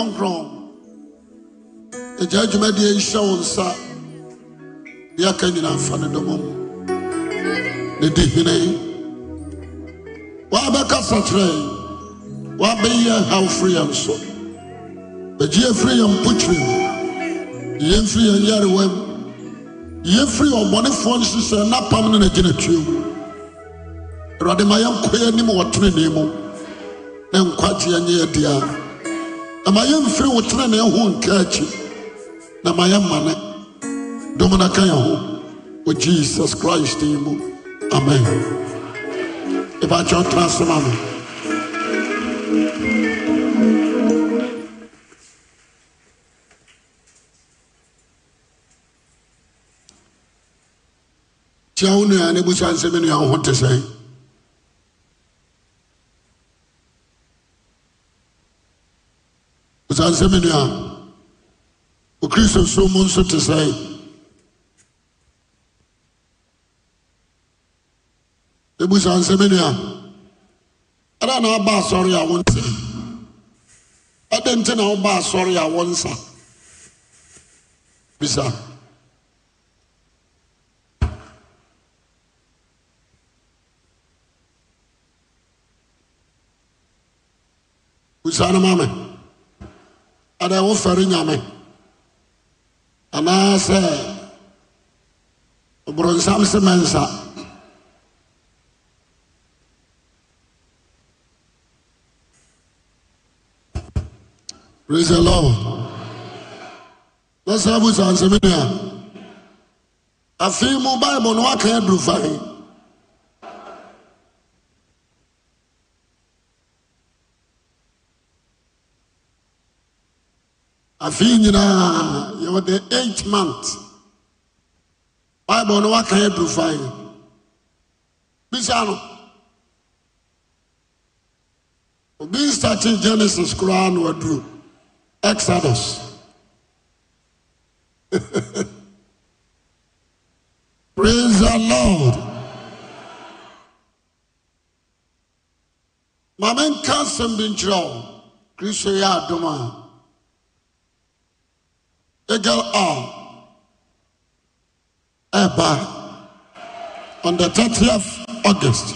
kronkron agya adwumadeɛ nhyɛ wo nsa deɛ aka nyinaa mfa ne dɔmɔ mu ne di hene woabɛkasa kyerɛ woabɛyi yɛn haw firi yɛn so bɛgye yɛfiri yɛn mpokyerɛ mu yɛmfiri yɛn yarewa mu yɛmfiri ɔbɔnefoɔ nhyehyɛ napam ne nagyinatuo mu awurade ma yɛnkɔ yɛn anim wɔ tenenee mu ne nkwagyeɛ nyɛ yɛ dea na ma yɛ mfiri wo tena ne ho nka akyi na ma yɛ mane dom na ka yɛ ho wɔ jesus christ yi mu amen ɛbɛkyɛ ɔtena asɛm ano tia wo nua ne busa nsɛm nua ho te sɛn asɛm ni a okristo so mu nso te sɛe ebusa nsɛm ni a na aba asɔre a wɔnsa ɛda nti na ɔba asɔre a wɔnsa bisa busa no ma ɛdɛ wofɛre nyame anaasɛ borɔnsam se mɛnsa praise the lord na saa busansɛmi nua afei mu bible no waka aduru fa afei nyinaa yɛwɔ the eight month bible no waka yɛ dufae bisa no obi starting genesis koraa na waduru exodus praise the lord maame nka asɛm bi nkyerɛ wo kristo yɛ adom a Eagle Hour oh, Eba on the 30th August.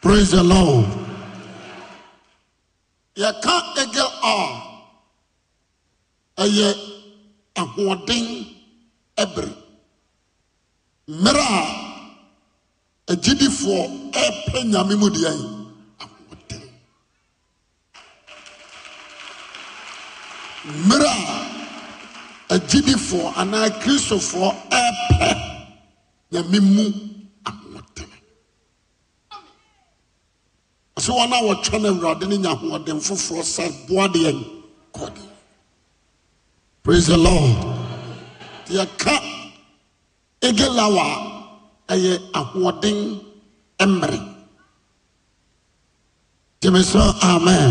Praise the Lord. Yɛka Eagle Hour ɛyɛ ahoɔden ɛbere mmerɛ a agyidifoɔ ɛrepɛ nyame mu deɛ mmerɛ a agyidifoɔ anaa kristofoɔ ɛpɛ nyame mu ahoɔden ɔsɛ wɔn a wɔtwa no awurade no nya ahoɔden foforɔ sɛ boadeɛ kɔde praise the lord yɛka egelawa a ɛyɛ ahoɔden mmere gyeme sɛ amen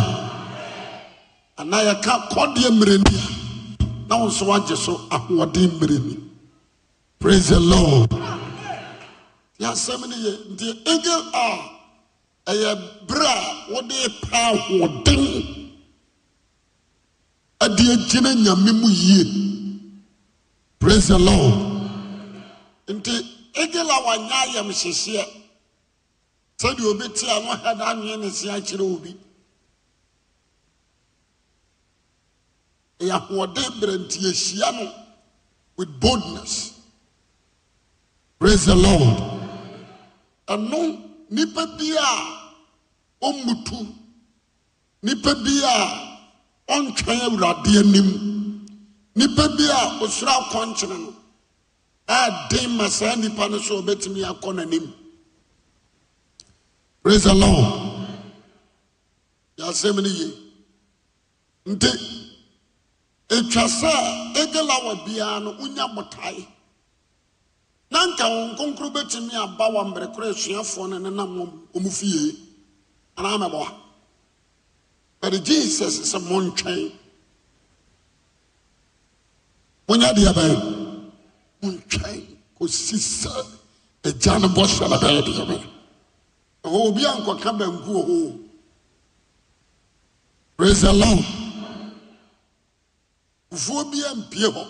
anaa yɛka kɔdeɛ mmerɛ ni a Now wo nso wagye so ahoɔden mmerɛ ni praise the lord yɛasɛm no yɛ angel a bra berɛ a wode pɛ ade agyina nyame mu yie praise the lord nti angel a wanyɛ ayɛmhyehyeɛ sɛdeɛ obi tea no hɛda anwee ne se akyerɛ ɛyɛ ahoɔden berɛ nti yɛhyia no with boldness praise the lord ɛno nnipa bi a ɔmmutu nnipa bi a ɔntwɛn awurade anim nnipa bi a ɔsoro akɔnkyene no a den ma saa nnipa no so ɔbɛtumi akɔ n'anim praise the lord yɛasɛm no ye nti ɛtwa sɛ ɛgela wa biara no wonya botae na nka wɔn nkonkoro bɛtumi aba wɔ mmerɛ korɔ asuafoɔ no ne nam wɔn fie anaa mɛbɔ but jesus sɛ montwɛn monya deɛ bɛyɛ montwɛn kɔsi sɛ agya no bɔ hyɛ no bɛyɛ deɛ bɛyɛ ɛhɔ obi a banku wɔ praise the lord fufuo bi ampie hɔ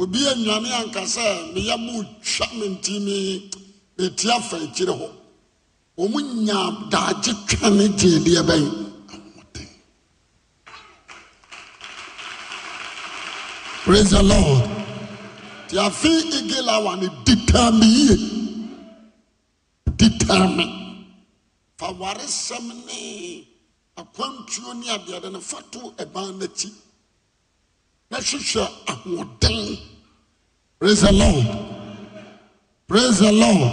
obi anyane ankasa meyɛ mo twa me ntimi metia fa akyire hɔ wɔn nya daagye twa ne gyee deɛ bɛyɛ. praise the lord tí a fi igi la wà ní dìtàmì yìí dìtàmì fàwárí sẹ́mi ní akwantuo ne adeade no fa to ɛban n'akyi na hwehwɛ ahoɔden praise the lord praise the lord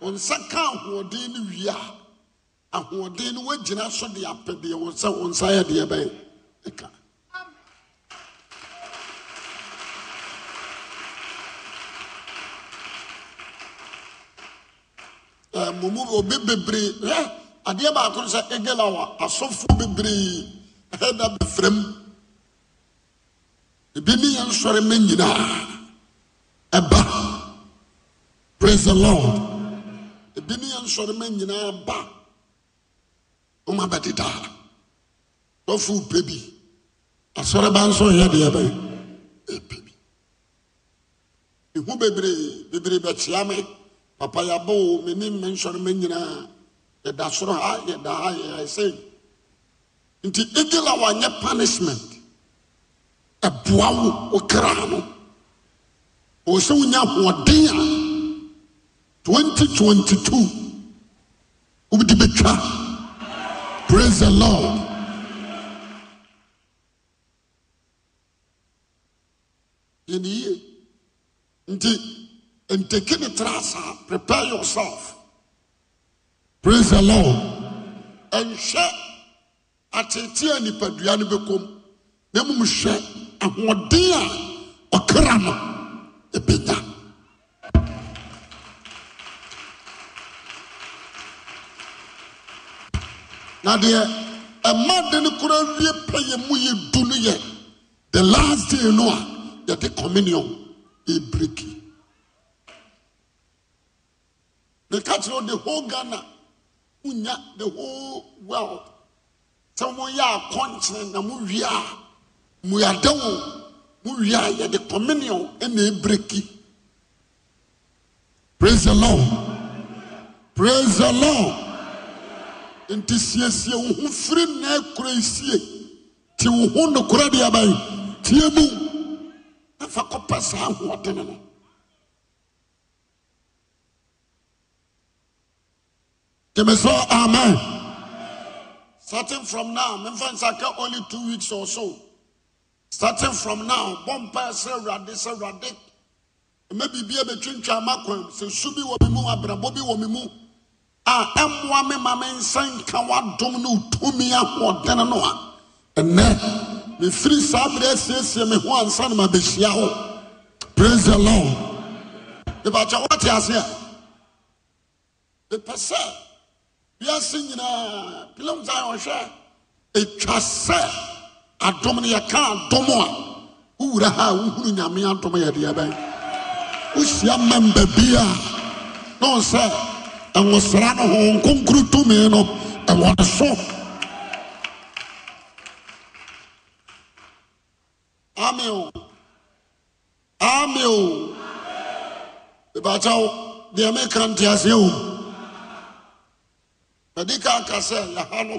wɔn nsa ka ahoɔden no wie a ahoɔden no wɔagyina so de apɛ deɛ wɔn nsa wɔn nsa yɛ deɛ bɛyɛ ɛka. ɛɛ mumu obi bebree hɛ adeɛ baako no sɛ egelawa asɔfoɔ bebree ɛna bɛfrɛm ebi ne yɛn sɔre mɛ nyinaa ɛba praise the lord ebi ne yɛn sɔre mɛ nyinaa ba wɔn abɛdeda dɔfo pe bi asɔreba nso yɛ deɛ bɛ epe bi ihu bebree bebree bɛ kyea papa yabɔ o mɛ ne mɛ nsɔre mɛ nyinaa. yɛda soro ha yɛda ha yɛsɛi nti eagle a wanyɛ punishment ɛboa wo wo kra no wonya ahoɔden a 2022 wobɛde bɛtwa praise the lord yɛne yie nti ntɛki ne tra saa prepare yourself praise the lord ɛnhwɛ atete a nipadua no bɛkɔm na mmom hwɛ ahoɔden a ɔkra no ɛbɛnya na deɛ ɛma de no koraa wie pɛyɛ mu yɛ du no yɛ the last day no a yɛde communion ɛbreki meka kyerɛ wo the whole ghana unya the whole world sɛ moyɛ akɔnkyene na mowie a mmuada wo mowie a yɛde communion na ɛbreki praise the lord praise the lord nti siesie wo ho firi na akura sie te wo ho nokora deɛ abae tie mu na fa kɔpɛ saa ahoɔdene no Jimmy saw Amen. Starting from now, Memphis Aka only two weeks or so. Starting from now, Bompa say Rade say Rade. Maybe be a between Chamakwem, say Subi Womimu, Abrabobi Womimu. Ah, Mwa me Mamen San Kawa Domino, Tumia, or Denanoa. And then, me free Sabre say Me Juan San Mabishiao. Praise the Lord. About what you are here. The person. wiase nyinaa pilam zion hwɛ ɛtwa sɛ adom no yɛka adom a wowura ha a wohunu nyame adom yɛdeɛ bɛn wohyia mamba bi a na ɔ sɛ ɛwosra no ho nkonkuru tumi no ɛwɔ ne so ame o ame o deɛ meka nteaseɛ o na dịka aka sị ya ha nọ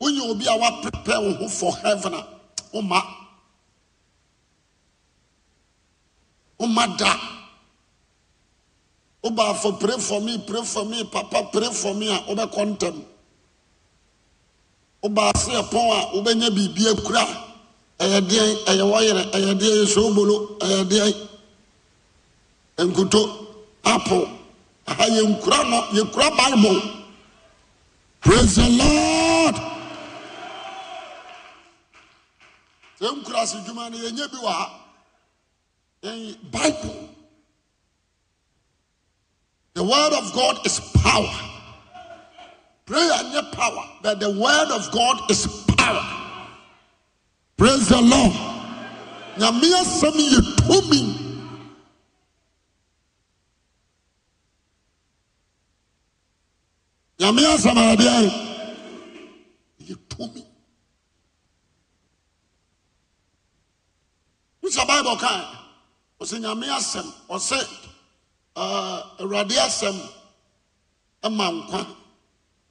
wonye obi a waprepare wo ho for heaven a ah. woma woma da wobaafo pray for me pray for me papa pray for me ah. a wobɛkɔ ntɛm wobaase ɛpɔn a ah. wobɛnya biribi akura e a ɛyɛ deɛn ɛyɛ wɔyerɛ ɛyɛ deɛn soobolo ɛyɛ deɛn nkuto apụl aha yɛnkura no yɛkura bible praise the lord sɛ nkura asodwuma no yɛnyɛ bi wɔ bible the word of god is power prayer nyɛ power That the word of god is power praise the lord nyame asɛm yɛ tumi nyame asɛm adeɛ yɛ tumi wosa bible kae ɔsɛ nyame asɛm ɔsɛ awurade asɛm ma nkwa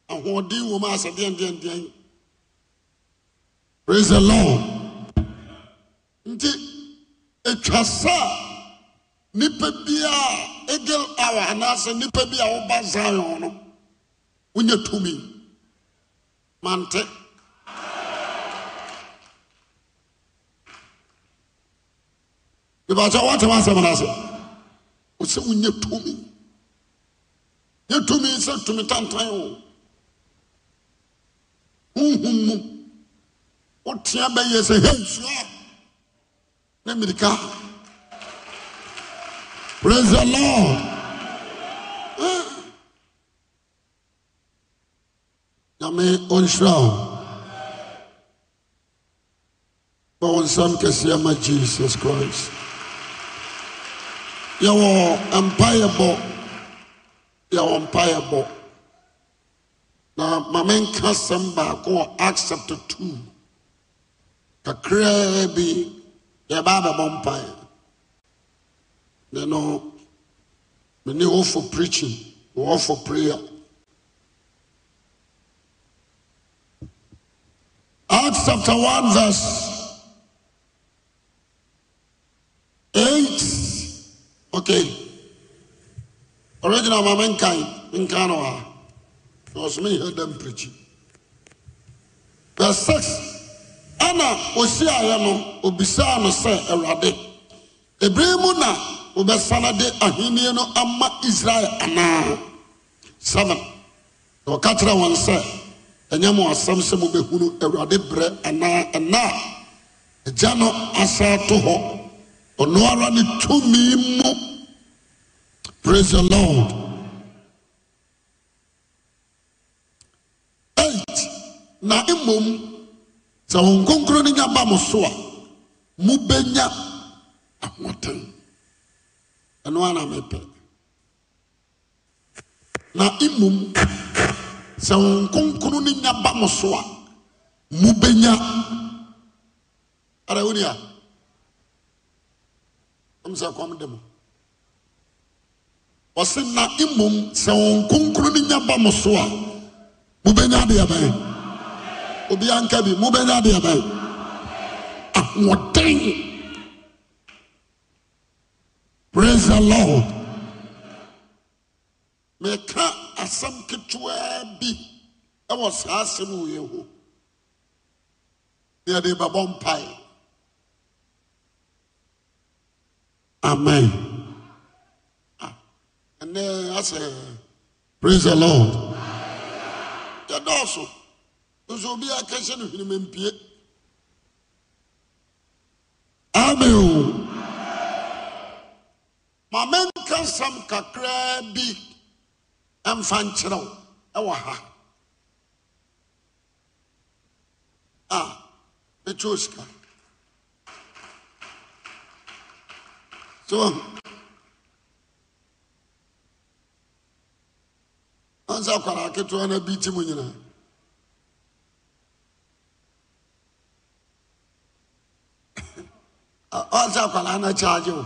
ahoɔden wɔ asɛ deɛndeɛndeɛn praise the lord nti atwa sa a nnipa bi a egil hour anaasɛ nnipa bi a zion no wonya tomi mante niba woatam asɛmnaase wo sɛ wonya tomi nya tomi sɛ tomi taneta wo huhummu wotea bɛyɛ sɛ hensua ne mmirika presienna onyame ɔnhyira wo ma wo nsam kɛseɛ ma jesus christ yɛwɔ mpaeɛbɔ yɛwɔ mpaeɛbɔ na ma menka sɛm baako acts chapter 2 kakraa bi yɛbaa bɛbɔ mpaeɛ ne no mene wɔ for preaching all for prayer Acts chapter 1, verse 8. Okay. Original Mamenkai in Kanoa. It was me heard them preaching. Verse 6. Anna Osiayano Obisano say Erade. Ebrimuna Obesanade Ahiniano Amma Israel Anna. 7. Wakatra one say. ɛnyɛ mo asɛm sɛ mobɛhunu awurade berɛ anaa ɛna agya no asa to hɔ ɔno ara ne tumi mu praise the lord eight na mmom sɛ wɔn nkonkoro no nya ba mo so a mobɛnya ahoɔden ɛno ara na mepɛ na mmom sɛ wo ne nya ba mo so a mubɛnya ara woni a ɔm sɛ kɔm de mo ɔse na mmom sɛ ne nya ba mo so a mubɛnya adeɛ obia nka bi ahoɔden praise the lord meka asɛm ketewaa bi wɔ saa asɛm wei ho ne yɛde bɛbɔ mpae amen ah, ɛnɛ asɛ praise the lord yɛdɔɔso nso obi akɛhyɛ no hwenema mpie amen o ma menka nsɛm kakraa bi ɛmfa nkyerɛ wo ɛwɔ ha a mɛtwɛ sika so ansa kwara aketewa na bi ti mu nyinaa ansa kwara na kyaagye wo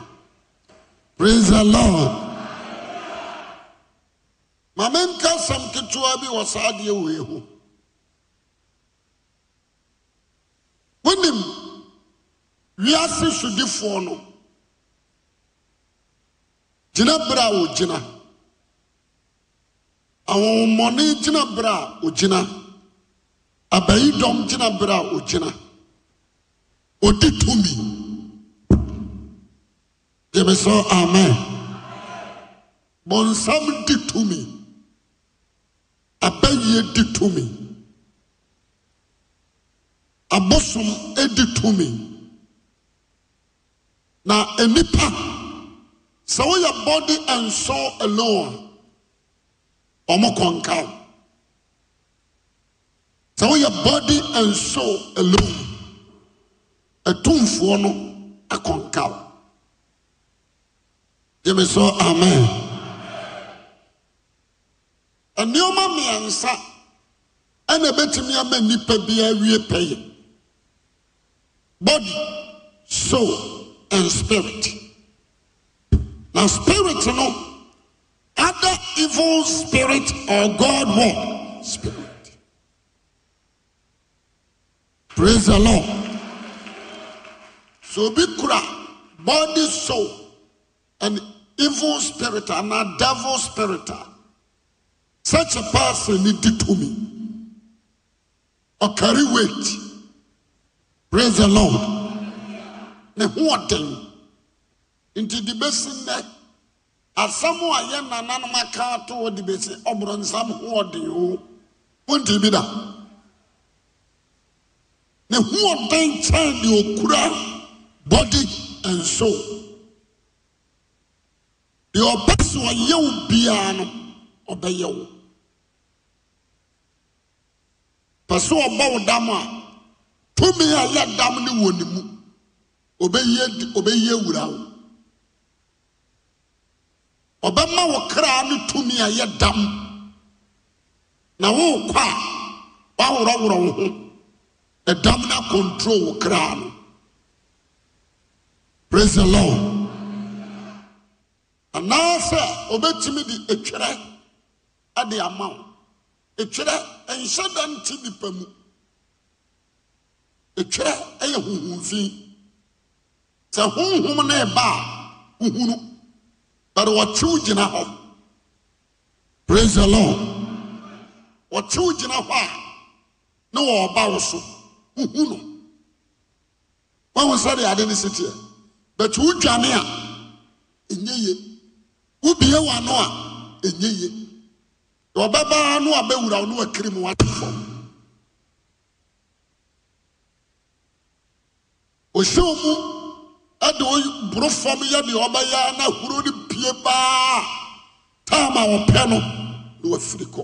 praise the lord mamɛnkasɛm ketewaa bi wɔ saa adeɛ wei hɔ wonim wiase sodifoɔ no gyinaberɛ a ɔgyina awɔmmɔne gyinaberɛ a ɔgyina abayidɔm gyinaberɛ a ɔgyina ɔdi tumi deme sɛ amen bɔnsam di tumi abɛyie di tumi abosom to me. na nnipa sɛ woyɛ body and soul alone a ɔmokɔnka wo sɛ woyɛ body and soul alone atumfoɔ no akɔnka wo me sɛ amen nnoɔma mmiɛnsa ɛna ɛbɛtumi ama nnipa bia wie pɛyɛ body soul and spirit na spirit no other evil spirit or god word spirit praise the lord so obi kura body soul and evil spirit and devil spirit such a person need to me a carry weight praise the lord now what thing into the basin that as someone i am an animal car to the basin or some what do you want to be that now what thing turn your kura body and soul your person will be an obeyer pɛ sɛ ɔbɔ a tumi a dam no wɔ ne mu wura awura wo ɔbɛma dam na worekɔ a ho ɛdam na akɔntrol wo kraa no prais lord de ɛtwerɛ ama nhyɛ da nte nipa mu ɛtwerɛ yɛ honhom fi sɛ honhom no ɛba a wohunu bɛde gyina hɔ praise the lord gyina hɔ a ne wɔɔba wo so no woahu sɛdeɛ ade ne siteɛ but wodwane a ɛnyɛ ye wobie a ɛnyɛ ye ɔbɛbaa no a bɛwura wo ne wakiri mu wate fam ɔhyɛ mu ɛde wo boro fam yɛ deɛ ɔbɛyɛ na ahuro no pie paa taam a wɔpɛ no ne wafiri kɔ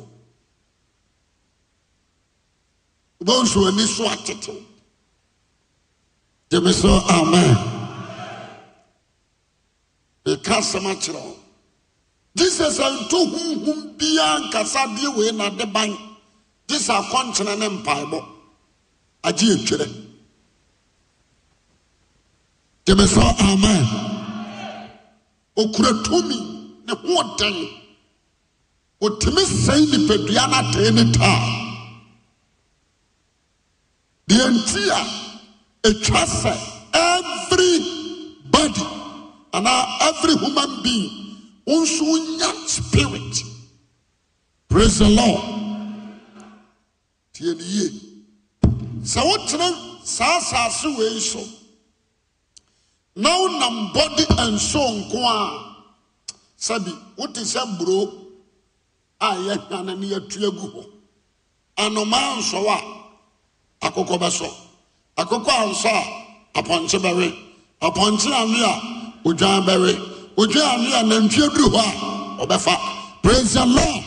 wobɛnso ani so atetew gyeme sɛ amen meka asɛm akyerɛ wo jesus anto nkasa biara nkasadeɛ na nade ban gye sɛ akɔnkyene ne mpaebɔ agye yɛtwerɛ gyeme sɛ amen ɔkura tomi ne hoɔden ɔtumi sɛe nipadua no atee ne taa deɛ nti a ɛtwa e sɛ everybody anaa every human being nso nya spirit praise the lord tie ne yie sɛ wotena saa asase wei so na wonam bɔde nso nko a sɛbi wote sɛ buro a yɛhwane ne yɛtu agu hɔ anomaa nsɔw a akokɔ bɛsɔ akokɔ ansɔ a apɔnkye bɛwe apɔnkye anwe a odwan bɛwe wotwa ame a nantwie duru hɔ a ɔbɛfa praise the lord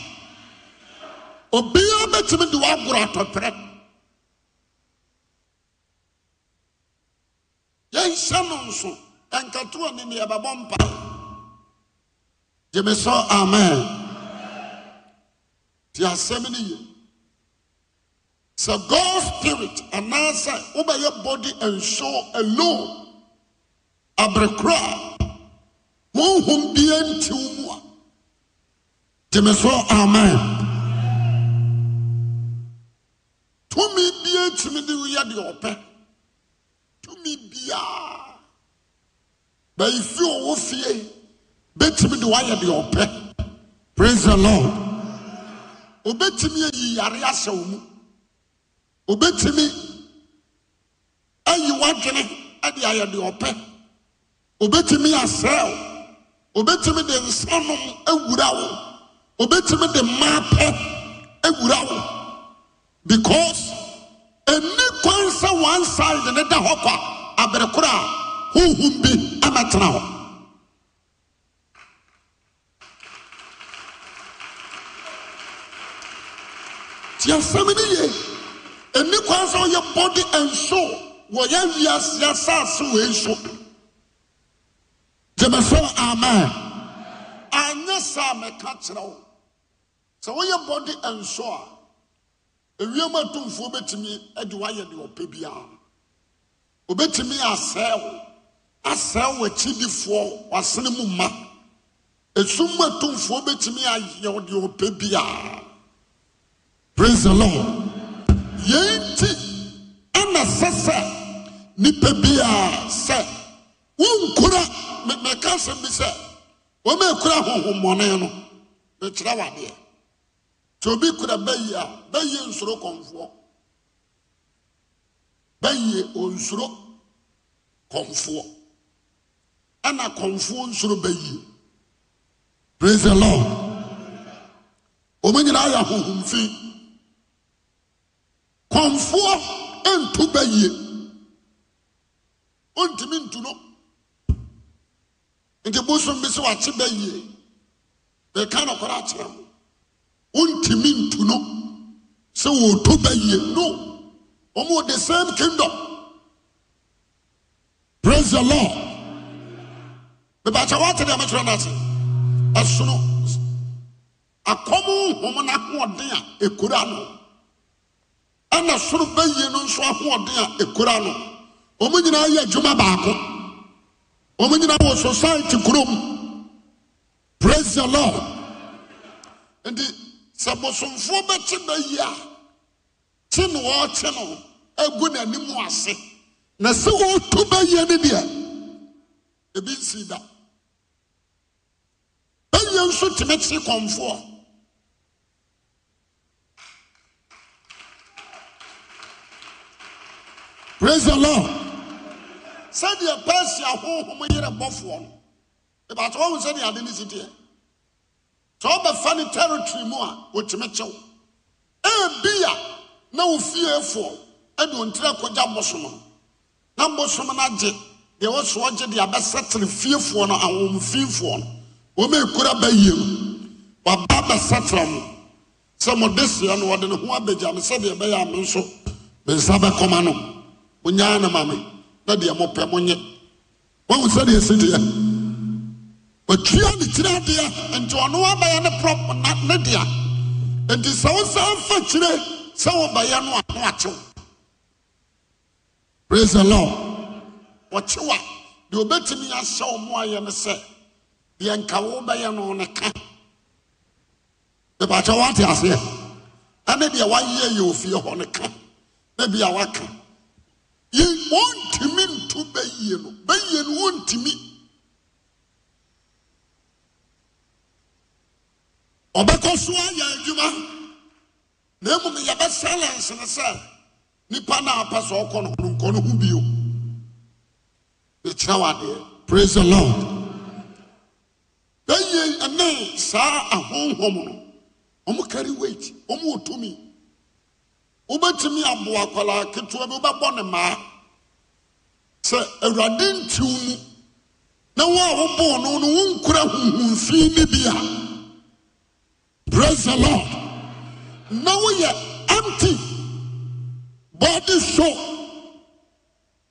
obiara bɛtumi de wagoro atɔpere yɛnhyɛ no nso ɛnkatoa ne ne mpa gyeme amen nti asɛm no ye sɛ god spirit anaasɛ wobɛyɛ body and soul alone abere honhom bia nti wo mu a amen tumi bia tumi de woyɛ deɛ ɔpɛ tumi biaa baayifi ɔwɔ fie bɛtumi de praise the lord obɛtumi ayi yare ahyɛ wo mu obɛtumi ayi w'adwene de ayɛ deɛ obetumi de nsanom awura wo obetumi de maapɛ awura wo because ɛni kwan sɛ one side ne da hɔ kwa abirikora a huhum bi ɛmɛtena hɔ. yɛsɛm ne ye ɛni kwan sɛ ɔyɛ body and soul wɔyɛ wiase asase wɔ nso. gyemɛsɛ amen anyɛ saa mɛka kyerɛ wo sɛ woyɛ bɔde nso a ewiem atumfoɔ bɛtumi de woayɛ deɛ ɔpɛ biara obɛtumi asɛe wo asɛe wo akyidifoɔ wasene mu ma esum atumfoɔ bɛtumi ayɛ wo deɛ ɔpɛ praise the lord yɛn ti ɛna sɛ sɛ nipa biara sɛ wɔnkura. mɛka sɛm bi sɛ wɔn a kura honhommɔne no mekyerɛ wadeɛ nti obi kura bɛyie a bɛyie nsoro kɔnfoɔ bɛyie onsoro kɔnfoɔ ɛna kɔnfoɔ nsoro bɛyie praise the lord wɔn nyinaa yɛ honhomfi kɔnfoɔ ntu bɛyie ontumi ntu no nti bosom bi sɛ wakye bɛyie meka nokɔre akyerɛ mo wontumi ntu no sɛ wɔɔtɔ bɛyie no ɔmo the same kingdom praise the lord mebakyɛ woate deɛ mekyerɛ no ase ɛsono akɔm nhom no ahoɔden a ɛkura no ɛna soro bɛyie no nso ahoɔden a ɛkura no ɔmo nyinaa yɛ adwuma baako wɔn nyinaa wɔ society kurom praise the lord nti sɛ bosomfoɔ bɛkye na a kye ne wɔrekye no agu n'anim ase na sɛ wɔretu bɛyɛ ne deɛ ebi nsi da bɛyɛ nso tumi Praise the Lord. sɛdeɛ persia honhom yere bɔfoɔ no ɛbaatɛ wɔhu sɛdeɛ ade ne siteɛ sɛ wobɛfa ne territory mu a wɔtumi kyew ebia na wo fiefoɔ ɛde ontiri akɔgya bosom no na bosom no agye deɛ wɔsoɔ gye deɛ abɛsɛtere fiefoɔ no ahomfiefoɔ no wɔma ɛkura ba yie mu wɔaba abɛsɛtere mo sɛ mode seɛ no wɔde ne ho abagya me sɛdeɛ ɛbɛyɛ a me nso me nsa bɛkɔma no monyaa ne ma na deɛ mopɛ monyɛ wahu sɛdeɛ si deɛ watua ne tiri adeɛ nti ɔno ne na ne nti sɛ no akyew praise the lord wɔkyew a deɛ obɛtumi ahyɛ wo mo ayɛ ne sɛ deɛ nka wo bɛyɛ no ne ka mebakyɛ woate aseɛ ɛne deɛ woayɛ yɛ ofie hɔ ne ka na bia yɛ wɔntumi nto bɛyie no bɛyie no wɔntumi ɔbɛkɔ so ayɛ adwuma na mmom yɛbɛsɛlɛnse no sɛ na no apɛ sɛ ɔkɔ no hono nkɔ no ho bio ɛkyerɛ wadeɛ praise the lord bɛyie ɛne saa ahonhom no ɔmo carry weight ɔmo wɔ tumi wobɛtumi abo akwaraa ketewa bi wobɛbɔ ne mmaa sɛ awurade ntiw mu na wo a wobɔɔ no no wonkura huhumfii ne bi a praise the lord na woyɛ empty body show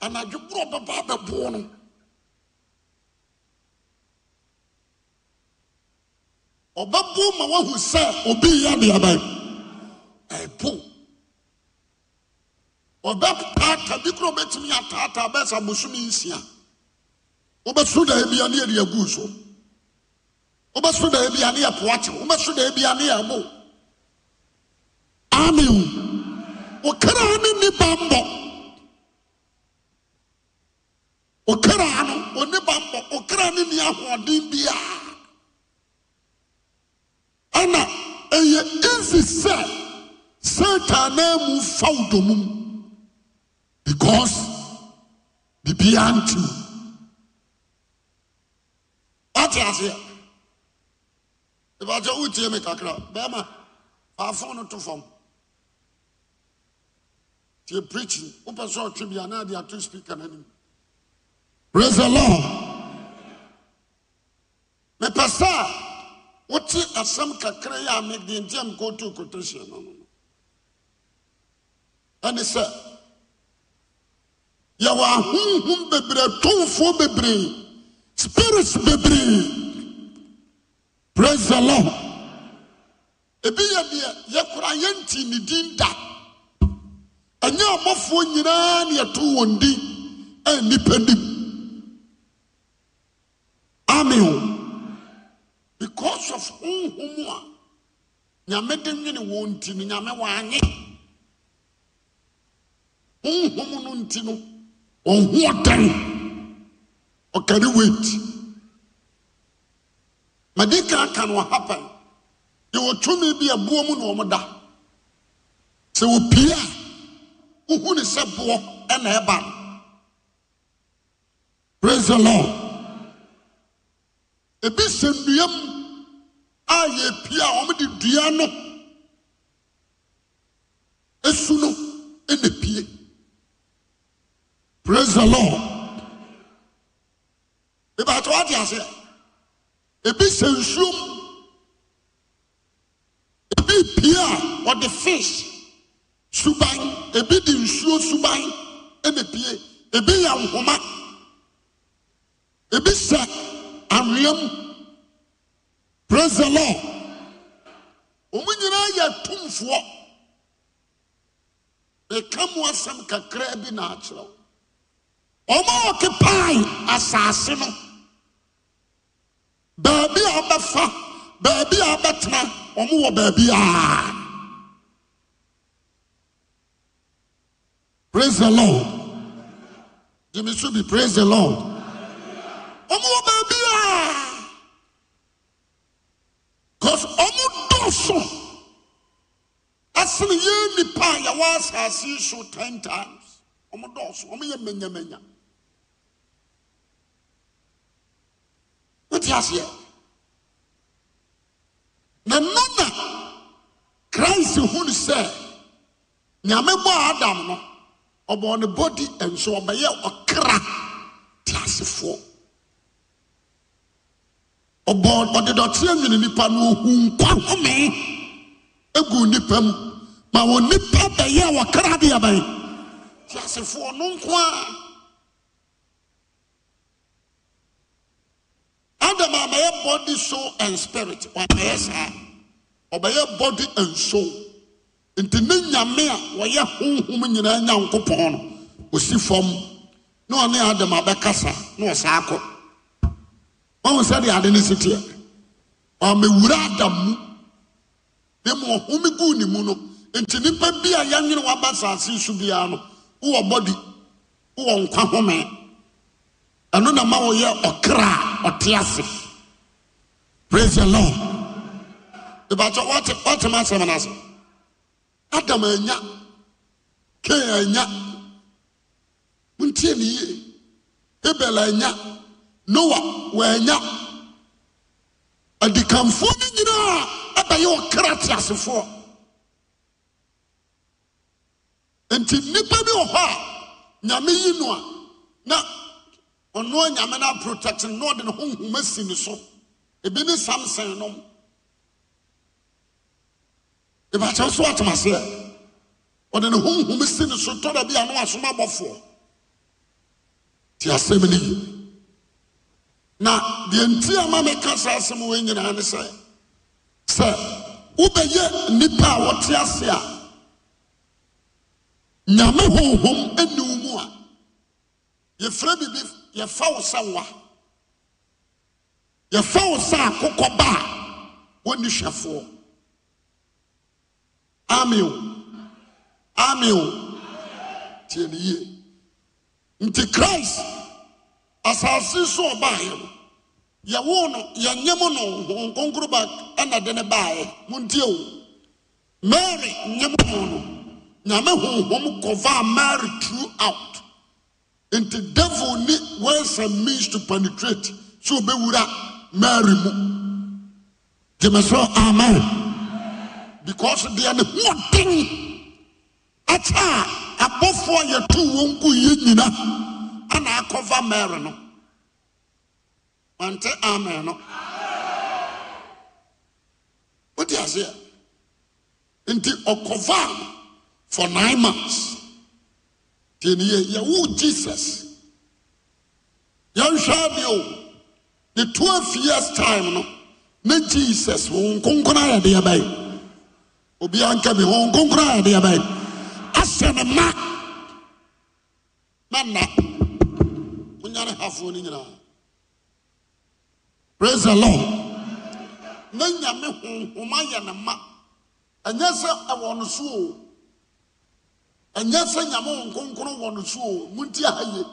anadwo bɛba abɛboɔ no ma woahu sɛ obi yɛ ɛpo ɔbɛpaata bi kora ɔbɛtumi ataataa bɛsa bosome nsia wobɛso da bia ne yɛde agu so wobɛso da bia ne yɛpoakye wobɛso da bia ne yɛbo amen ɔkra ne nni bammɔ ɔkra no ɔnni bammɔ ɔkra ne nni ahoɔden biara ɛna ɛyɛ easy sɛ satan na amu fa wo dɔmum because the biribiara ntu ate aseɛ ìbàjẹ́ wotie mi kakra bẹ́ẹ̀ma faafo no to fam tie preaching person sɛ be? bi anaa de ato speaker n'anim praise the lord mepɛ sɛ a wote asɛm kakra yi a mede ntiam kɔɔto quotation no no ɛne sɛ yɛwɔ ahonhom bebree atomfoɔ bebree spirits bebree praise the lord ebi yɛ deɛ yɛkora yɛnti ne din da ɛnyɛ ɔbɔfoɔ nyinaa ne yɛto wɔn din nim amen because of honhom a nyame de nwene wɔn ti no nyame wɔanye honhom no nti no ɔho what ɔkari Or mɛde ka Madika can what happen? You will ɛboɔ mu be a da sɛ wɔpie a wohu ne sɛ boɔ ɛna ɛba no praise the lord a yɛpie a ɔmo de dua no the law ebaatɔ ate ase ebi sɛ nsuom ebi pie a wɔde fish suban ebi de nsuo suban ɛna pie ebi yɛ nhoma ebi sɛ anweam praise the lord wɔn nyinaa yɛ tumfoɔ ɛka mu asɛm kakraa bi na akyerɛw Omo ɔkepae asase no baabi a ɔbɛfa baabi a ɔbɛtena ɔmowɔ baabi a praise the lord jimmy subi praise the lord ɔmowɔ baabi a cause ɔmodɔso ɛsene yɛ nnipa a yɛwɔ asase yi so ten times ɔmodɔso yẹ manyamanya wote aseɛ na nana christ hunu sɛ nyame bɔɔ adam no ɔbɔɔ ne body nso ɔbɛyɛ ɔkra teasefoɔ ɔbɔɔ ɔde dɔteɛ nwene nipa no ohu nkwa home agu nnipa mu ma wɔ nnipa bɛyɛ wɔkra deɛ bɛn teasefoɔ no nko adam abɛyɛ body soul and spirit wabɛyɛ saa ɔbɛyɛ body and soul nti ne nyame a wɔyɛ honhom nyinaa nyankopɔn no ɔsi fam na ɔne adam abɛkasa na ɔsaa kɔ wahu sɛdeɛ ade ne siteɛ ɔamɛwura adam mu ne mu no nti bi a yɛnwene ɛno na ma wɔyɛ ɔkra ɔte ase praise the lord ìbàjọ́ wọ́n ti máa sẹ́mi náà sọ adam ẹ̀nya kéèyàn ẹ̀nya ntiẹ nìyí ebel ẹ̀nya noah wọ̀ ẹ̀nya adikanfoɔ no nyinaa ɛbɛyɛ ɔkra te asefoɔ nti nnipa bi wɔ hɔ a nyame yi no na. ɔno anyame no aprotection na ɔde ne honhom asi ne so ebi ne samson nom ebakyɛw so atom aseɛ ɔde ne honhom si ne so tɔda bi a na wasom abɔfoɔ te asɛm no yi na deɛ nti ama meka saa asɛm wɔ nyinaa ne sɛ sɛ wobɛyɛ nnipa a wɔte ase a nyame honhom ani wo mu a yɛfrɛ biribi yɛfa sɛ wa yɛfa sɛ akokɔ ba a wɔnni hwɛfoɔ ameo ameo tie ne yie nti christ asase so ɔbaeɛ no yɛwo no yɛnyem no honhom ba ɛna de ne baeɛ montie o mary nyem no no nyame honhom kɔvaa mary throughout nti devil ni ways and means to penetrate so obewura mary mu jẹmẹsọ amen ah, because deɛ ne one thing. Acha, a abɔfoɔ yɛtu wɔn ko yie nyina ɛna akɔva mary no wɔnte amen ah, no What do wote say? nti ɔkɔva for nine months tinie yɛwo oh, jesus yɛnhwɛ deɛ o the 12 years time no na jesus wɔn nkonkona yɛde yɛbɛyɛ obiara nka bi wɔn nkonkona yɛde yɛbɛyɛ ahyɛ ne ma na na wonya ne nyinaa praise the lord na nyame honhoma yɛ ne ma ɛnyɛ sɛ ɛwɔ no so o ɛnyɛ sɛ nyame nkonkron wɔ no so o munti ahaye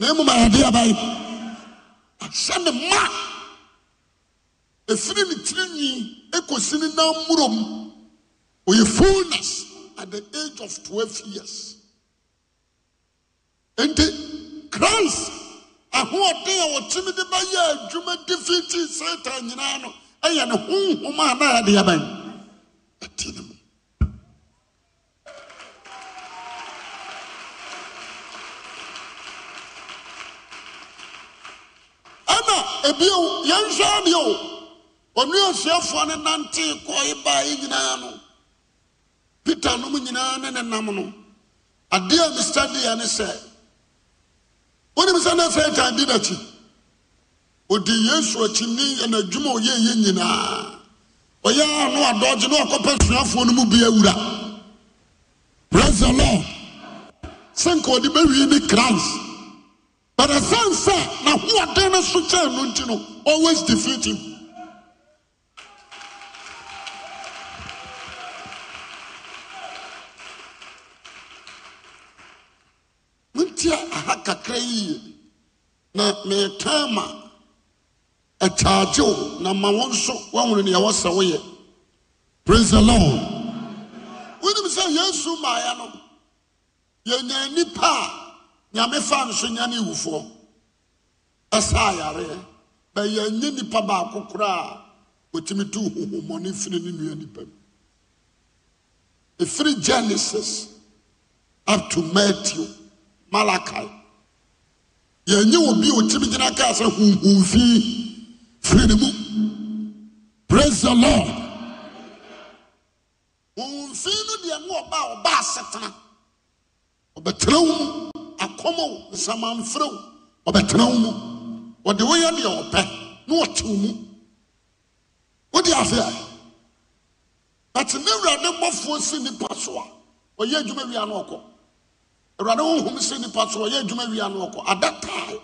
na mmom ayɛde abae ahyɛ ne ma ɛfiri ne tirinwi ɛkɔsi ne nam mmurom ɔyɛ fullness at the age of 12 years enti christ ahoɔden a wɔtumi de bɛyɛ adwuma defeating satan nyinaa no ɛyɛ ne honhom a na yɛde abae ɛti ne ebio yɛnhwɛ ne o ɔne asuafoɔ no nante kɔe baa yi nyinaa no peter nom nyinaa ne ne nam no adeɛ a mestadeɛ ne sɛ wonim sɛ na satan di n'akyi ɔdi yesu akyi ne n'adwuma a ɔyɛyɛ nyinaa ɔyɛ a no adɔgye ne ɔkɔpɛ suafoɔ no mu bi awura praise the lord sɛ nka ɔde bɛwie ne christ But a sense now who are done as you always defeat him. Mintia aha na meekan ma ɛkyaagye wo na ma wɔn nso wɔnwere nea praise the lord say sɛ yesu no yɛnya nipa nyame faa no so nyane wufoɔ ɛsaa yareɛ bɛyɛ nye nnipa baako koraa a wɔtumi tu honhommɔne firi ne nua nipa mu ɛfiri genesis up to matthew malachi yɛnyɛ obi a ɔtumi gyina kaa sɛ honhomfii firi ne mu praise the lord honhomfii no deɛ ne ɔba a ɔba asetena ɔbɛtena wo mu akɔm wo nsamanfrɛ wo ɔbɛtena wo mu ɔde woyɛ deɛ ɔpɛ na ɔte wo mu wode afeɛ ɛte ne awurade bɔfoɔ si nnipa so a ɔyɛ adwuma wia no ɔkɔ awurade honhom si nnipa so a ɔyɛ adwuma wia no ɔkɔ ada taa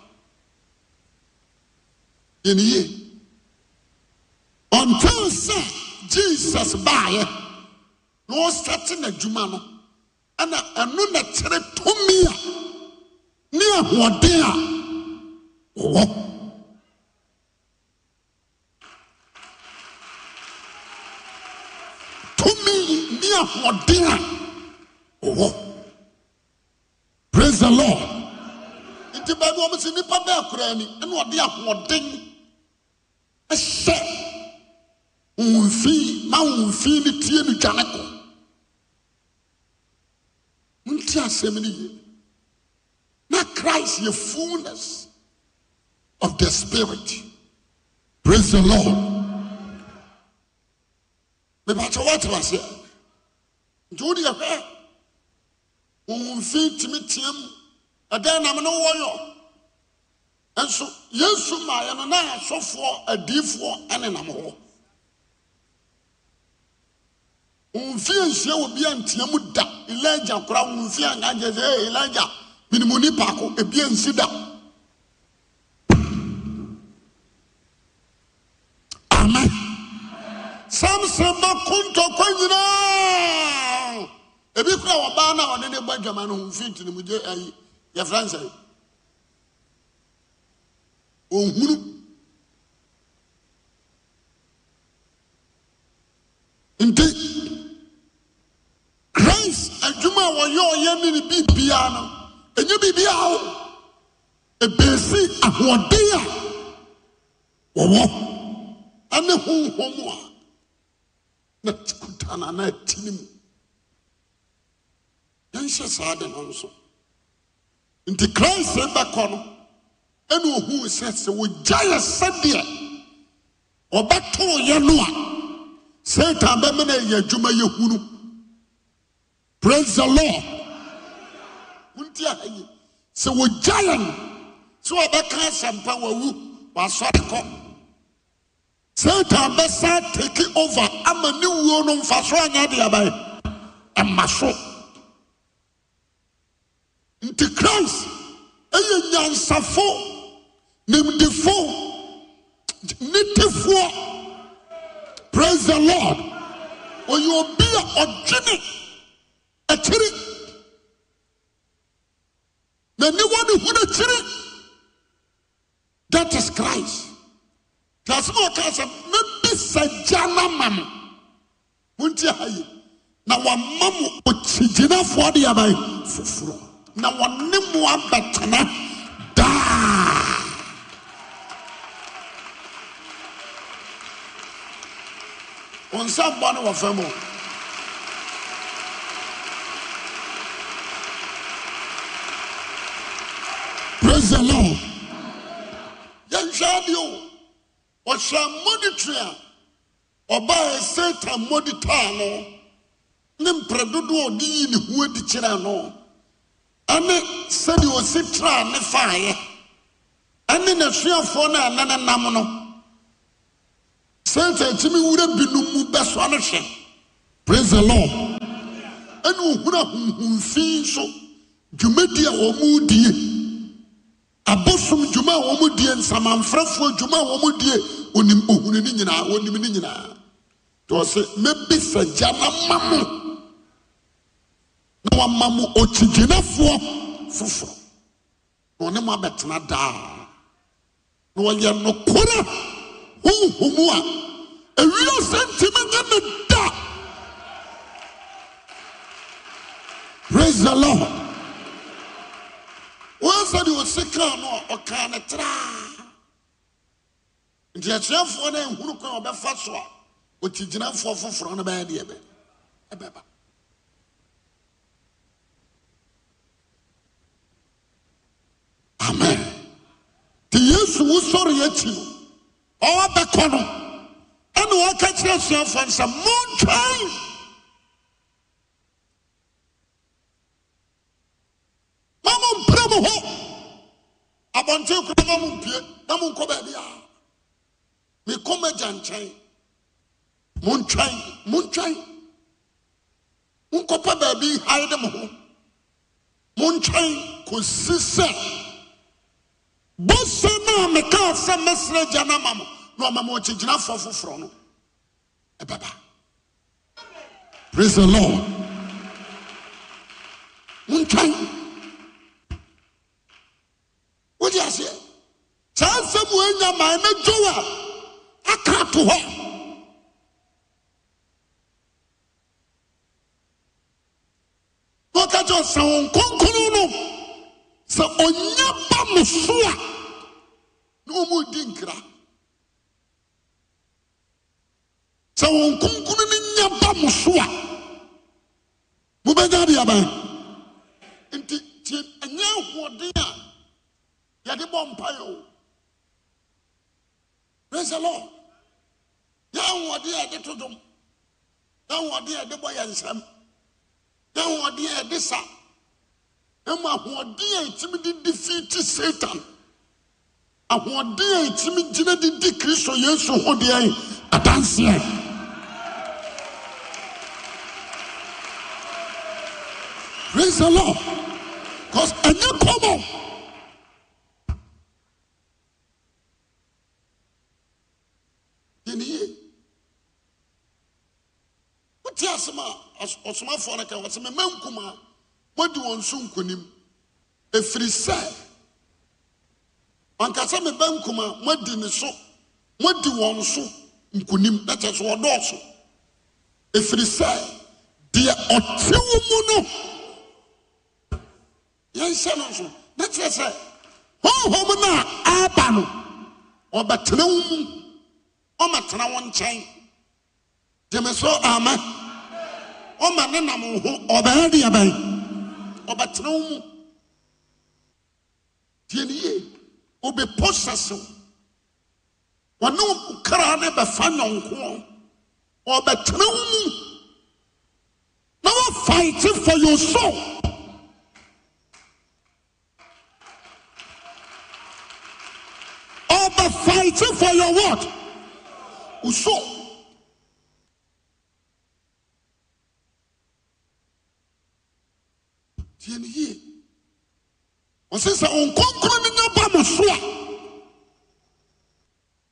yɛniyie sɛ jesus baeɛ na ɔsɛte n'adwuma no ɛna ɛno na kyerɛ tumi a niahoɔden a ɔwɔ mniahoɔden a ɔwɔ prais e lord nti bag ɔm so nnipa ba akoraa ni ne ɔde ahoɔden ɛhɛ mfii ma womfii no tie no dwane kɔ wonti asɛm ne i Christ, the fullness of the Spirit. Praise the Lord. mepatɛ woatena aseɛ nti wode yɛhwɛ wowomfi timi timu ɛdɛn nam ne wɔyɔ nso yesu maayɛ no na asɔfoɔ adiifoɔ nenam hɔ womfi anhyia wɔ bi anteam da elagya kora womfi anyagye sɛ elagya minimu ni baako ebi nsi da amen samson ma kuntɔkɔ nyinaa ebi kura ɔbaa na ɔne ne bɔ adwama no ho mfintini mu gye ayi eh, yɛfrɛ nsɛn ohunu. nti christ adwuma a wɔyɛ ɔyɛ ne ne bibia no ɛnyɛ biribia wo ɛbɛɛsi ahoɔden a wɔwɔ ɛne honhom a na kuta no anaa ati no mu yɛnhyɛ saa de no nso nti christ bɛkɔ no ɛne ohuu sɛ sɛ wɔgya yɛ sɛdeɛ ɔbɛtooyɛ no a satan bɛmɛ no ɛyɛ adwuma yɛhunu praise the lord wonti aha yi sɛ wɔgya yɛn sɛ wɔbɛka asɛmpa wawu wasɔre kɔ satan bɛsa take over ama ne wuo no mfa so anyɛ deɛ bɛyɛ ɛma so nti christ ɛyɛ nyansafo nimdefo nitifoɔ praise the lord ɔyɛ obi a ɔdwene akyiri n'aniwa ne hu n'akyiri that is christ That's not a sẹ́ mẹ́bí sẹ́jà náà mà mọ́ wọ́n ti hà yìí na wà má mu òkyìgyìnàfọ́ de yàrá yìí foforọ na wà ní mu abẹ́tẹ̀nà dáa. wọ́n nsá bọ́ ni wọ́n fẹ́ mu abetena Praise the Lord. Yɛnhwɛ adeɛ o, ɔhyɛ monitor a ɔbaa Satan monitor ano ne mprɛ dodoɔ a ɔde yi ne ho adi kyerɛ no ɛne sɛdeɛ tra ne faeɛ ɛne n'asuafoɔ no a ne ne nam no. Satan tumi wura binom mu bɛsɔ no hwɛ. Praise the Lord. Ɛne ohun ahunhun fi nso dwumadi a wɔn mu die abosom dwuma a wɔn die nsamanfrɛfoɔ dwuma a wɔn die onim ohunu ne nyinaa onim ne nyinaa te ɔsɛ mebisa gya na ma mo na wama mo okyigyinafoɔ foforɔ na ɔne mo abɛtena daa na nokora huhum a ewia nye ne da praise the lord wɔnsa deɛ ɔsi kaa no ɔkaa ne traa nti akyerɛfoɔ no ahunu kwan ɔbɛfa so a ɔtigyinafoɔ foforɔ no bɛyɛ deɛ the ɛbɛba amen The years nti yesu wosɔre akyi no ɔwɔ bɛkɔ no ɛne wɔka kyerɛ asuafoɔ no sɛ montwan agya nkyɛn montwɛn montwɛn nkɔpɛ baabi haede mo ho montwɛn kɔsi sɛ bɔsɛ no a sɛ mɛsrɛ agya no ama mo na ɔma ma ɔkyegyinafoɔ foforɔ no ɛbɛba praise the lord montwɛn wode aseɛ saa nsɛm wɔ anya maa na dwowa come to hɔ Ota jo sɛ wo nkonkrono no sɛ ba no nya ba mo so a mobɛnya deɛ nti tie ɛnyɛ ahoɔden a yɛde bɔ o the lord na ahoɔden a yɛde to dwom na ahoɔden a yɛde bɔ yɛn nsam na ahoɔden a yɛde sa ɛmu ahoɔden a yɛtumi de di fi ti satan ahoɔden a yɛtumi gyina de di kristo yesu ho deɛ adanseɛ. Praise the Lord. cause a new ɔsomafoɔ no ka wɔ sɛ mema nkuma modi wɔn so nkonim ɛfiri sɛ anka sɛ meba nkuma modi ne so wọn nso nkunim nkonim na kyɛ so wɔdɔɔso ɛfiri sɛ deɛ ɔte wo mu no a aba nkyɛn ama ɔma ne nam ho ɔbɛyɛ deɛ bɛn ɔbɛtena wo mu deɛ ne yie ɔbɛpɔ sɛsew wɔne wo kra ne bɛfa nyɔnkoɔ ɔbɛtena wo mu na wɔfaete for your soul fighting for your what? Uso. tiɛ ne yie ɔsi sɛ nkonkoro ne nya ba mo so a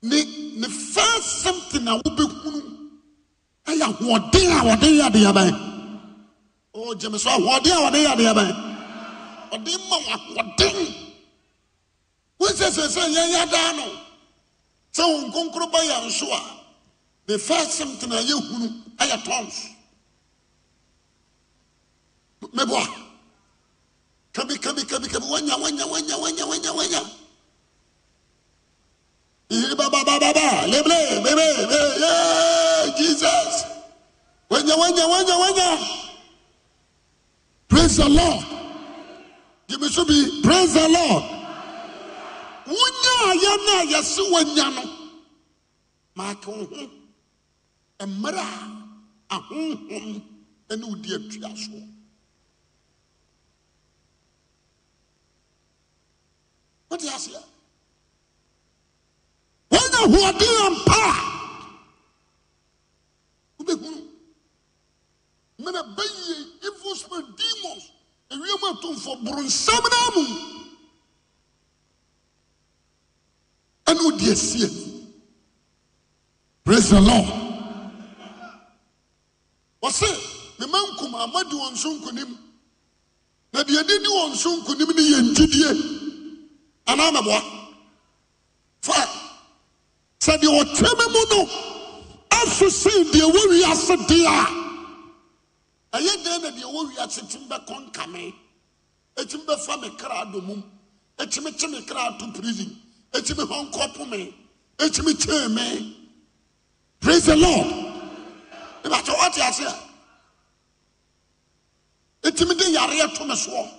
ne ne first something a wobɛhunu ɛyɛ ahoɔden a wɔde yɛ adeɛ bɛn o gyeme ahoɔden a wɔde yɛ adeɛ bɛn ɔde ma wɔ ahoɔden wosɛsɛ sɛ no sɛ ba yɛ ne first something a yɛhunu ɛyɛ tons meboa. Kabi, kabi, kabi, kabi. Wanya, wanya, wanya, wanya, wanya, wanya. ba, baba, baba. Leble, bebe, bebe. Yeah, Jesus. Wanya, wanya, wanya, wanya. Praise the Lord. Give me some be praise the Lord. Wanya, yana, yasu, wanya, no. Maka, uhu. Emra, enu, wote aseɛ wɔnya hoɔden be wobɛhunu mena bɛyie evil spirit demons awiam atomfo boro nsɛm no amu ɛne wode asie praise the lord wɔse mema nkum ama di wɔn so nkonim na deɛ ɛde di wɔn so nkonim ne yɛ ngyidie anaa mamoa fa sɛ deɛ ɔtwama mu no aso sen deɛ wɔ wiase deɛ a ɛyɛ dɛn na deɛ wɔ wiase tim bɛkɔ nkame ɛtim bɛfa me kra adɔmum ɛtimi kye me kra ato prison ɛtimi hɔ nkɔpo me ɛtimi kyee me praise the lord ɛbɛkyɛ wɔte ase a ɛtimi de yareɛ to me soɔ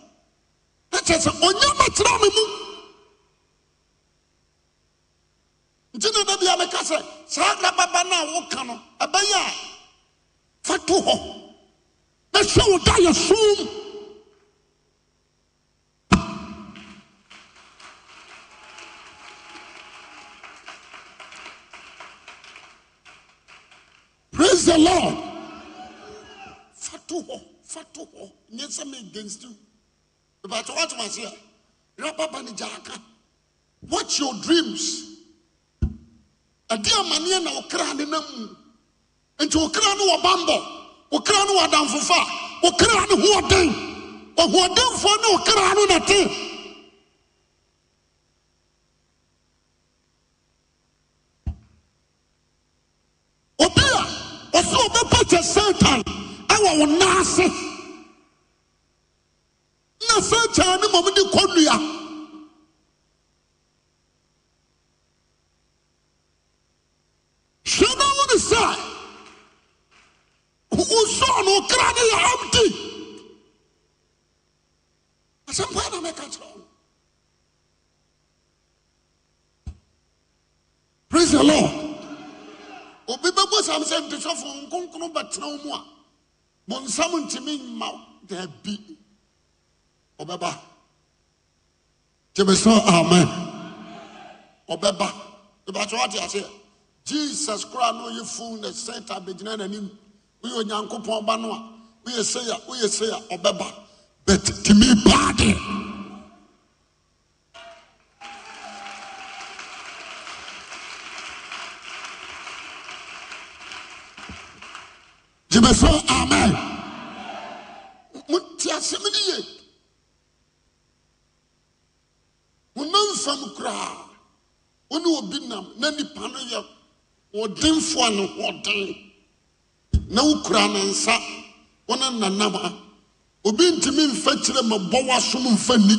ɛkyɛ sɛ ɔnya makyerɛ me mu nti ne meka sɛ saa no a woka no ɛbɛyɛ a fa to hɔ na wo da yɛ som praise the lord fa to hɔ fa to hɔ nyɛ sɛ me against you bɛbɛkyɛ woatom ase a no watch your dreams ade amaneɛ na ɔkra ne nam mu nti ɔkra no wɔ bambɔ ɔkra no wɔ adamfofa ɔkra no hoɔden ɔhoɔdenfoɔ ne ɔkra no na te obi a ɔsɛ ɔbɛpɛkyɛ satan ɛwɔ wo naase na satan ne mmom de kɔnnua Praise the law. Obi bɛbɔ sam sɛ ntesɔfo nkonkron bɛtena wo mu a bonsam ntumi mma daabi ɔbɛba gyeme sɛ amen ɔbɛba ɛbɛkyɛ wate aseɛ jesus koraa na ɔyɛ fuu ne sɛta bɛgyina n'anim woyɛ onyankopɔn ba no a say, sɛi a woyɛ sɛi a Obeba, but tumi baa gyebɛsɛ amen mote asɛm no ye wonam fam koraa wo ne obi nam na nipa no yɛ ɔdenfoɔ a ne hoɔden na wokura ne nsa wo ne nanam a obi ntumi mfa kyerɛ ma bɔ w'asom mfa nni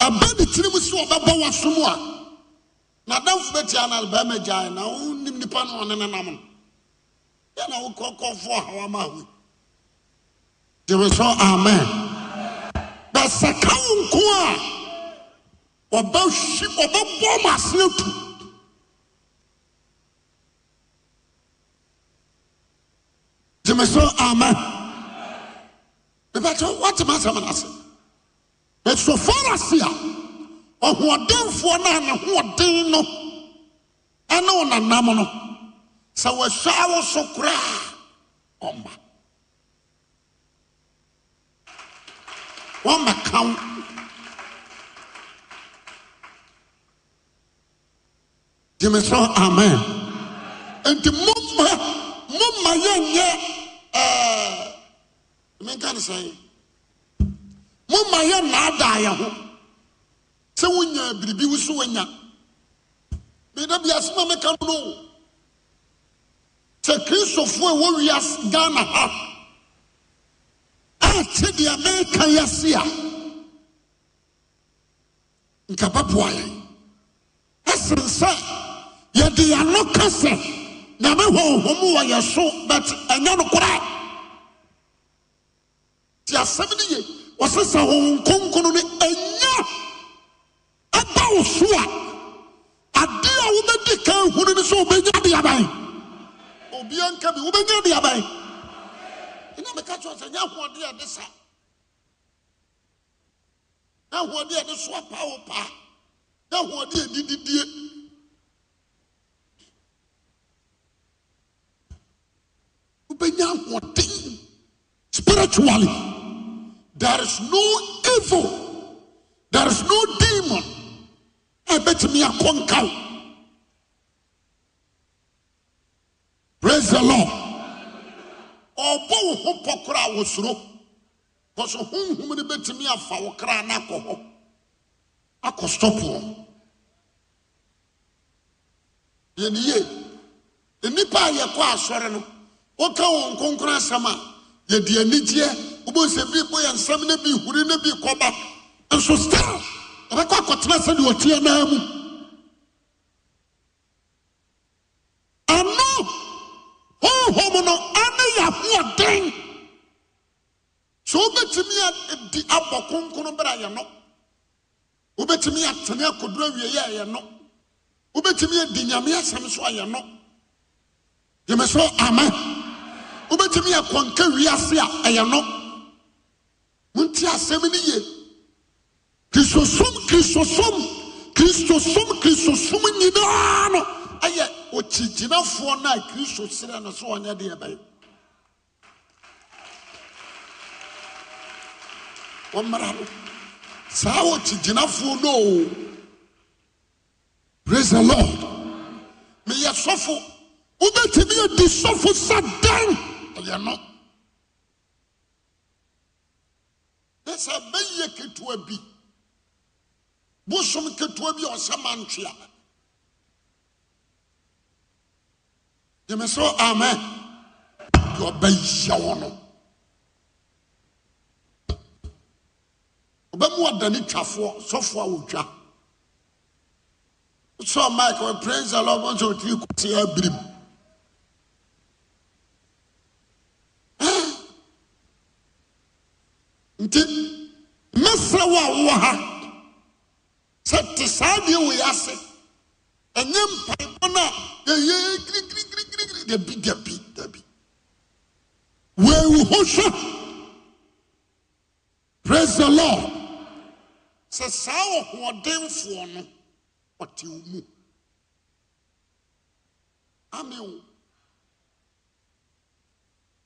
aba ne tirim sɛ ɔbɛbɔ w'asom a n'adamfo bɛtia no albaama gyae na wonim nipa no ɔne ne nam no yɛna wokɔkɔfoɔ hawama we gyeme so amen wo nko a wɔbɛhwi wɔbɛbɔ ma amen mebɛkyɛ asɛm no ase ɛsofarase a ɔhoɔdenfoɔ no a ne hoɔden no ɛne wo nanam sɛ wɔhwɛ wo so koraa ɔma wɔmmɛka wo gyeme so amen nti momma momma yɛnyɛ eh, menka ne sɛ momma yɛnnaadaa yɛ ho sɛ wonya biribi wo so woanya meda biasɛma mɛka no no sɛ kristofoɔ a ɛwɔ wiase ghana ha akyɛ deɛ mɛka yɛse a nka bɛboa yɛn ɛsen sɛ yɛde yɛano ka sɛ nyame honhom wɔ yɛ so but ɛnyɛ no koraa nti asɛm no ye wɔse sɛ honhom kronkrono no ɛnya ɛba wo so a adeɛ a wobɛdi ka ahunu no sɛ wobɛnya obi anka bi wobɛnya bi aban ɛna meka kyerɛ sɛ nyɛ ahoɔden a de sa na ahoɔden a de soa paa wo paa na ahoɔden a wobɛnya ahoɔden spiritually there is no evil there is no demon a ɛbɛtumi akɔnka praise the lord ɔbɔ wo ho pɔ koraa wɔ suro bɔsɔ honhom no afa wo kra no akɔ hɔ akɔ stɔpoɔ yɛne ye nnipa a yɛkɔ asɔre no woka wɔn nkonkron asɛm a yɛde anigyeɛ wobɛhu sɛ bi bɔ yɛ nsɛm no bi huri no bi kɔba nso stil ɛbɛkɔ akɔtena sɛdeɛ ɔteɛ naa mu yɛ sɛ wobɛtumi adi abɔ kronkron berɛ a no wobɛtumi atene akɔduru awieeɛ a no wobɛtumi adi nyame asɛm so a yɛ no yɛmɛ so ama wobɛtumi akɔnka wiase a ɛyɛ no monti asɛm no ye kristosom kristosom kristosom kristosom nyinaa no ɛyɛ ɔkyigyinafoɔ no a kristo serɛ no sɛ ɔnyɛ deɛ wɔmmara no saa wɔkyegyinafoɔ no o praise the lord meyɛ sɔfo wobɛtumi adi sɔfo sɛ dan ɛyɛ no na sɛ bɛyɛ ketewa bi bosom ketewa bi a ɔsɛ mantwe a amen deɛ ɔbɛyɛ wɔ no ɔbɛmu adani twafoɔ sɔfoɔ a sọ mike praise the lord wɔn sɛ otiri kuti abirim nti mɛsrɛ a wowɔ ha se. te saa deɛ wɔ yɛ ase ɛnyɛ mpaebɔ no a yɛyɛ kirikirikirikiri dabi dabi dabi praise the lord sɛ saa ɔhoɔdenfoɔ no ɔte wo mu ame wo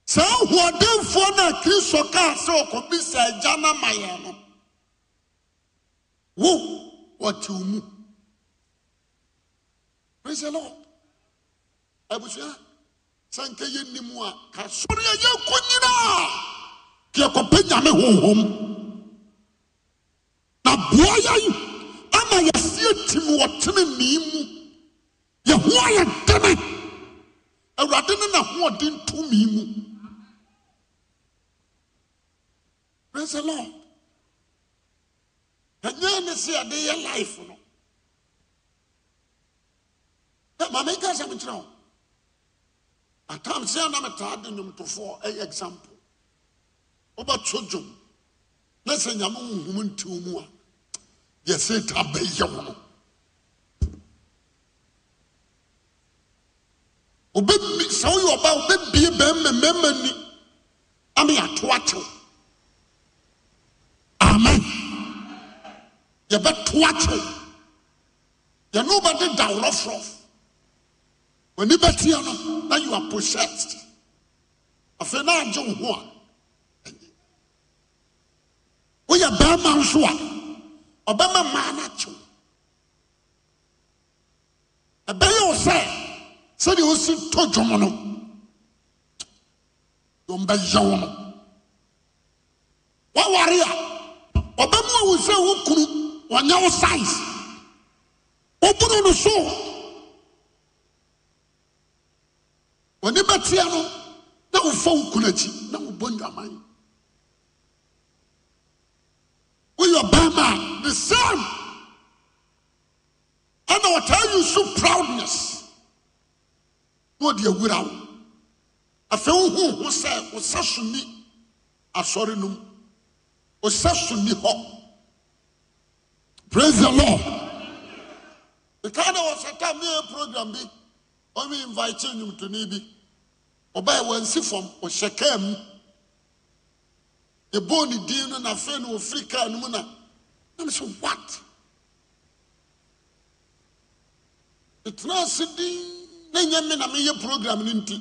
saa ɔhoɔdenfoɔ no a kristo kaa sɛ ɔkɔbisa agya no ma yɛn no wo ɔte wo mu praise the lord abusua sɛ nkɛyɛ nnim a kasɔre a yɛkɔ nyinaa deɛ kɔpɛ nyame honhom na boa yɛn ama yɛaseɛ tim wɔtenenee mu yɛho ayɛ dɛmɛ awurade ne nahoɔden tumi mu prais e lord ɛnyɛ ne sɛ yɛde yɛ life no ɛ ma menka sɛm kyerɛ ho atam sɛ na metaa de nnwomtofoɔ ɛyɛ example wobɛto dwom na sɛ nyame honhom ntiw mu a yɛse ta bɛyɛ wo no sɛ woyɛ ɔba wobɛbie bɛrima mmarima ni ama yɛato akyew amen You akyew yɛne wobɛdeda worɔforɔfo w'ani bɛteɛ no na you are possessed afei na agye wo ho a woyɛ bɛrima nso a ɔbɛma maa no akyewo ɛbɛyɛ wo sɛ sɛdeɛ wɔsi tɔ dwom no ɔmbɛyɛ wo no woaware a ɔbɛma a wo sɛ wokunu ɔnyɛ wo size wobunu no soo ɔni bɛteɛ no nɛ wofa wo kunuagyi ne wobɔ nda mane the same ɛna wɔtaa yi so proudness na wɔde awura wo afei wohu ho sɛ wosɛ so ni asɔre no mu wosɛ a ni praise the lord nka na wɔsɛ ta meyɛ program bi ɔme invite nnwomtoni bi ɔbɛɛ wansi fam ɔhyɛ kaa mu ɛbɔɔ ne din no na afei na wɔfiri kaa no mu na nam so what ɛtena ase din na nyɛ me na meyɛ program no nti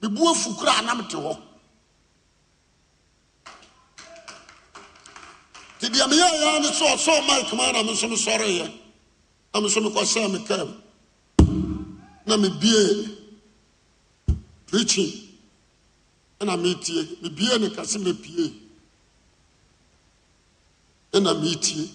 mebu afu koraa nam te hɔ nti deɛ meyɛyɛa ne sɛ ɔsɛ mike ma na me nso mesɔreyɛ na me nso mekɔhyɛɛ me kam na mebiee preaching ɛna metie mebiee ne kɛse mepie ɛna metie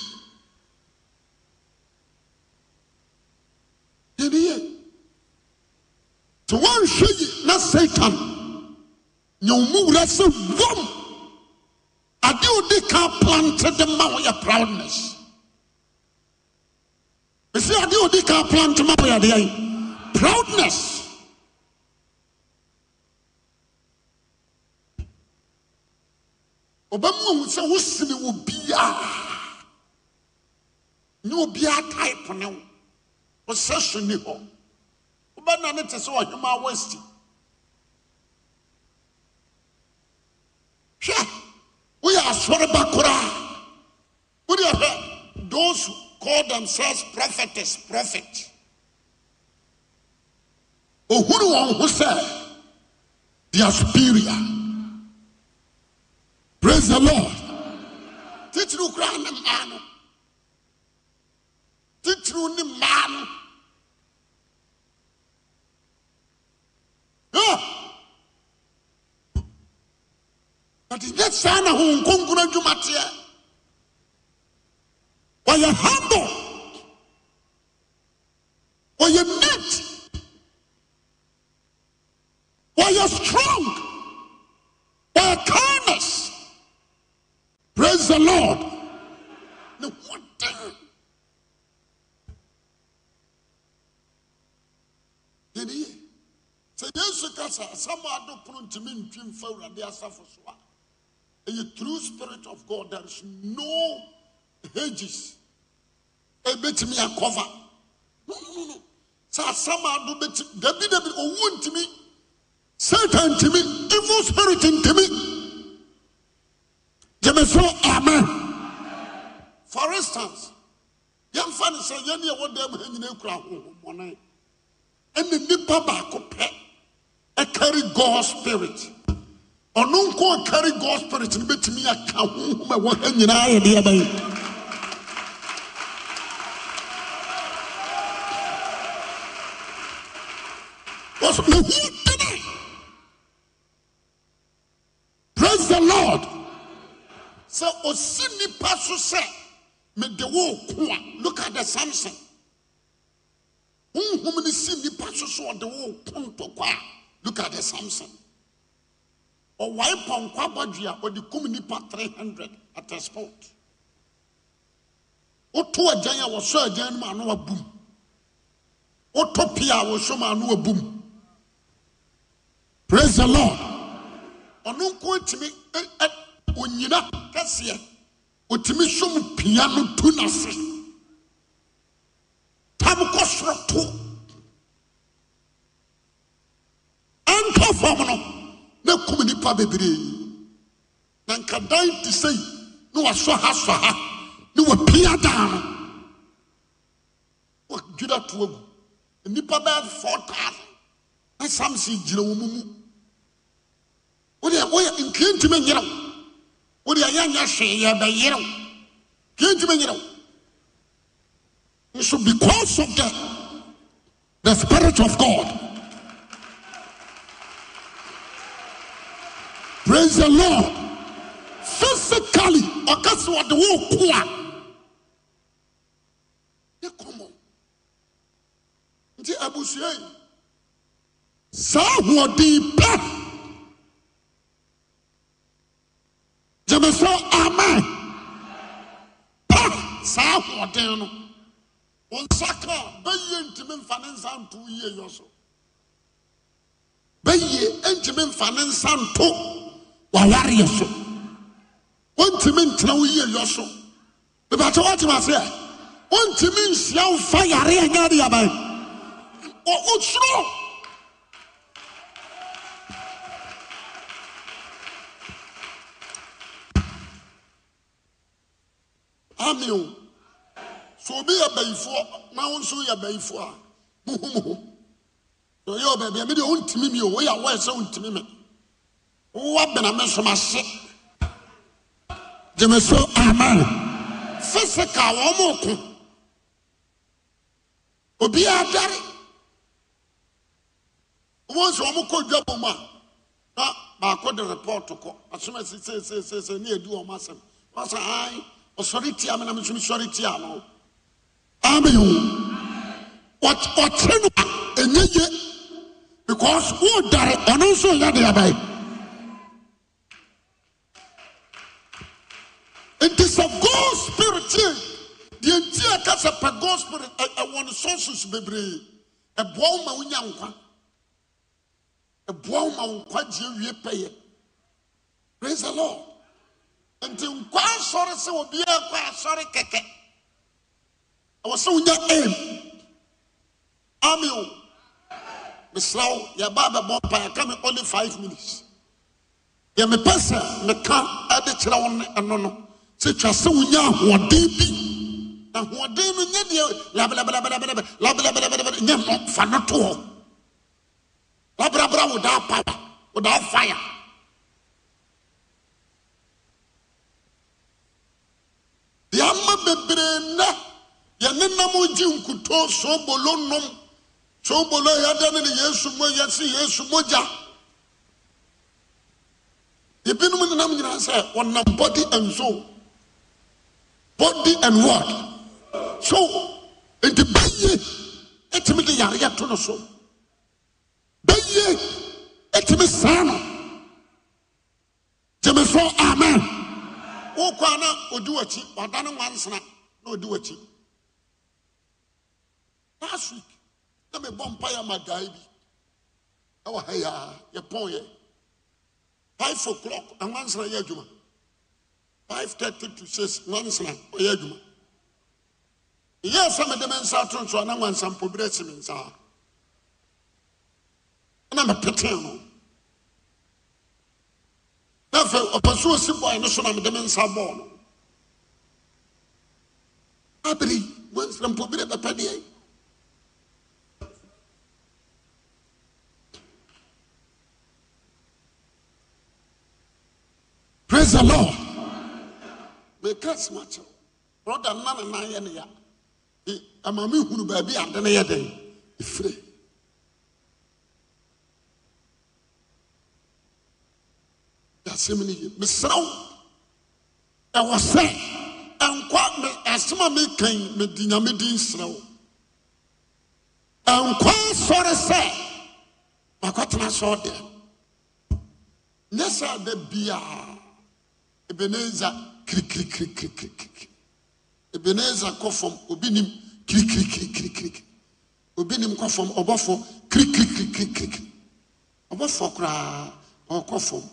nti wɔnhwɛ yi na say nyɛ wo mu wura sɛ wom ade odi ka plante de ma wo yɛ proudness mesi ade odi ka plant ma wo yɛ adeɛ proudness ɔbɛmu ahu sɛ wosene wɔ biara ne obiara type ne wo wo sɛ so ni hɔ wobɛna ne te sɛ ɔhema wasti hwɛ woyɛ asɔre ba koraa wode those who call themselves prophets, prophet ohuru wɔn ho sɛ they are superior praise the lord titiri koraa ne mmaa no titiri ne mmaa no Ah! But is that son of Hunkunguna Jumatia, why you're humble, why you're meant, why you strong, by you kindness, praise the Lord. sɛ asɛm adopono ntumi ntwi mfa awurade asafo so a ɛyɛ true spirit of god there is no hedges ɛbɛtumi akɔva sɛ asɛm ado bɛtumi dabi dabi owu ntumi satan ntumi evil spirit ntumi gyeme so amen for instance yɛmfa no sɛ yɛne ɛwɔ dan mu ha nyina kura ahohommɔne Eni nnipa baako pɛ I carry God's spirit. Ɔno I carry God's spirit no bɛtumi me I a ɛwɔ ha nyinaa in aba yi. Wɔsɔ the tene. Praise the Lord. Sɛ osi nipa so sɛ mede wo look at the Samson. Honhom no si nipa so sɛ ɔde wo ko ntɔkwa a. Look at the Samson. Ɔwae pɔnkɔ abadua ɔde kum nipa three hundred at a spot. Woto agyan a wɔsɔ agyan no mu ano abum. Woto pia a wɔsɔ mu ano abum. Praise the Lord. Ɔno nko tumi ɛ ɛ onyina kɛseɛ. Otumi som pia no tu n'ase. Tam kɔ soro to. ɛnka fam no na kum nnipa bebree na nkadan wasɔ ha sɔ ha wapia daa no wadwira to agu nnipa bɛyɛ four thousand na samson gyina wɔn mu wodeɛ woyɛ nkee ntumi nyerɛw wodeɛ yɛnyɛ hwee yɛbɛyerɛw nkee ntumi nyerɛw nso because of the the spirit of God praise the lord physically ɔka sɛ ɔde wo ko a ne kɔmmɔ nti abusua yi saa ahoɔden pɛ gyeme sɛ amen pɛ saa ahoɔden no wɔn nsa ka bɛyie ntumi mfa ne nsa nto yie yɔ so bɛyie ntumi mfa ne nsa nto wawareɛ so wontumi ntena wo yie yɔ so mebakyɛ woatem aseɛ wontumi nhyia womfa yareɛ nyɛ de yaban wosuro ameo sɛ obi yɛ bayifoɔ na wo nso yɛ bayifoɔ a muhumuhu ɔyɛ ɔbaabi a medeɛ wontumi mi o woyɛ woɛ sɛ wontumi me wowɔ bena me som ase gyeme so amen physical wɔn mo ko obiara dare wɔn nso wɔn kɔ dwa bɔ mu a na baako de report kɔ asom asi seeseeseesee ne edi wɔn asɛm wɔsɛ ayi ɔsɔre tia mi na mi nso mi sɔre tia no amen o ɔkyerɛ no a enye ye because wɔn dare ɔno nso yɛ deɛ bɛyɛ. It is a god spirit The entire nti of a pɛ god spirit ɛwɔ ne sources bebree ɛboa wo ma wonya nkwa ɛboa wo ma wo nkwa gyeɛ wie praise the lord nti nkwa asɔre sɛ obiara sorry. asɔre kɛkɛ ɛwɔ sɛ wonya aim ami o mesra wo yɛba bɛbɔ mpa yɛka me only five minutes deɛ mepɛ sɛ meka ɛde kyerɛ wo ne No, no sɛ twa sɛ wonyaa hoɔden bi na hoɔden no nyɛ deɛ a nyɛ mofa no to hɔ abrabra wodaa wodaafa ya yɛama bebree nnɛ yɛnɛnam ogye nkutoo sɛobolo nom sɛobolo yɛda ne ne yesu mɔyɛ se yesu mɔgya yɛbinom nenam nyinaa sɛ ɔnambɔde ansoo body and what so nti bɛyɛ ɛtumi de yareɛ to know so bɛyɛ ɛtumi saa no gyeme so amen O a na ɔdi w'akyi Wadana ne nwansena na ɔdi last week na me mpa yɛ ama guy bi Five ha yɛ a yɛpɔn yɛ five o'clock nwansena yɛ adwuma 530 to 6 nwansana ɔyɛ adwuma Yes, I'm a nsa ato nso a na nwansampobere asi me nsa a na mepetee no na afei ɔpɛ so osi bɔe no so na mede me nsa bɔɔ Praise the Lord meka soma kyɛw brɔda nna ne nan yɛ ne ya ama me hunu baabi ade ne yɛ den ɛfire yɛasɛm no ye mesrɛ wo ɛwɔ sɛ ɛnkwa me asɛm a mekan mede nyame din srɛ wo ɛnkwa sɔre sɛ makɔtena sɛ ɔdeɛ nyɛ sɛ ada biaa kirikirikirikirikirikiri ebeneza kɔ fam obi nim kirikirikirikirikiri obi nim kɔ fam ɔbɔfo kirikirikirikirikiri ɔbɔfo koraa ɔkɔ fam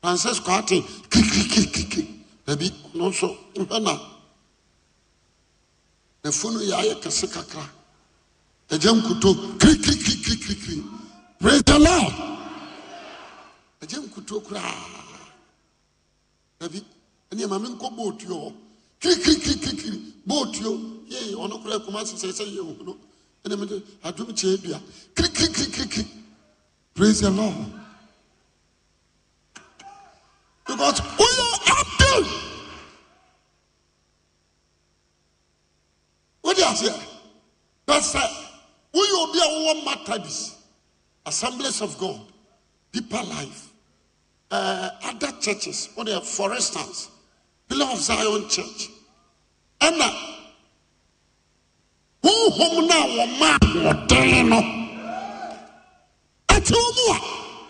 francis kwate kirikirikirikiri dabi ɔno nso nhwɛ na yɛ ayɛ kɛse kakra ɛgya nkuto kirikirikirikirikiri praise the lord ɛgya nkuto koraa dabi ɛnni maame nkɔ bootuo hɔ kirikirikirikiri bootuo yee ɔno kura ɛkuma sɛsɛ sɛ yɛ ohun no ɛnna mi de adum kyɛ edua kirikirikirikiri praise the lord because oyɛ abdul wodi aseɛ "We oyɛ obi a wɔwɔ matters. assemblies of god deeper life uh, other churches, what they are, for instance, Pillar of Zion Church. And who home now, one man, what day, no? At home,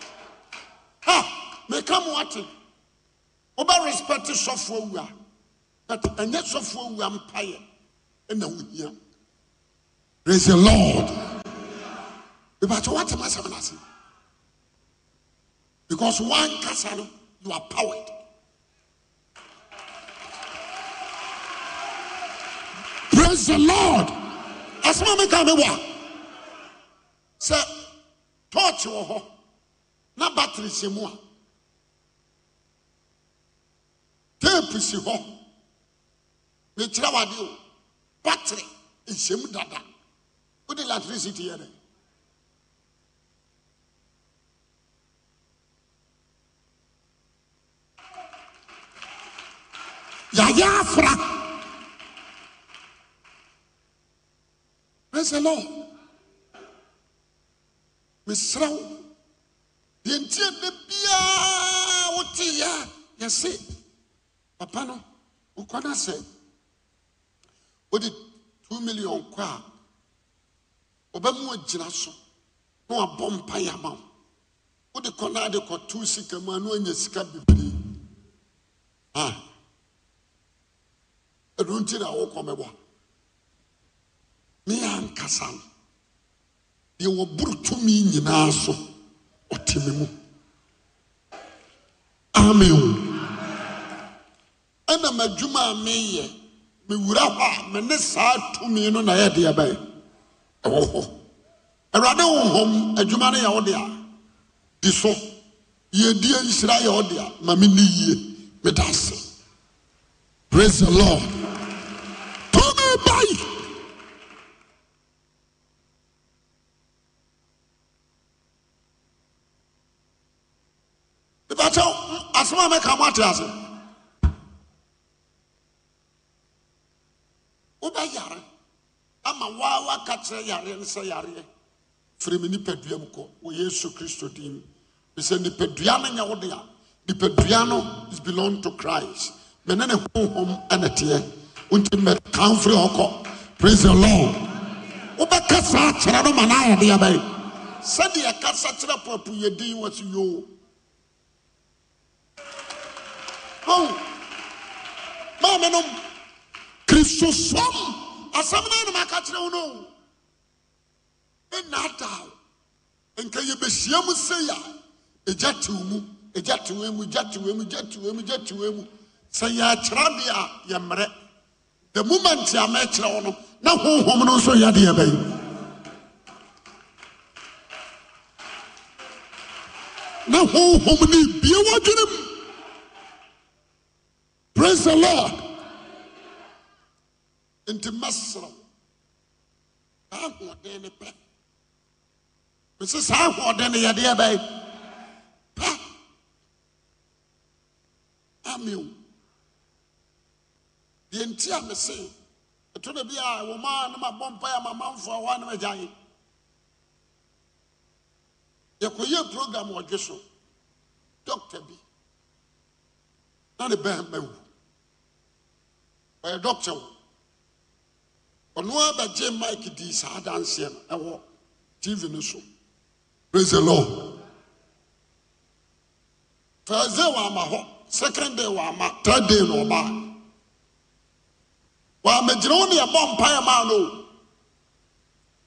ha, may come what? Over respect to software, but and yet software empire, and now we here. Praise the Lord. But what am I saying? Because one castle, you are powered. Praise the Lord. Asoma make ka mi wa. Sɛ tɔɔkye wɔ hɔ na batiri si mu a. Teepu si hɔ. Mekyerɛ wade o. Batiri ehyɛm dada. Wode electricity yɛ yàyà afra praise the lord mesra wo yɛntie nne biara wote yɛ a yɛse papa no wokɔ se. sɛ wode 2 million kɔ a mu agyina so na wabɔ mpa yɛ ama wo wode kɔ no ade kɔtoo sika mu a na wanya sika bebree ah. ɛno nti na wokɔ mɛbɔ ne nkasa no deɛ wɔboro tumi nyinaa so ɔte me mu amen ɛna m'adwuma a meyɛ mewura hɔ a me ne saa tumi no na yɛdeɛ bɛyɛ ɛwɔ hɔ awurade honhom adwuma no yɛ wode a di so yɛdie nhyira yɛ a ma yie praise the die. Bibakyɛw asoma mɛka mo ate ase. Wobɛ yare ama waawa ka kyerɛ yareɛ no sɛ yareɛ. Firi mi nipadua mu kɔ wɔ Yesu Kristo din mu. Bisɛ nipadua no nyɛ wo Nipadua no is belong to Christ. Mɛ ne ne honhom ɛna wontumi bɛ kan firi ɔkɔ praise the lord wobɛka saa kyerɛ no ma n'ayɛ deɛ bɛyɛ sɛdeɛ kasa kyerɛ pɔpu yɛ din wɔ so yoo hɔn maame nom kristofam asɛm no anam aka kyerɛ nka mu sei a ɛgya tew mu ɛgya tew mu gya tew mu sɛ the moment a mɛkyerɛ wo no na honhom no nso yɛ adeɛ bɛyi na honhom no bie w'adwene him." praise the lord nti mɛserɛ saa ahoɔden ne pɛ mese saa ahoɔden ne yɛdeɛ bɛyi pɛ ameo deɛ nti a mese ɛto da bi a wɔ maa ne mabɔ mpaeɛ ama manfoɔ a wɔa ne magyae yɛkɔyɛ program ɔdwe so dɔkta bi na ne bɛrima wu ɔyɛ dɔkta wo ɔno a bɛgye mike dii saa danseɛ no ɛwɔ tv no so praise the lord thursday wɔ ama hɔ second day wɔ ama third day na ɔbaa wɔn amegyina wɔn ne ɛbɔ mpaeɛ maa no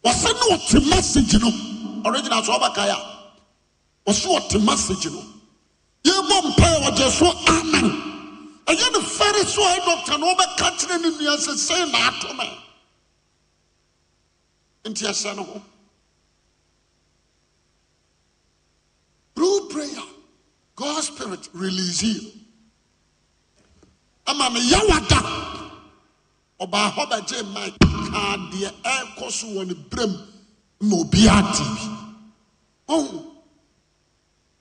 wɔsɛ ne wɔte message no original so ɔbɛka ya wɔsɛ wɔte message no yɛbɔ mpaeɛ wɔde so amen ɛyɛ ne fɛre so a dɔkta na ɔbɛka kyerɛ ne nua sɛ sɛn na ato na nti ɛsɛ no ho through prayer God's spirit release you ama ne yawada. ɔbaa hɔ bɛgye mmaa kaa deɛ ɛrekɔ so wɔ ne berɛm ma obiara te bi ɔhu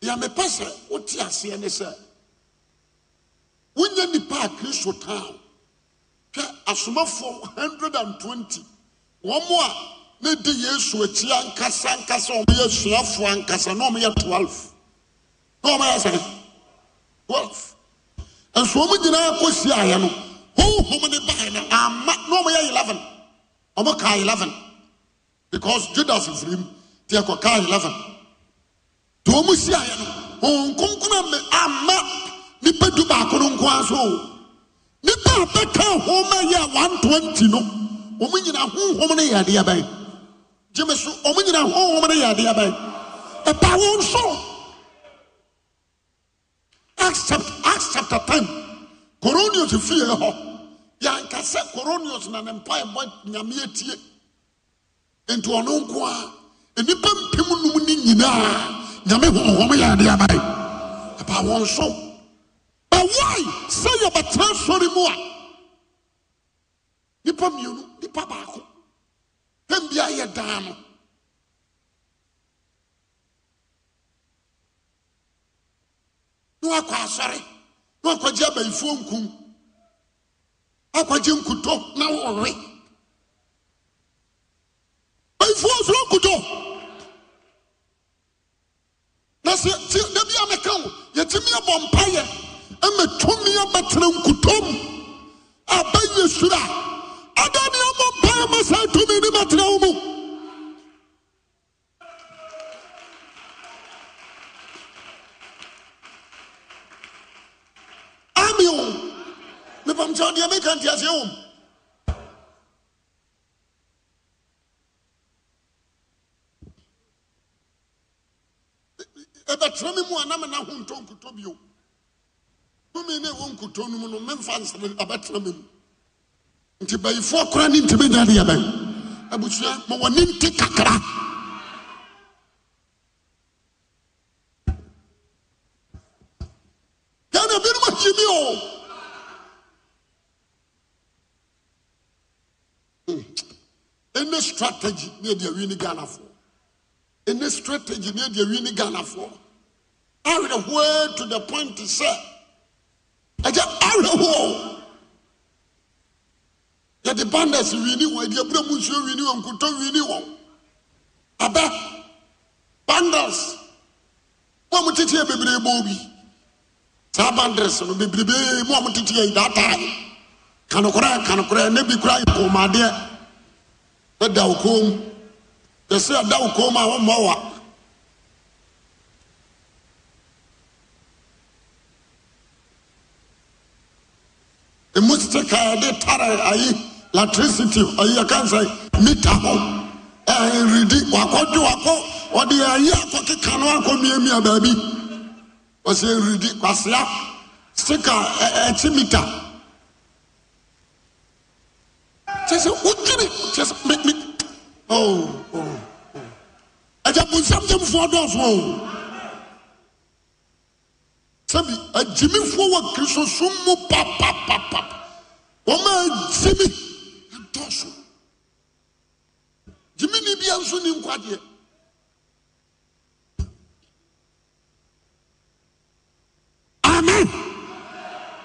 deɛ mepɛ sɛ wote aseɛ ne sɛ wonyɛ nipa a kristo taa hwɛ asomafoɔ 120 wɔn a ne di yesu akyi ankasa ankasa wɔn yɛ suafoɔ ankasa na wɔn yɛ twelve, na wɔn yɛ sɛ 12 nso wɔn nyinaa kɔ si ayɛ no. Who honhom ne bae no amma na ɔmyɛ 11 ɔmɔkaa 11 because judas mfiri m nti ɛkɔkaa 11 nti ɔmu hyiaeɛ no honhom kronkron amma nnipa du baako no nko a so o nnipa 120 no ɔmo who honhom no ya adeɛ bɛn gyeme so ɔmo nyina honhom no yɛ adeɛ bɛn ɛba accept accept a time koronius fie hɔ yɛanka sɛ koronius na ne mpaebɔ nyame atie nti ɔno nko a nnipa mpem num ne nyinaa nyame honhom yɛ ade abae ɛba wɔn so ba wai sɛ yɛbɛtena sɔre mu a nipa mmienu nipa baako tam bia yɛ daa no na wakɔ asɔre na ɔkɔgye abayifoɔ nkum akɔgye nkutɔ na wɔwe bayifoɔ nfura nkutɔ na sɛ ti dabi a meka wo yɛtumi abɔ mpayɛ ama tumi abɛtena nkutɔ mu aba yɛ sura ada ne ɔmɔ ma saa tumi ne mɛtena wo mu. bio mepam sɛ ɔdeɛ meka nteaseɛ wom ɛbɛtera me mu a na mena to ntɔ nkotɔ bio tumi ne ɛwɔ nkotɔ no mu no memfa nsere abɛtera me mu nti bayifoɔ kora ne ntimi nya deɛ bɛn abusua ma wɔne nti kakra strategy ne yɛde awi ne ghanafoɔ ɛne strategy ne yɛde awi ne ghanafoɔ awerɛhoɔ to the point sɛ ɛgya awerɛhoɔ yɛde banders wini wɔn yɛde abura mu nsuo wini wɔn nkutɔ wini wɔn abɛ banders wɔn mo tete yɛ bebree bɔ obi saa banders no bebree bɛɛ mu a mo tete yɛ yi daa taa yi kanokora kanokora ne bi kura kɔnmuadeɛ bɛda wo kɔn mu yɛsɛ ada wo kɔn mu a wɔmmɔ wa emu tete kaa de tara ayi latricity ayi akansa mita hɔ ɛɛ ridi wakɔdu wakɔ ɔde ayi akɔ keka no akɔ miamia baabi ɔsɛ ridi kwasia sika ɛɛ ɛti mita kyerɛ sɛ wodwiri kyerɛ sɛ me me oh oh agyabonsamgyamfoɔ dɔɔso o sɛbi agyimifoɔ wɔ kristosom mu papapapa wɔn a agyimi adɔɔso gyimini bia nso ne nkwadeɛ amen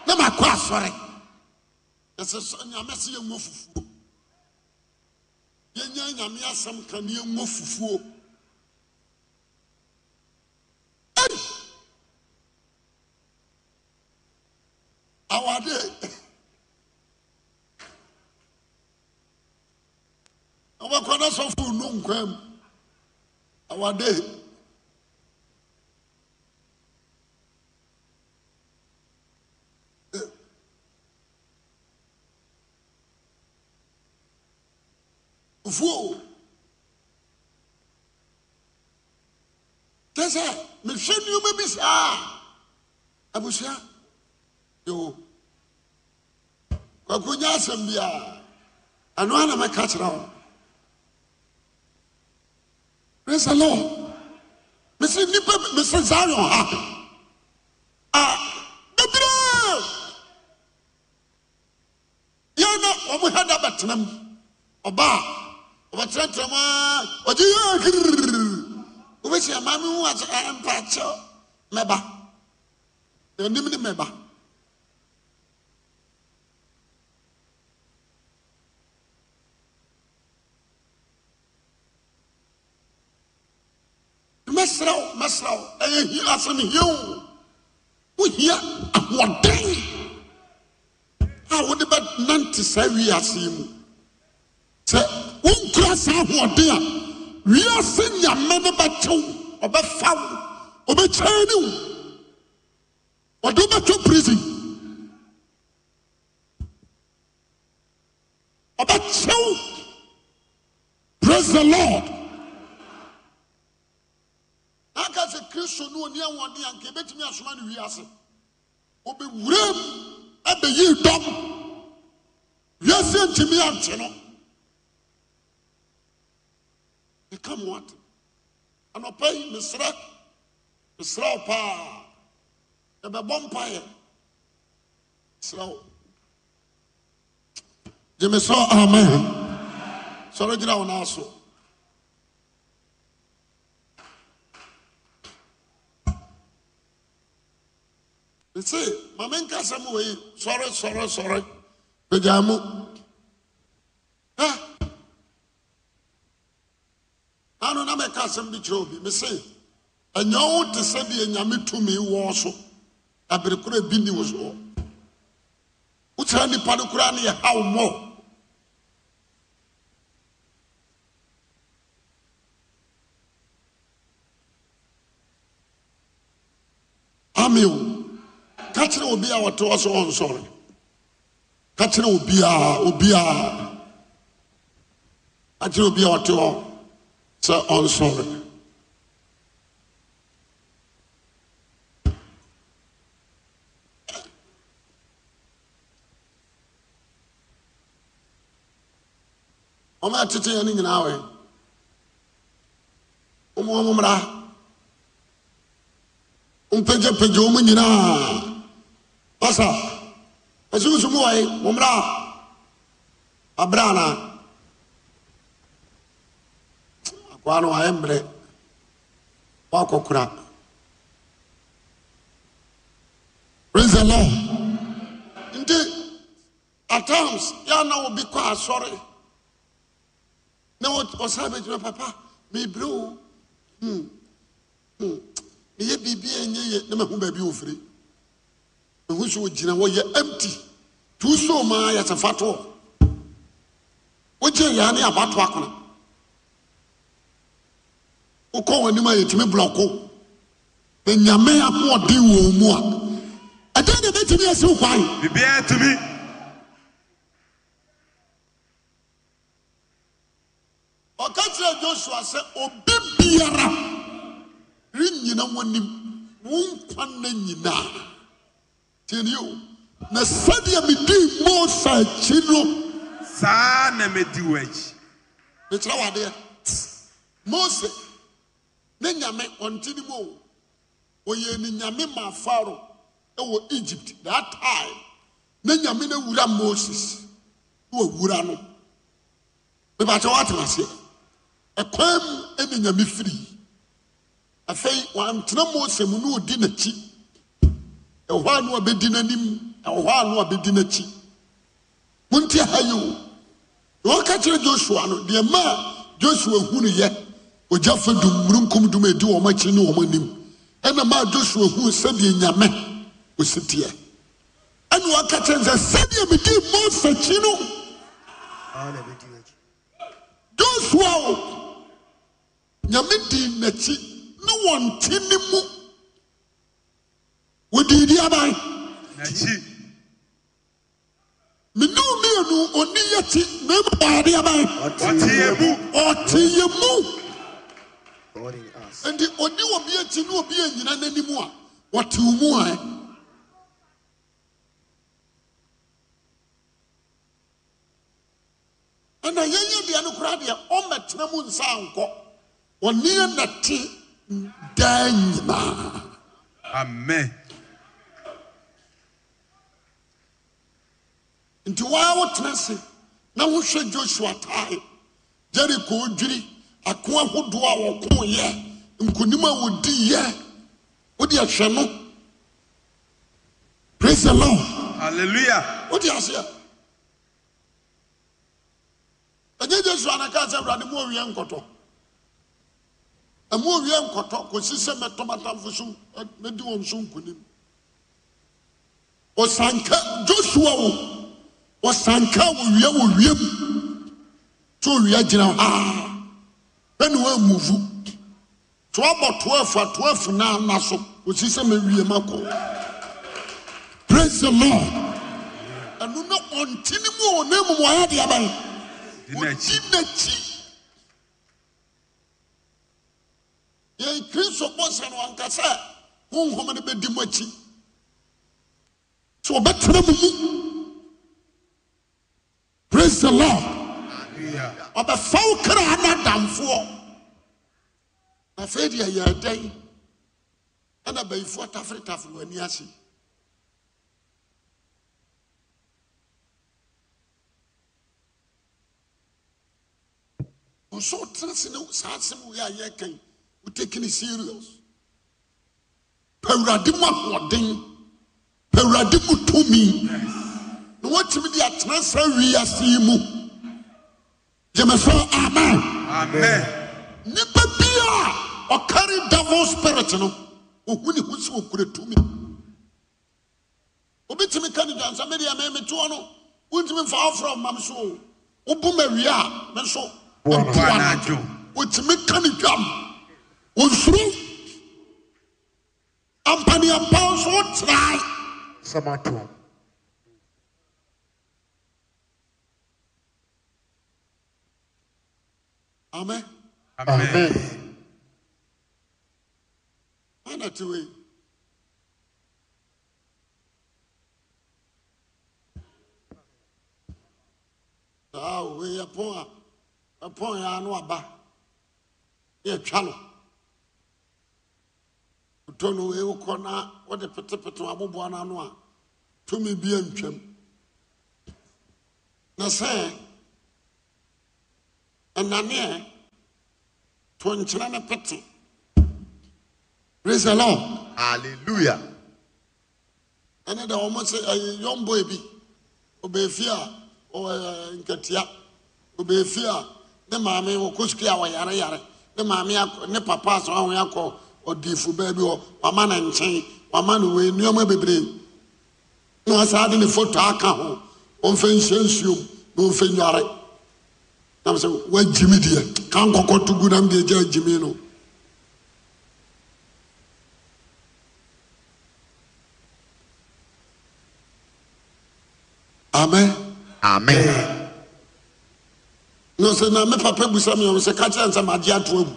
na makɔ asɔre ɛsɛ sɛ nyame se yɛ ngo fufuo yɛnya nyame asɛm ka ne yɛnwɔ fufuo awade awakɔ no sɔfo no nkwam awade voo. tɛ sɛ mehwɛ nneɛma bi saa abusua yoo kwako nyɛ asɛm biara ɛno ara na mɛka kyerɛ praise the lord mesi nipa mesi zion ha a bebree yɛn na wɔn ha da bɛtena mu wɔtenatena mu a ɔgye yɛ kiriri wobɛhyia maame hu akyɛ ɛmpa kyɛw mɛba anim ne mɛba mɛsrɛ wo mɛsrɛ wo ɛyɛ hi asɛm hia wo wohia ahoɔden a wode mu sɛ ate asa ahoɔden a wiase nyame ne bɛkyew ɔbɛfa wo ɔbɛkyɛn ne wo ɔde wobɛtwe prison ɔbɛkyew praise the lord anka sɛ kristo ne ɔni ahoɔden a nka ɛbɛtumi asoma no wiase ɔbɛwuram abɛyii dɔm wiase ntumi ante no become what? Anɔpa mesrɛ mesrɛ wo paa yɛbɛbɔ mpaeɛ mesrɛ wo gye me amen sɔre gyina wo naa so mese ma menka sɛm wei eh. sorry, sorry. sɔre asɛm bi kyerɛ obi me se ɛnyɛ wo te sɛ deɛ nyame tumi wɔ so abere koro bi ni wo so wokyerɛ nnipa no koraa ne yɛ haw mmɔ ame o ka kyerɛ obi a wɔte hɔ sɛ ɔnsɔre ka kyerɛ obiaa a. ka kyerɛ obi a wɔte hɔ sɛ ɔnsɔre ɔma ɛtete yɛ no nyinaa wɛ ɔmo ɔmo mmra ɔmpagyapagya ɔmo nyinaa ɔsa ɛsɛ wosu mu wɔye wɔmmra abrɛ anaa wɔano ayɛ mmerɛ woakɔkora praise the lord nti at times yɛana obi kɔ asɔre na ɔsan bɛgyina papa mebire o hmm, hmm, meyɛ biribi a ɛnyɛ yɛ na mahu baabi ofiri mahu sɛ ɔgyina wɔyɛ empty tuuso maa yɛsɛ fatoɔ wogyee yɛa ne abatoa kono wokɔ wɔn anim a yɛtumi blɔko na nyame ahoɔden wɔ mu a ɛdɛn na ɛbɛtumi asi hwan biribiara tumi ɔka kyerɛ joshua sɛ obi biara renyina wɔnim wo nkwa nna nyinaa tiɛni o na sɛdeɛ medii mose akyi no saa na medi wɔ akyi mekyerɛ wadeɛ mose ne nyame ɔnte ne mu o ɔyɛ ne nyame ma faro wɔ egypt that time ne nyame no wura moses ne wura no mebakyɛ woatena e kwem e ne nyame firi afei wantena mose mu ne ɔdi n'akyi chi hɔ a no abɛdi n'anim ɛwɔ hɔ a no abɛdi n'akyi monti ha yi o na wɔka kyerɛ no deɛ maa josua hu no ogya fa dum mununkum dum a ɛdi wɔn akyi ne wɔn anim ɛna maa joshua hu sɛdeɛ nyame osi teɛ ɛna waka kyerɛ sɛ sɛdeɛ medi mose akyi no joshua o nyame di n'akyi ne wɔn ti ne mu wɔdi di aban n'akyi mene oni yɛ ti na emu baade aban ɔte yɛ mu ɔte yɛ mu. And the only one being to know being in an anymore. What you more? And I hear you, the Anukradia on the Tremun Sanko. or near the tea. Dangma. Amen. Into our Tennessee, now na should joshua tie. Jericho, tae jeriko dwiri who do our wɔko yɛ nkonim a wɔdi yɛ wode ahwɛ no praise the lord hallelujah wode aseɛ ɛnyɛ gye so anaka sɛ awurade mu owie nkɔtɔ ɛmu owie nkɔtɔ kɔsi sɛ mɛtɔ so mɛdi wɔn so nkonim ɔsanka joshua wo ɔsanka wɔwie wɔ wiem sɛ owie gyina haa ah! ɛne wɔamuvu to abɔ twelve a twelve so osi sɛ ma wie ma praise the lord And na ɔnti ni mu ɔne mu mu ayɛ deɛ bɛn ɔdi n'akyi yɛn kristu no ankasa huhum di mu akyi so ɔbɛtena mu mu praise the lord ɔbɛfa wo kra anadamfoɔ. afei deɛ yɛn dɛn ɛna bɛyifoɔ tafiritafiri wɔ ani ase nso tena se ne saa asɛm wei a yɛkan wotaki ne serious pawurade mu ahoɔden pawurade mu tumi na wɔtumi de atena saa wiase yi mu gyemɛsɛ amen nnipa ɔkari devil spirit no ohu ne ho si okura tumi obitumi ka ne dwansa mi deɛ mɛmi toɔ no wuntumi nfa ɔfrɔ mam so o wobu ma wie a mɛ so mpoa na adwo otumi ka ne dwam osuru ampaniapa nso ɔtrae. samato. Amen. Amen. Amen. Hana tuwe. Saa uwe ya ponga. Ya ponga ya anuwa ba. Ya chalo. Utono uwe uko na wade pete pete wabubu ananuwa. Tumi bie mchem. Na sen. Enanye. Tuwa nchilane pete. Pete. Praise the Lord. Hallelujah. ɛne da wɔn sɛ ɛyɛ young boy bi obeefi a ɔyɛ nketea obeefi a ne maame wɔkɔ sukuu a wɔyareyare ne maame akɔ ne papa asɔ ahoɛ akɔ ɔdiifo baabi hɔ wama ne nkyɛn wama ne wei nneɛma bebree na ɔsan de ne foto aka ho ɔmfɛ nhyɛ nsuom na ɔmfɛ nyare na mo sɛ wɔagyimi deɛ kankɔkɔ to gu nam deɛ gya agyimi no. amen amen eh. na sɛ na me papa busa me sɛ ka kyerɛ sɛ magye ato agu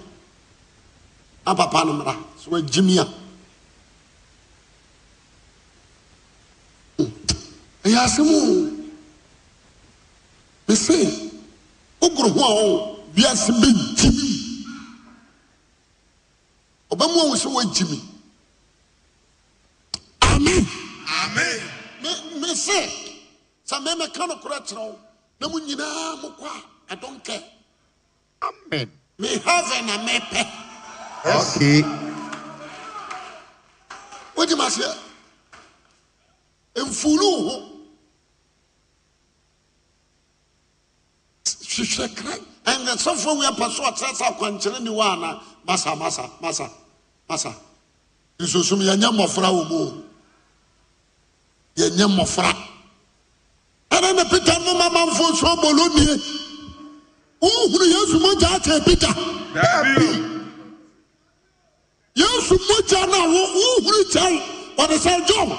na papa no mmra sɛ wagye me a hmm. ɛyɛ asɛm o me se wogoro ho a wo wiase bɛgyi me ɔbɛmu a wo sɛ woagyi me amen amen me se sɛ mɛmɛka nokorɛ kyerɛ wo na mo I don't care. amen me heaven na mepɛ okay wogye maseɛ mfuulu wo ho hwehwɛ kra ɛnsɛfoɔ wi apɛ so ɔkyerɛ to akwankyerɛ ni wɔ ana masa masa masa masa nsosum yɛnyɛ mmɔfra wɔ mu o yɛnyɛ ɛna na peter no ma manfo so abolo nie wohunu yesu mogya akyɛ peter daabi yesu mogya no a wohunu kyɛw ɔde sɛ john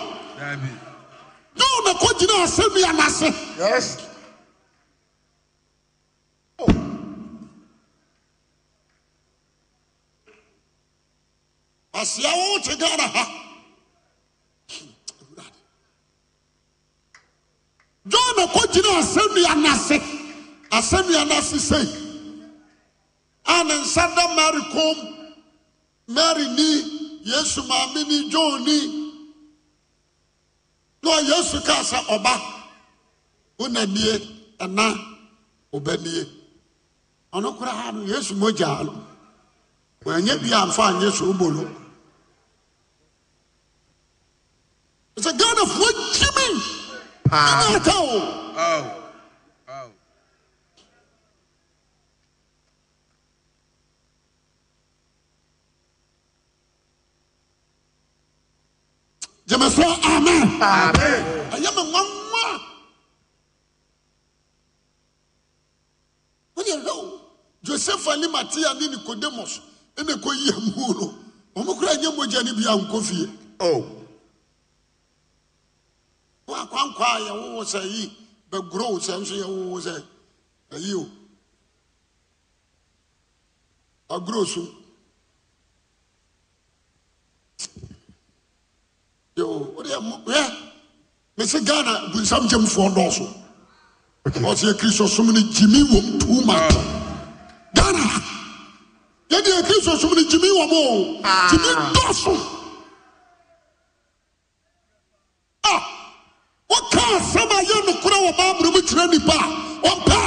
john na kɔgyina asɛm yi anase yes asia wo te ghana ha john ɔkɔgyina asɛnnua no ase asɛnnua no ase a ne nsa da mary kom mary ni yesu maame ni john ni na yesu kaa sɛ ɔba wonanie ɛna ɔbanie ɔno ha no yesu mogyaa no wɔanyɛ bi amfa anyɛ so wobolo sɛ ghanafoɔ gyimi paa. jẹmẹ sọ amen. ẹyẹ mi wọn mọ. wọ́n yẹ lọ́wọ́ joseph ani matia ni nicodemus ẹnna kò yí ẹ̀mú o lọ wọ́n kúrò ẹ̀yẹ́ mọ́jà níbi à ń kó fìyẹ nkwa a yɛwowo sɛ yi bɛgoro wo sɛ nso yɛwowo sɛ ayi o agoro so yoo wode ɛmo yɛ mesi ghana bunsam gyemfoɔ dɔɔso ɔsɛ yɛ kristo som no gyimi wɔm too much ah. ghana yɛde yɛ kristo som no gyimi wɔm o ah. gyimi dɔɔso ɔde nokora wɔ baabolo mu kyerɛ nnipa a ɔmpɛ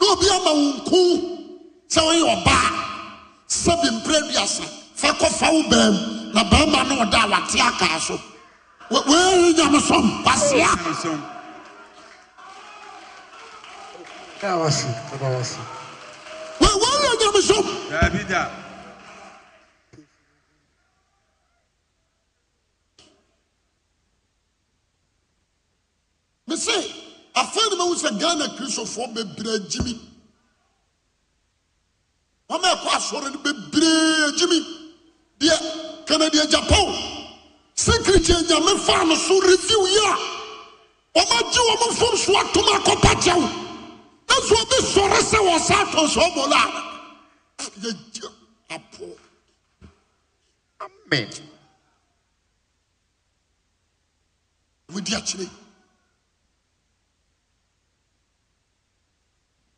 na obi ama wo nko sɛ woyɛ ɔbaa sɛbi mprɛ duasa fa kɔfa wo baam na barima no ɔda a wate akaa so wɔyɛ nyamesom wasea wɔyɛ nyamesom me sɛ afei ne mahu sɛ ghana kristofoɔ bebree agyimi wɔma ɛkɔ e asɔre no bebree agyimi deɛ kanadeɛ japan sekirikyi anyame faa no so review yi a wɔmagye wɔn fam so atom akɔpa kyɛw na so wɔbɛsɔre sɛ wɔ saa atɔ so ɔbɔ no a yɛgye apɔ amen wodi akyire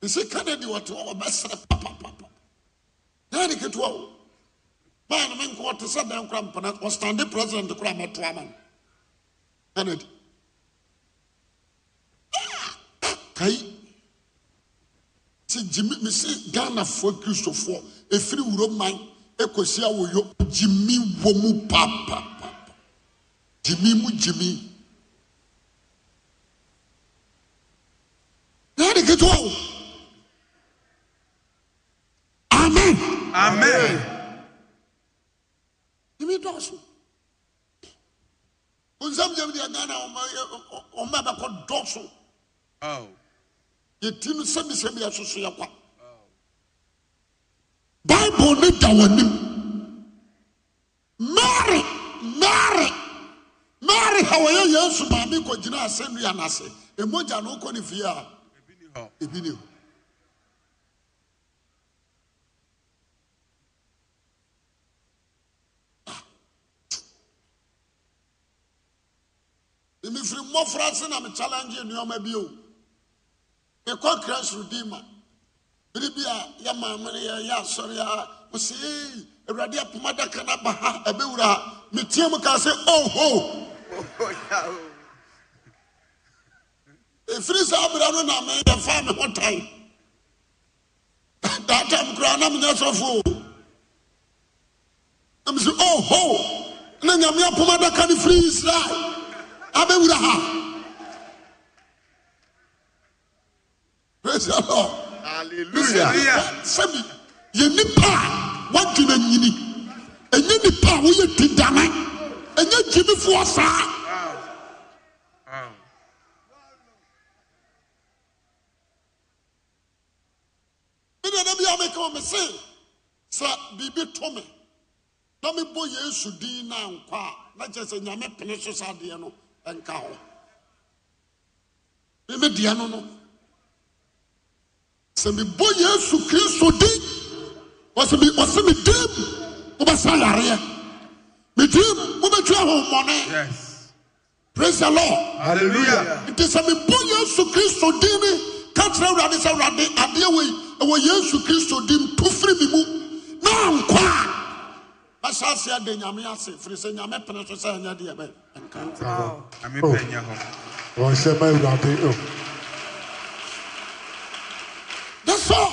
sika no de wɔte hɔ wɔbɛsrɛ papapapa daa ne ketewa o baa no menka ɔte sɛ dan kora mpana ɔstande president kora mɛtoa ma no kennedy kai sɛ gyimi mese ghanafoɔ kristofoɔ ɛfiri wuro man ɛkɔsi awoyo gyimi wɔ mu papapapa gyimi mu gyimi daa ne ketewa o nyinaa na ɔma bɛkɔ dɔɔso yɛti no sɛbisɛbi ɛsoso yɛkwa bible ne da w'anim mary mary mary ha wɔyɛ yesu maame kɔgyina asɛnnua no ase ɛmogya no wokɔ ne fie a ɛbi ni hɔ mmɔfra se na mechallenge nneɔma bi o mekɔ kristo din ma bere bi a yɛ maamere yɛyɛ asɔre a wɔsɛ ee awurade apoma daka no aba ha ɛbɛwura ha metie mu kaa sɛ oho ɛfiri saa berɛ no na meyɛfaa me ho tan daa tam koraa na menyɛ sɔfoɔ na mesɛ oho na nyame apoma daka no firi israel abɛwura praise the lord hallelujah sɛbi yɛ nipa a wadwina nyini ɛnyɛ nipa a woyɛ ti dame ɛnyɛ gyimifoɔ saa. ɛna bi a meka me se sɛ biribi to me na yesu din na nkɔ na kyerɛ nyame pene so saa adeɛ no nka ho meme deɛ no no yesu yareɛ praise the lord hallelujah nti yesu awurade sɛ awurade adeɛ ɛwɔ yesu firi mu a aseɛ de nyame ase firi sɛ nyame pene so sɛ ɛnyɛ deɛ bɛyɛ ɔnhyɛ ma awurade o that's all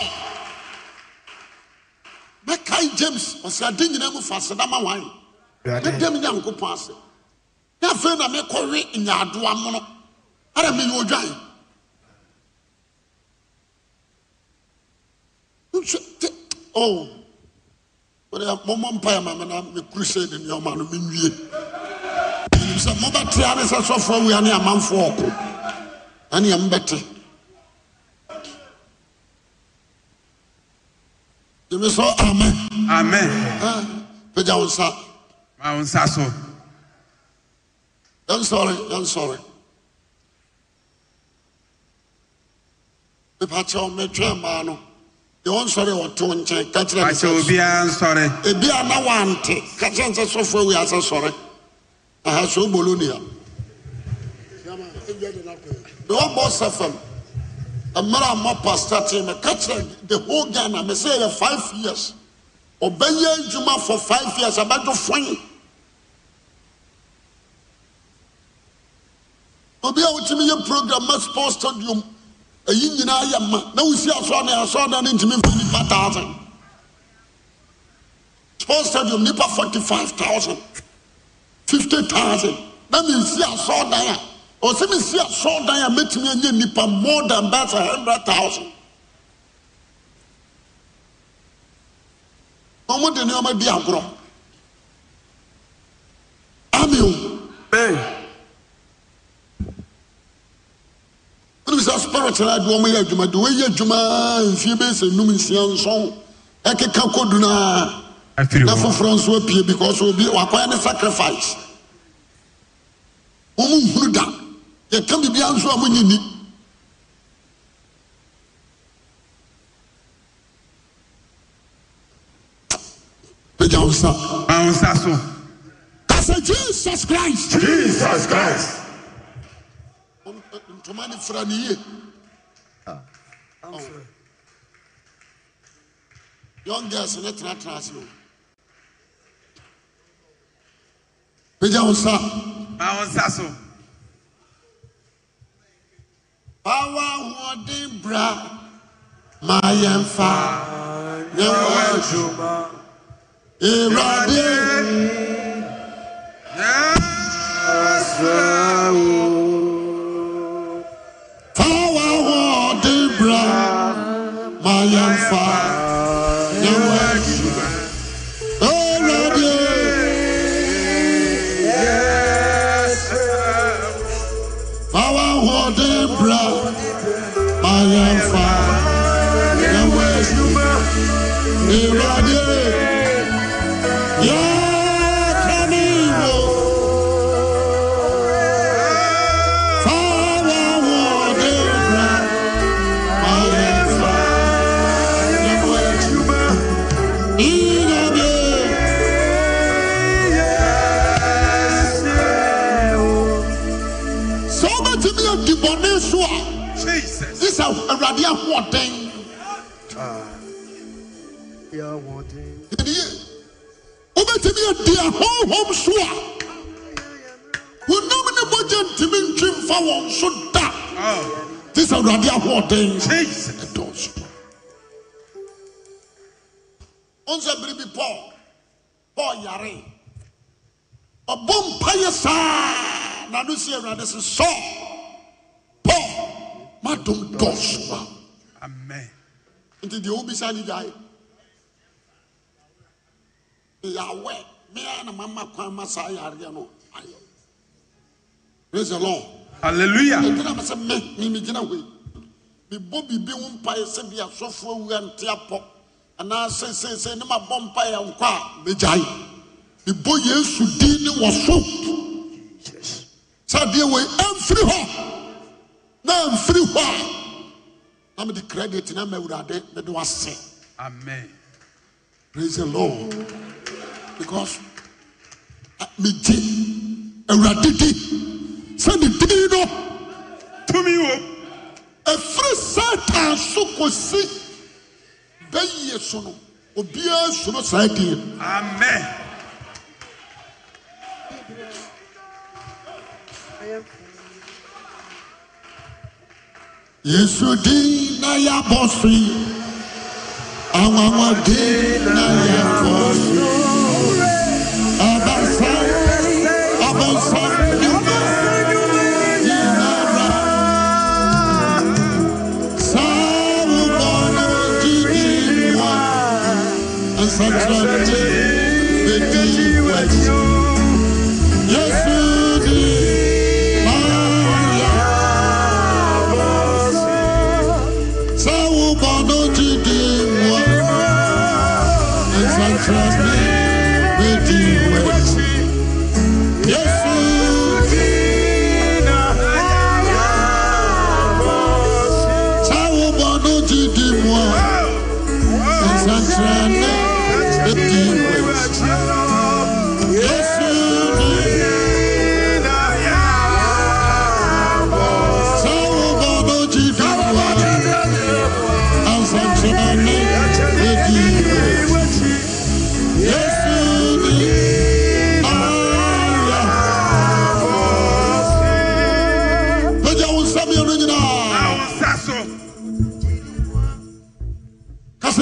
mɛkae james ɔsɛ ade nyinaa mu fa aseda ma wan medam nyankopɔn ase na afei na mekɔwe nyaadoa mono ara meyɛ odwan Oh, but I'm more pay, mamma, I'm a crusade in your man, I'm in you pii sɛ mobɛte ane sɛ sɔfoɔ awia ne amanfoɔ ɔko ɛneɛ mbɛte yɛmɛ sɛ amen amen pagya wo nsa ma wo nsa so yɛnsɔre yɛnsɔre mepakyɛw metwɛ mmaa no yɛwɔ nsɔre wɔto nkyɛn ka kyerɛ me sɛ obiara nsɔre ebia na wante ka kyerɛ sɛ sɔfoɔ awia sɛ sɔre I have shown bolonia de wabɔ sɛ fam mmerɛ a ma pastor tee me ka the whole ghana me say five years ɔbɛyɛ juma for five years I'm abɛdwo foe obi a wotumi yɛ program ma sports stadium ɛyi nyinaa yɛ ma na wosi asɔɔdan asɔɔdan no ntumi mfa nipa thousand sports stadium nipa forty five thousand fifty thousand na mi nsi asɔɔdan a ɔsi mi nsi asɔɔdan a mɛtumi anya nipa more than that a hundred thousand. wɔn de nneɛma bi agorɔ ami o. bɛn. wọ́n sọ spirit náà di wɔn yɛ adwuma di wɔn yɛ adwuma nfi bɛ sɛ num nsia nsɔn ɛkeka kodu naa afiri hɔ na nso apue because obi wakɔyɛ ne sacrifice wɔn mu nhunu da yɛka biribiara nso a mo nye ni. pagya wo nsa. so. kasa jesus christ. jesus christ. ntoma ne fira ne yie. Ah. young girls ne tenatena ase o. Pagya wo nsa. Ma wo nsa so. Bawa bra ma yɛmfa yɛwɔ adwuma. Ewurade yɛsrɛ wo. Bawa ahoɔden bra ma fa. awurade ahoɔden yɛdeɛ wobɛtumi adi ahonhom so a wonom ne mogya ntumi ntwe mfa wɔn so da te sɛ awurade ahoɔden ɛdɔɔso ɔnsɛ biribi paul paul yare ɔbɔ mpa yɛ saa na no si awurade se sɔ paul Madam Gospel. Amen. Nti the obisa ni gyae. Yahweh I na mama kwan ma saa yareɛ no ayɛ. Praise the Lord. Hallelujah. Ɛgyina me, me, me. mi mi me, hɔ yi. Mibɔ biribi me, mpaeɛ sɛ bi asɔfo awura nte say, anaa sɛsɛsɛ ne ma ya mpaeɛ me a The Mibɔ Yesu din ne wɔ so. Sɛ adeɛ wɔ yi ɛmfiri na free hɔ a na mede credit na ma awurade mede wasɛ amen praise the lord because did ah, awurade di sɛ ne to no tumi wɔ free satan so kɔsi bɛyie so no obiara su no amen yesu din na yabɔ fi àwọn àwọn din na yabɔ fi abasa abasa nígbà ìnara sáwọn bọ́ọ̀lù jíjí wa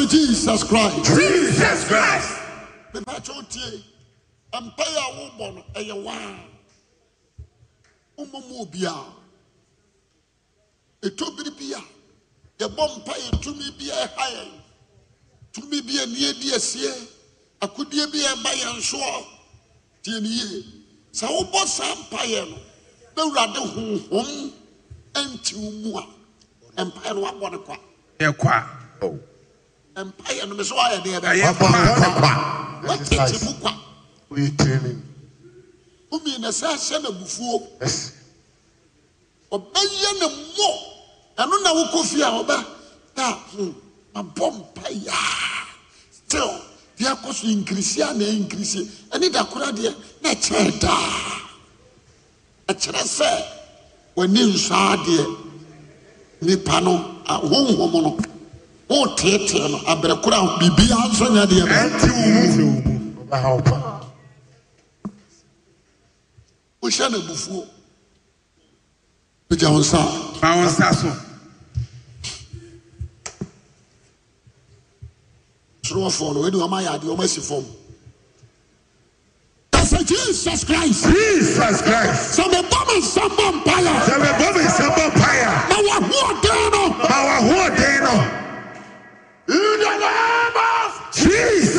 jesus christ jesus christ mepɛkyɛ wotie mpa yi a wobɔ no ɛyɛ waa wommɔmu obi a ɛtɔbiri bi a yɛbɔ mpa yɛ tumi bi a ɛha yɛn tumi bi a nie di asie akodie bi a ɛba yɛn soɔ tie ne yie sɛ wobɔ saa mpa yɛ no na awurade honhom ɛnti wo mu a mpaeɛ no wabɔ ne kwa ɛkwa mpaeɛ no meso ayɛ deɛ bɛwatete mu kwa womii na sɛ ahyɛ no abufuo ɔbɛyɛ ne mmɔ ɛno na wokɔ fie a ɔbɛ hmm, na mabɔ mpaeɛ still deɛ akɔ so nkirisi a na ɛnkirisi ɛne da kora deɛ na ɛkyerɛ daa ɛkyerɛ sɛ w'ani nsɔ adeɛ nipa no ahonhom no o tiɛtiɛ no abirikura bibi anso nya deɛ bɛ. ɛnti wo mu ɔba ha ɔba. o hyɛ na ebufuo pejá wọn nsa. fa wọn nsa so. torofoɔ no ɛni wɔn ayɛ adeɛ wɔn asi fam. Sɛ Jesus Christ. Jesus Christ. Sɛ mɛ bɔ mi nsɛm bɔ mpaeɛ. Sɛ mɛ bɔ mi nsɛm bɔ mpaeɛ. Na wa hu ɔdɛn no. Na wa hu ɔdɛn.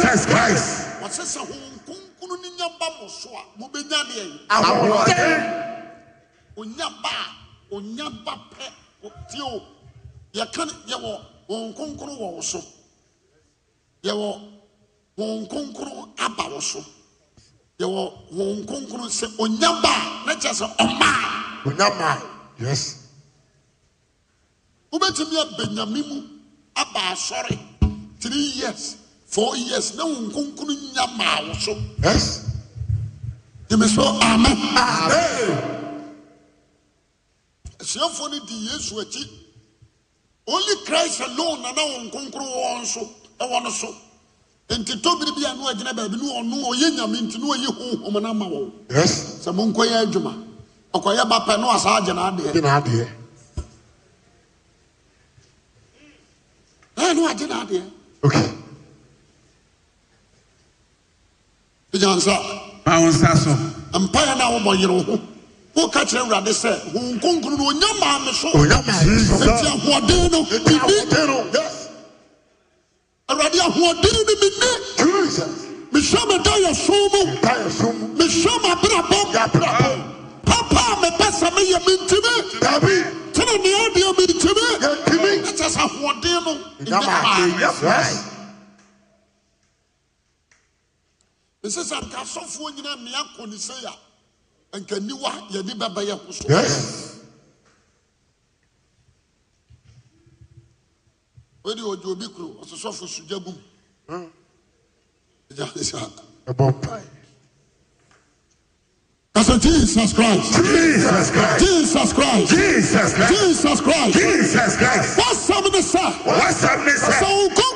Jesus Christ. Wɔsɛ sɛ Honhom Kronkron ni nya ba mo so a, mo bɛ nya deɛ. Ahoɔden. Onya ba a, onya ba pɛ, tie o. Yɛka yɛwɔ Honhom Kronkron wɔ wo so. so. Yɛwɔ Honhom Kronkron sɛ onya ba a, na kyerɛ sɛ ɔmaa. Onya yes. Wobɛtumi abɛnyame mu aba asɔre three years four years na wọn nkonkun nya maa wọ so. yes. èmi sọ amen. amen. asuafoɔ no di yesu akyi only christ alone na na wọn nkonkun wɔn so ɛwɔ no so nti tobiri bi a no agyina baabi no ɔno ɔyɛ nyame nti no ɔyɛ honhom no ama wɔn. yes. sɛ mo nkɔ yɛ adwuma ɔkɔyɛ ba pɛ no asa agye n'adeɛ. agye n'adeɛ. ɛɛ no agye n'adeɛ. okay. wogya nsa ma wo so mpaeɛ no a wobɔ yere wo ho woka kyerɛ awurade sɛ honkonkro no ɔnya maa me so ɛnti ahoɔden no menni awurade ahoɔden no menni me meda yɛ so mu mehyɛ mabrabɔ papa a mepɛ sɛ meyɛ mentimi tene neɛ deɛ mentimi ɛkyɛ sɛ ahoɔden no nyɛ maa ɛsɛ sɛ anka asɔfoɔ nyinaa mmea kɔ ne sɛ a anka niwa yɛde bɛbɛyɛ ko so wode ɔgye obi kuro ɔsosɔfo sugya bum ɛgya ne Jesus Christ. Jesus Christ. Jesus Christ. Jesus Christ. Jesus Christ. Jesus Christ. What's up with What's up with So come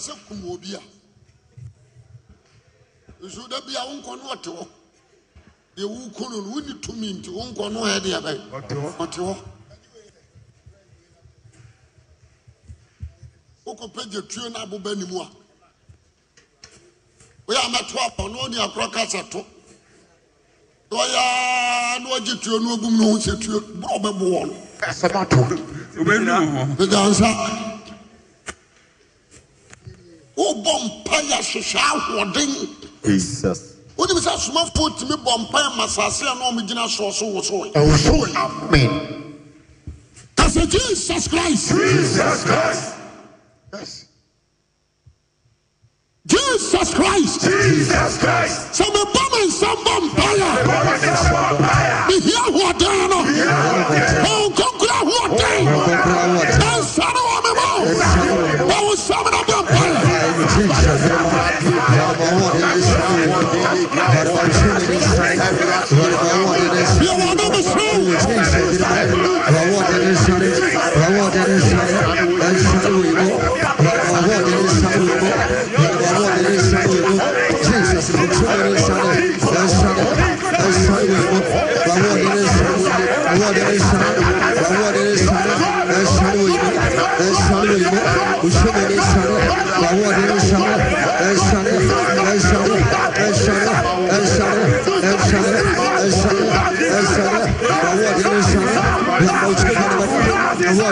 wiase kum obi a nso da bi a wo nkɔ no ɔte hɔ deɛ wo ko no no woni tumi nti wo nkɔ no ɔyɛ deɛ bɛn ɔte hɔ wokɔpɛ gye tuo no aboba ne mu a woyɛ amɛto abɔ na ɔne akorɔ kasa to ɔyɛ na ɔgye tuo no obum no ho sɛ tuo borɔ bɛboɔ no ɛsɛmato wobɛnu hɔ ɛgyansa wobɔ mpaeɛ hwehwɛ ahoɔden jesus wonim sɛ asomafoɔ tumi bɔ mpaeɛ ma asase a na ɔmegyina soɔ so amen ka a jesus christ jesus christ yes Jesus Christ. Jesus Christ. So me bum and some bum fire. Me hear what they are. Oh, conquer what day? Vamos, chama na campanha.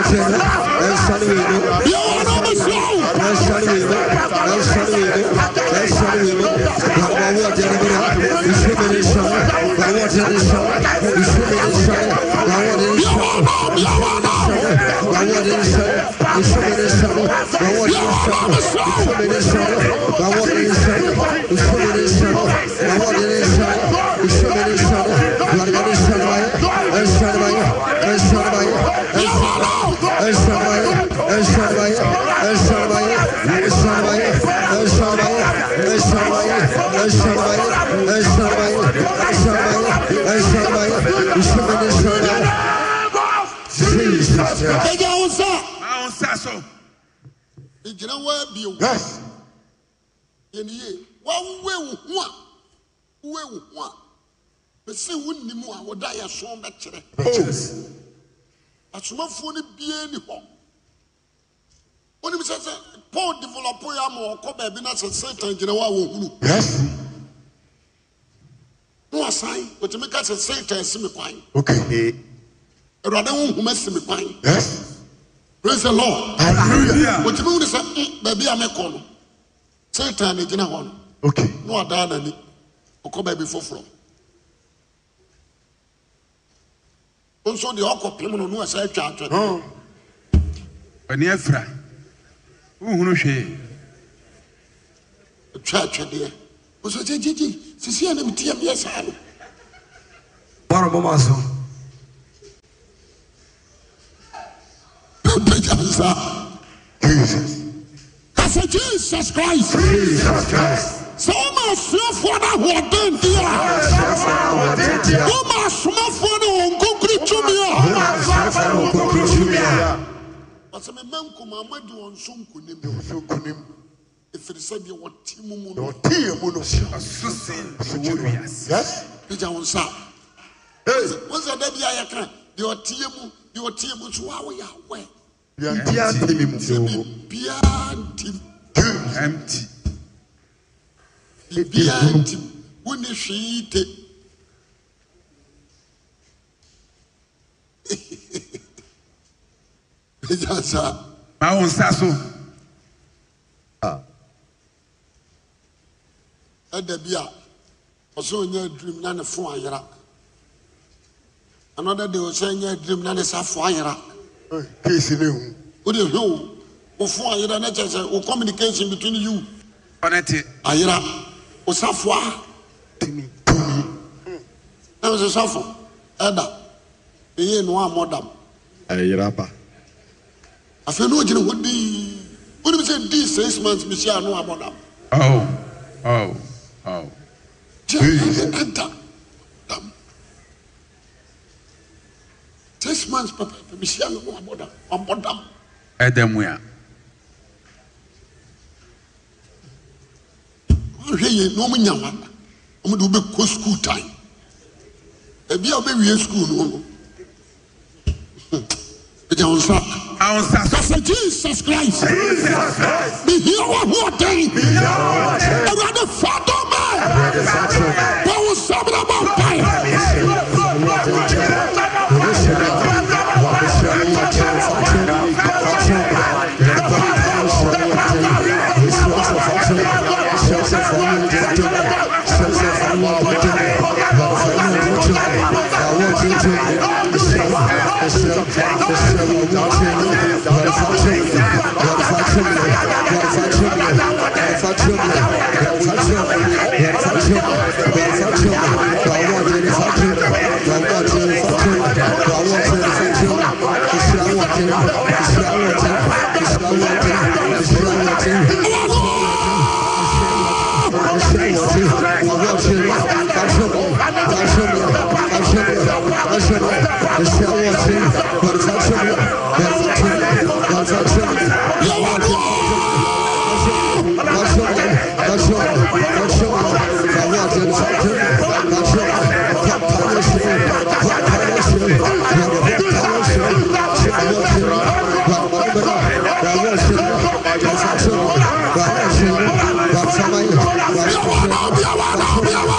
Tena, El Saluino, El Saluino, El Saluino, El Saluino, la Mawa Delibera, the Shimmer is Shama, la Mawa Delibera, the Shimmer is Shama, la Mawa Delibera, la Mawa Delibera, the Shimmer is Shama, la Mawa Delibera, the Shimmer is Shama, la Mawa Delibera, the Shimmer is Shama, gyina hɔ abio. yes. yɛniyɛ wawowe wo ho a wowe wo ho a bɛsi wo nim a wɔda yɛ so bɛkyerɛ. bɛkyerɛ. asomafoɔ no bie ni hɔ onim sɛ sɛ paul develop yɛ ama ɔkɔ baabi na sɛ satan gyina hɔ a wɔhunu. yes. na wasan wɔtumi ka sɛ satan si mi kwan. okay. awurade ho nhoma si mi kwan. yes praise the lord hallelujah wotumi wuli sɛ baabi a mɛkɔ no satan na gyina hɔ no okay na wadaa n'ani ɔkɔ baabi foforɔ nso deɛ ɔkɔ pem no no ɛsɛ atwa atwa ɔni afira nhunu hwee atwa atwadeɛ ɔsɔ gyegyegye sisi a na mi tia mi yɛ saa no. bɔrɔ bɔ ma so. apagya nsa kasɛ jesus christ sɛ woma asuafoɔ no ahoɔdendeɛ a woma asomafoɔ no wɔn konkuru tumi a ɔsɛ mema nkoma madi wɔn so nkonim ɛfiri sɛ deɛ wɔte mu mu nɔteɛ mu no pagya wo nsa wo sɛ da bi a yɛka deɛ ɔteɛ mu deɛ ɔteɛ mu so woa woyɛ awɛ biara nti mi mu biara nti biara nti biara nti wo ne hwee te ɛgya saa ma wo nsa so ɛda ah. bi a ɔsɛ ɔnyɛ adurum na ne fo ayera anɔda de ɔsɛ nyɛ adurum na ne sa fo ayera Eh, kéèsì ní ìhun. o de hwẹ́ o o fún ayira ne kyẹ sẹ o communication between you. ọ̀nà ti. ayira o sáfọ́ a tẹ̀mí tẹ̀mí ẹ̀ ẹ̀ sáfọ́ ẹ̀ dà eye nu amọ dam. ayira ba. afei n'o gyina hɔ dii o de bi sɛ dii six months bi si anu amọ dam. awo awo awo. jẹ́ ayé ẹ̀dá. six months pɛpɛɛpɛ mehyia no wɔ abɔdam abɔdam ɛda mu a wohwɛ yie na ɔmnya wana ɔmde wobɛkɔ school time baabi a wobɛwie school no no ɛgya wo nsa kasa jesus christ mehia wahoɔden awurade fadɔ ma bɔ wo sɛmrɛ bɔ mpae Let's go. Hallelujah.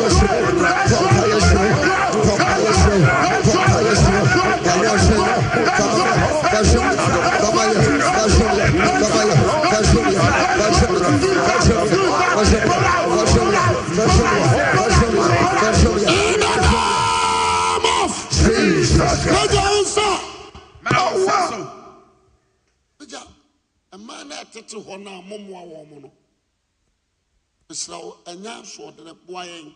tete hɔ no a momoa wɔn mo no mesrɛ ɛnyɛ asoɔdene boa yɛn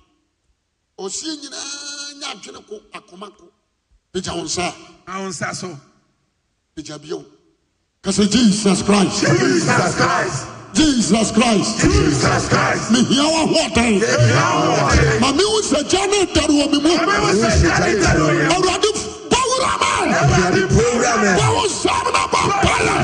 ɔsie nyinaa nyɛ adwene ko akoma ko pagya wo nsa a nsa so pagya bio ka jesus christ jesus christ Jesus Christ. Jesus Christ. Me hear what water. Me hear what water. Ma mi wusa jani daru wa mi mu. Ma mi wusa jani daru wa mi mu awurade program ẹ eh? wọn sọrọ náà bá bala. Yeah.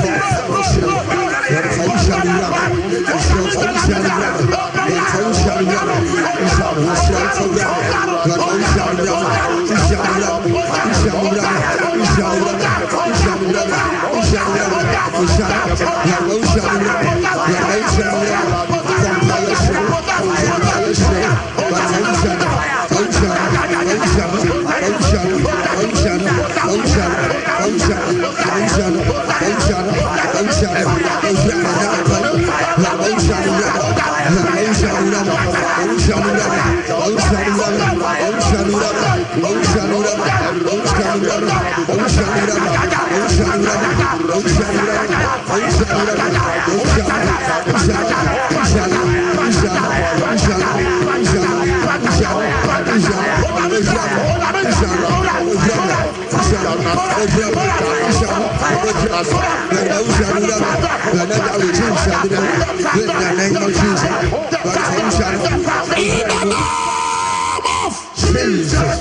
Jesus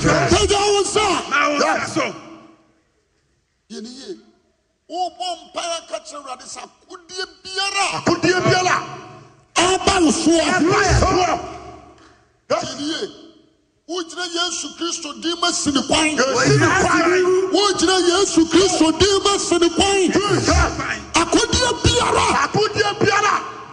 Christ. Take that Jesus. sir. Now, that's so. wobɔ mpaa ka kyerɛ awurade sɛ akodeɛ biara akodeɛ biara aba nsoɔ yɛdie wogyina yesu kristo din ma sini kwan wogyina yesu kristo din ma sini kwan akodeɛ biara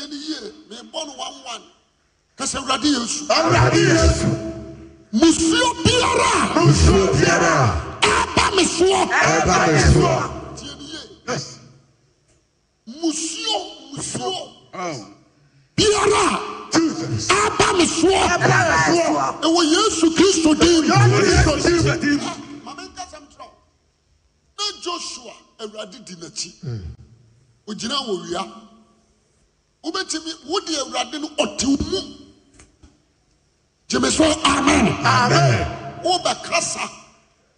deɛ ni yie mebɔ no one one kasa awurade yesu. awurade yesu. musuo biara. musuo biara. aba mi soɔ. aba mi soɔ. deɛ ni yie. musuo musuo. Oh. biara. aba mi soɔ. aba mi soɔ. ɛwɔ yesu kristo den. yesu kristo den. maame n kasa mi tura ne joshua awurade di n'akyi. Hmm. o gyina wɔ wia wobɛtumi wode awurade no ɔte wo mu gyeme so amen amen wobɛka sa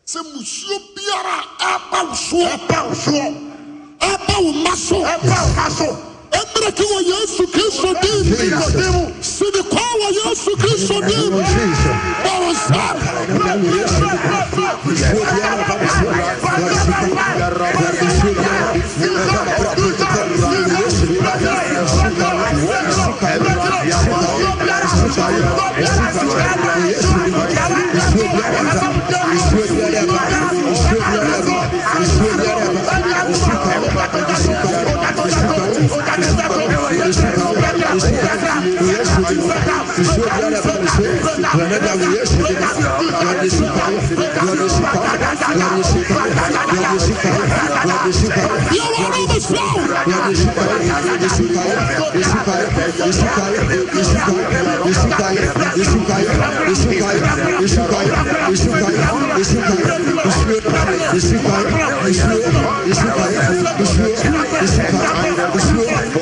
sɛ musuo biara a ɛba wo soɔ ɛba wo soɔ ɛba wo so ɛba wo wɔ yesu kristo din sidi kwa wɔ yesu kristo din bɔ wo nsa Everyone, Grenade a des le You le le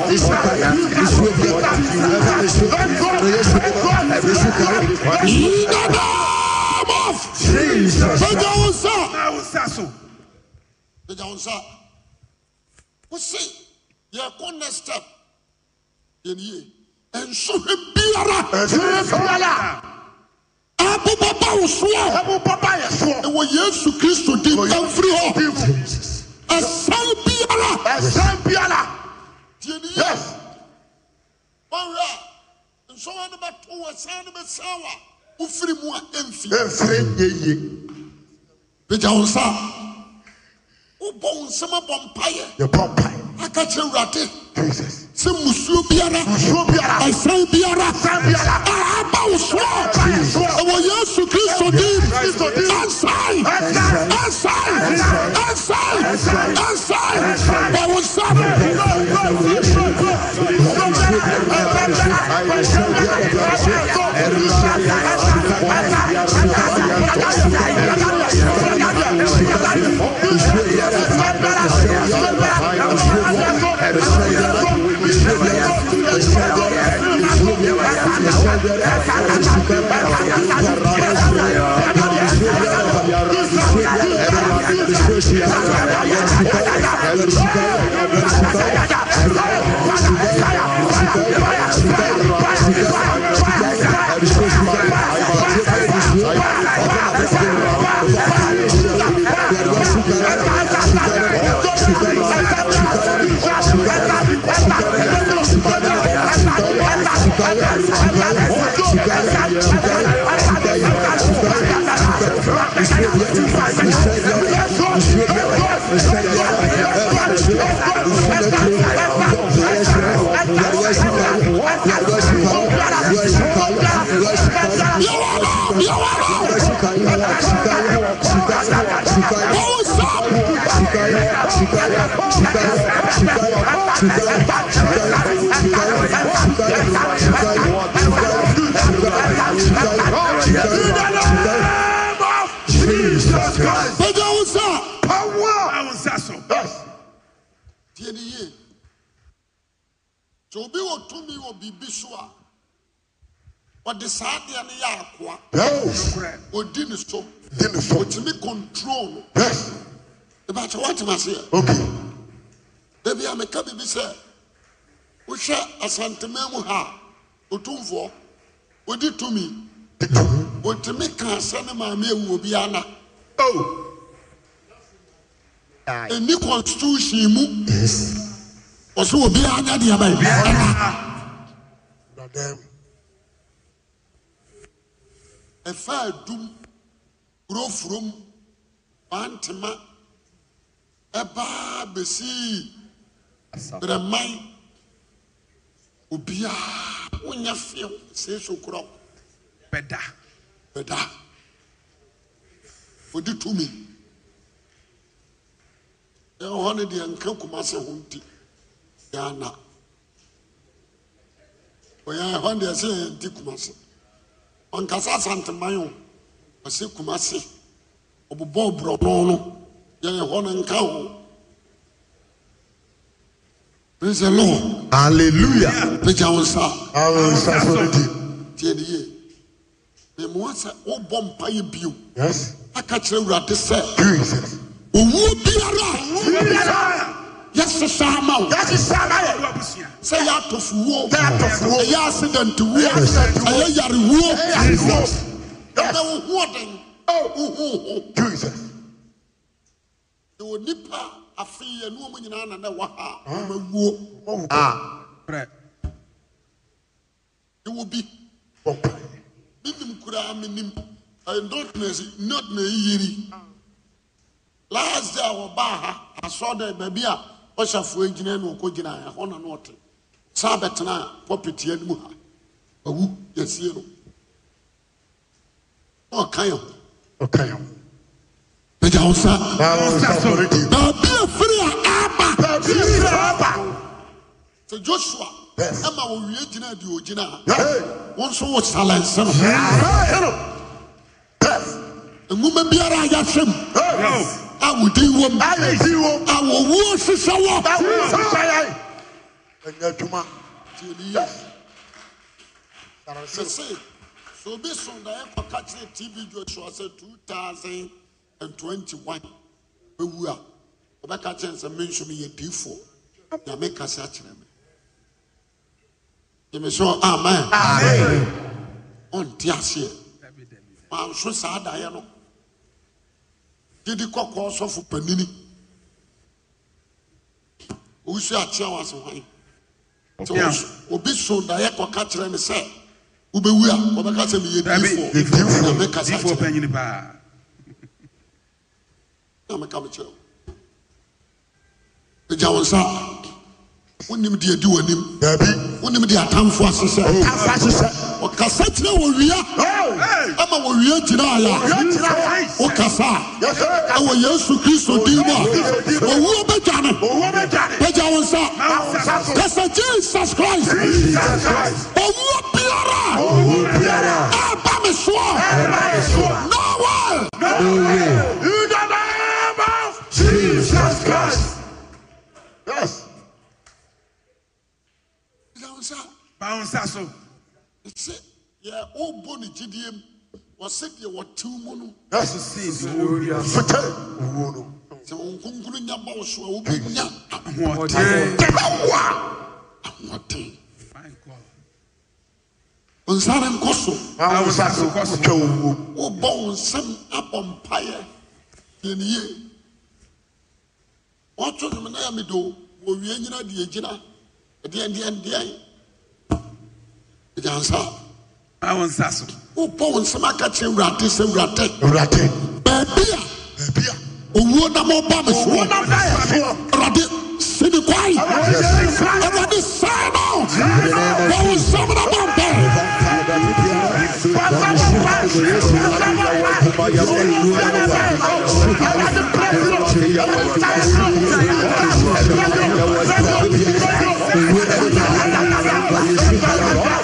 Isaiah, Ethiopia, whoever is in the name of Jesus. Pẹja wọn sá. Pẹja wọn sá. Wọ́n sè yẹ kó next step yẹn ni yẹ. Nsuhwe biara. Nsuhwe biara. Abubakar báwo sọ. Abubakar báyẹ sọ. Ìwọ Yéesu Kristo di nǹkan firi hɔ. Ẹ̀sán biara. Ẹ̀sán biara. yes wɔnhwɛ a nsɔwɔ no bɛto wɔ san no bɛsan wɔ a wofiri mu a ɛmfi ɛmfiri nyɛ yie pagya wo nsa wobɔ wo nsɛm Jesus, kyerɛ wurade biara ɛsan biara Thank you. Ela Chicago, Chicago, Chicago, Chicago, Chicago. sɛ obi wɔ tumi wɔ biribi so a ɔde saa adeɛ no yɛ akoa ɔdi ne so ɔtumi control no ɛbɛkyɛ woatem aseɛ dabi a meka biribi sɛ wohwɛ asantema mu ha ɔtumfoɔ ɔdi tumi ɔtumi ka asɛ ne maame awuo biara na oh. ɛni constitution mu yes ɔsɛ obiara nya deɛ bɛyɛ ɛna ɛfa adum kurofurom bantema ɛbaa besii brɛman obiara wonyɛ fiew sɛ so korɔ bɛda bɛda odi tumi ɛwɔ hɔ no deɛ nka kuma sɛ ho nti yana oya ɛhɔ deɛ ɛsɛ yɛn ti kumase ɔnkasa asanteman o ɔsi kumase ɔbobɔ borɔno no yɛn ɛhɔ no nka o praise the lord hallelujah pagya wo nsa awo nsa so ne di tie ne yie na mu asɛ wobɔ mpa yɛ bio aka kyerɛ awurade sɛ owuo biara. Yes, ama wo sɛ yɛ atɔfowuo ɛyɛ asidɛntewuo ɛyɛ yarewuo ɛnɛ wo ho ɔden wohoho ɛwɔ nnipa afei yɛ ne ɔmu nyinaa na nɛ wɔ ha ɔmawuo ah. ɛwɔ bi menim koraa menim not Not na ɛyiri ah. last day a wɔbaa ha asɔ dɛ baabi a ɔhyɛfoɔ gyina ne ɔkɔgyina a ɛhɔ na no ɔte saa bɛtena a pɔpetia no mu ha awu yɛsie no ɔka yɛ ho ɔka yɛ ho pagya wo sa baabi afiri a aba sɛ joshua ɛma e wɔwie gyina deɛ ɔgyina a wo nso wo salense no nwoma e biara a yɛahwɛ mu awudin wom awudin wom awowu sisa wɔ awowu sisa yɛ ɛnyɛ adwuma ti ni yɛ so obi sɔn da yɛ kɔ kakyire tv jo sɔ two thousand and twenty one ewu a ɔbɛka kyerɛ nsɛm mi nso mi yɛ diifoɔ nyame kasa kyerɛ mi yɛmɛ sɔ amen ɔnte aseɛ wɔn aso saa da yɛ no didi kɔkɔɔ sɔfo panini owusu akyia wase hwan nti obi so daeɛ kɔka kyerɛ ne sɛ wobɛwu a kɔbɛka sɛ meyɛ difoɔ na mekasa kyerɛ na meka mekyerɛ wo ɛgya wo nsa wonim deɛ di w'anim daabi wonim deɛ atamfo asesɛ atamfo asesɛ ɔkasa kyerɛ wɔ wia ama wɔ wia gyina ayɛ wokasa a ɛwɔ yesu kristo din mu a owuo bɛgya ne bɛgya wo nsa kasa jesus christ owuo biara ɛba me soɔ no way in the name of jesus christ yes nsa pa wo nsa so ɛsɛ yɛ wobɔ ne gyidie mu wɔsɛ deɛ wɔtew mu no ɛso sii de wɔwiasfotɛ owuo no sɛ wo nkonkuru nya ba wo so a wobɛnya ahoɔden bɛwoa ahoɔden nsare nkɔ so wotwa o wobɔ wo nsɛm abɔ mpaeɛ yɛneye wɔto nom na yɛ mede o wɔwie nyina deɛ gyina ɛdeɛndeɛndeɛn agyansa awo nsa so wopɔ wo nsɛm aka kyerɛ awurade sɛ awurade awurade baabi a baabi a owuo nam ɔba me soɔ awurade sɛbi kwae awurade sɛe no wɔwo Thank you.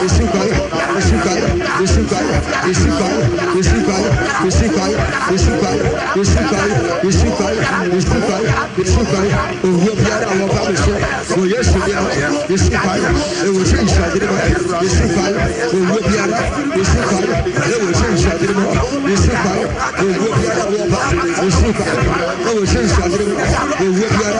esse cara, esse cara, esse cara, esse cara, esse cara, esse cara, esse cara, esse cara, esse cara, esse cara, esse cara, eu vou virar a boca pra você, conheço esse cara, eu vou ser enxadrima, esse cara, eu vou virar, esse cara, eu vou ser enxadrima, esse cara, eu vou virar a boca, esse cara, eu vou ser enxadrima, o vou virar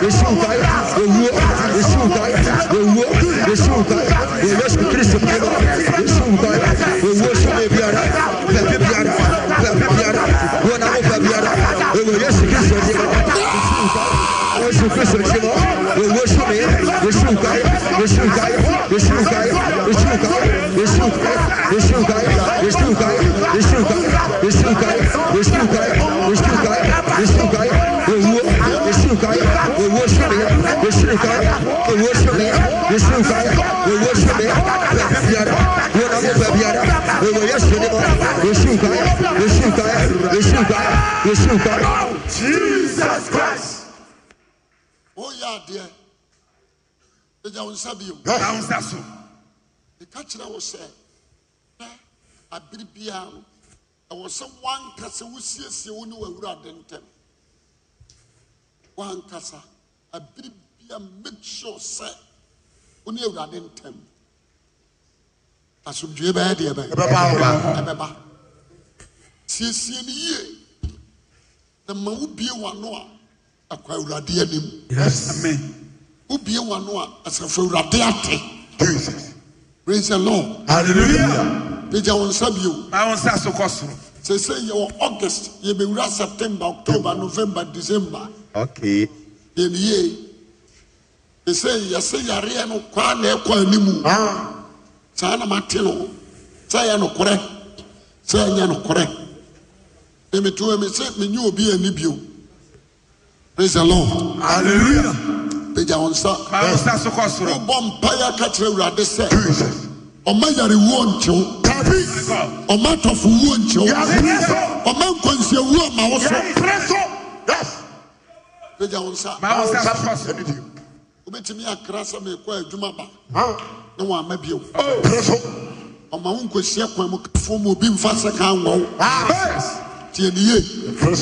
Se o eu Christ. Yesu Christ. Oh, Jesus Christ. Oh, yeah, dear. ɛgya wo nsa I bid wo nsa so meka kyerɛ wo sɛ na abere biara no ɛwɔ sɛ woankasa wosiesie wo ne wawurade ntɛm woankasa abere biara make sure sɛ wo ne awurade ntɛm asomdwue bɛyɛ deɛ bɛ ɛbɛba ɛbɛba siesie no yie na ma wobie wano a akwa awurade anim yes amen wobie wano a asafo awurade ate jesus praise the lord hallelujah pagya wo nsa bio ma wo nsa so kɔ soro sɛsɛ yɛwɔ august yɛbɛwura september october oh. november december okay yɛniyee sɛsɛ yɛsɛ yareɛ no kwaa na ɛkɔ animu ah. saa na mate no sɛ yɛ nokorɛ sɛ ɛnyɛ nokorɛ mmetuo mi sɛ menye obi ani bio praise the lord hallelujah pagya wɔn nsa ma nsa so kɔ soro bɔ mpaeɛ aka kyerɛ awurade sɛ ɔma yarewuo nkyew tabi ɔma atɔfowuo nkyew ɔma nkwansiawuo ma wo so pagya wɔn nsa ma nsa so kɔ soro wobɛtumi akra sɛ meekɔ adwuma ba na wɔama bio ɔma wo nkɔhyia kwan mu kafoɔ ma obi mfa sɛ ka nwɔ wo tiɛ ni ye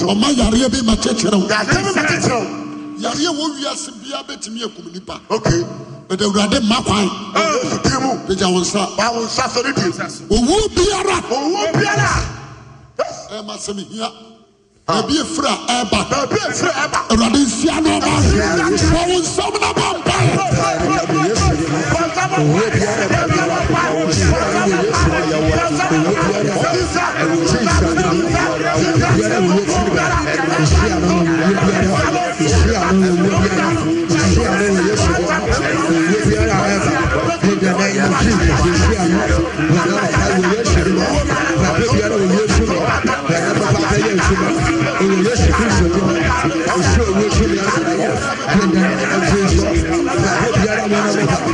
ɔma yareɛ ma kyekyere o yareɛ wo wiase bia bɛtumi akum nipa bɛtɛ awurade mma kwan pagya wo nsa owuo biara ɛma sɛm hia baabi efura ɛɛba awurade nsia na ɔma hwɛ wɔn nsɛm na bɔ mpaeɛ owó biara bá mi wá àwọn òṣìṣẹ́ àwọn èyí sọ ìyàwó owó biara bá ẹ̀rù tí ìṣàlẹ̀ mi àwọn biara wò ló fi bá ìṣe àwọn owó biara ìṣe àwọn owó biara ìṣe àwọn èyí sọ owó biara ẹ̀fà nígbà náà yóò ṣì ìṣe àwọn bàbá bàbá wò ló ṣe lọ bàbá biara wò ló ṣe bàbá bàbá bẹ́yẹ̀ ṣe lọ èyí yóò ṣe kí ìṣòro ìṣe owó ṣe lọ.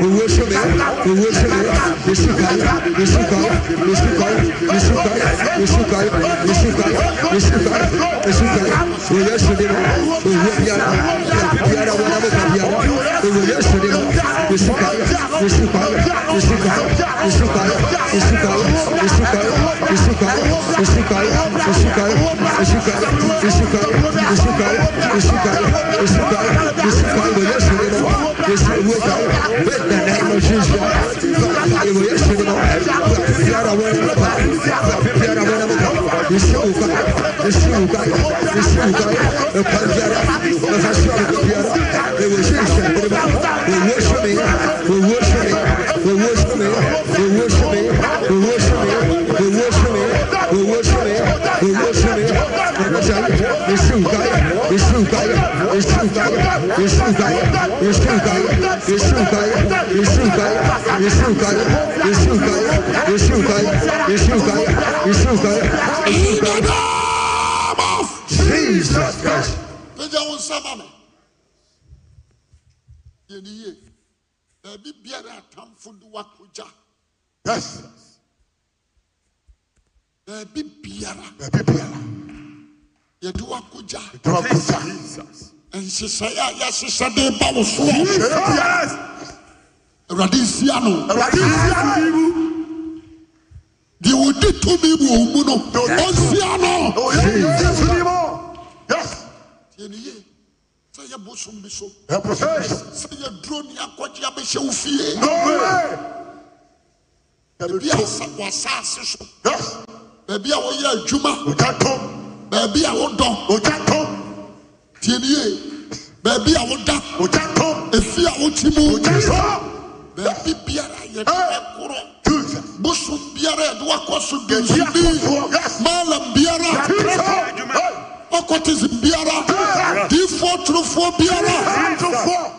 Eu vou chamar, eu vou chamar, isso o isso deixa o cara, isso o isso deixa o cara, isso o cara, deixa o cara, deixa o cara, deixa o cara. Eu vou chamar, eu vou piar, piar a bola boca piar. Eu vou chamar, isso o isso deixa o cara, isso o isso deixa o cara, isso o isso deixa o cara, isso o isso deixa o cara, isso o isso deixa o cara, deixa o cara, deixa o cara, deixa o cara, deixa o cara, deixa o cara, deixa o cara, deixa o cara, deixa o cara, deixa o cara, piara buena me pa, piara buena me pa. Deixa eu, deixa eu, deixa eu, eu quero piara, eu faço algo piara. In the of Jesus Christ. Meja wọn sábà mi. Yẹn ni biara atamfo de Yes. Baabi biara. Baabi biara. Yẹ de wa Jesus. nsesae a yɛahyehyɛ de ba wo so awurade nsia no deɛ ɔdi tumi mu ɔwu mu no ɔnsia no tiɛniye sɛ yɛ bosom bi so sɛ yɛduro ne akɔgye abɛhyɛ wo fie baabi a wɔasase so baabi a wɔyɛ adwuma baabi a wodɔ tinie baabi a woda ogya ntom efi a woti mu ogya ntom baabi biara yɛde ɛkorɔ boso biara yɛde wakɔ so dunsu bi maalam biara ɔkɔtisi biara diifoɔ torofoɔ biara.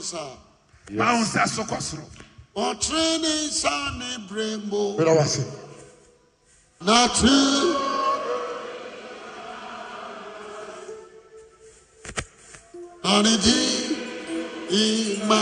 nsa you, wo nsa so di ima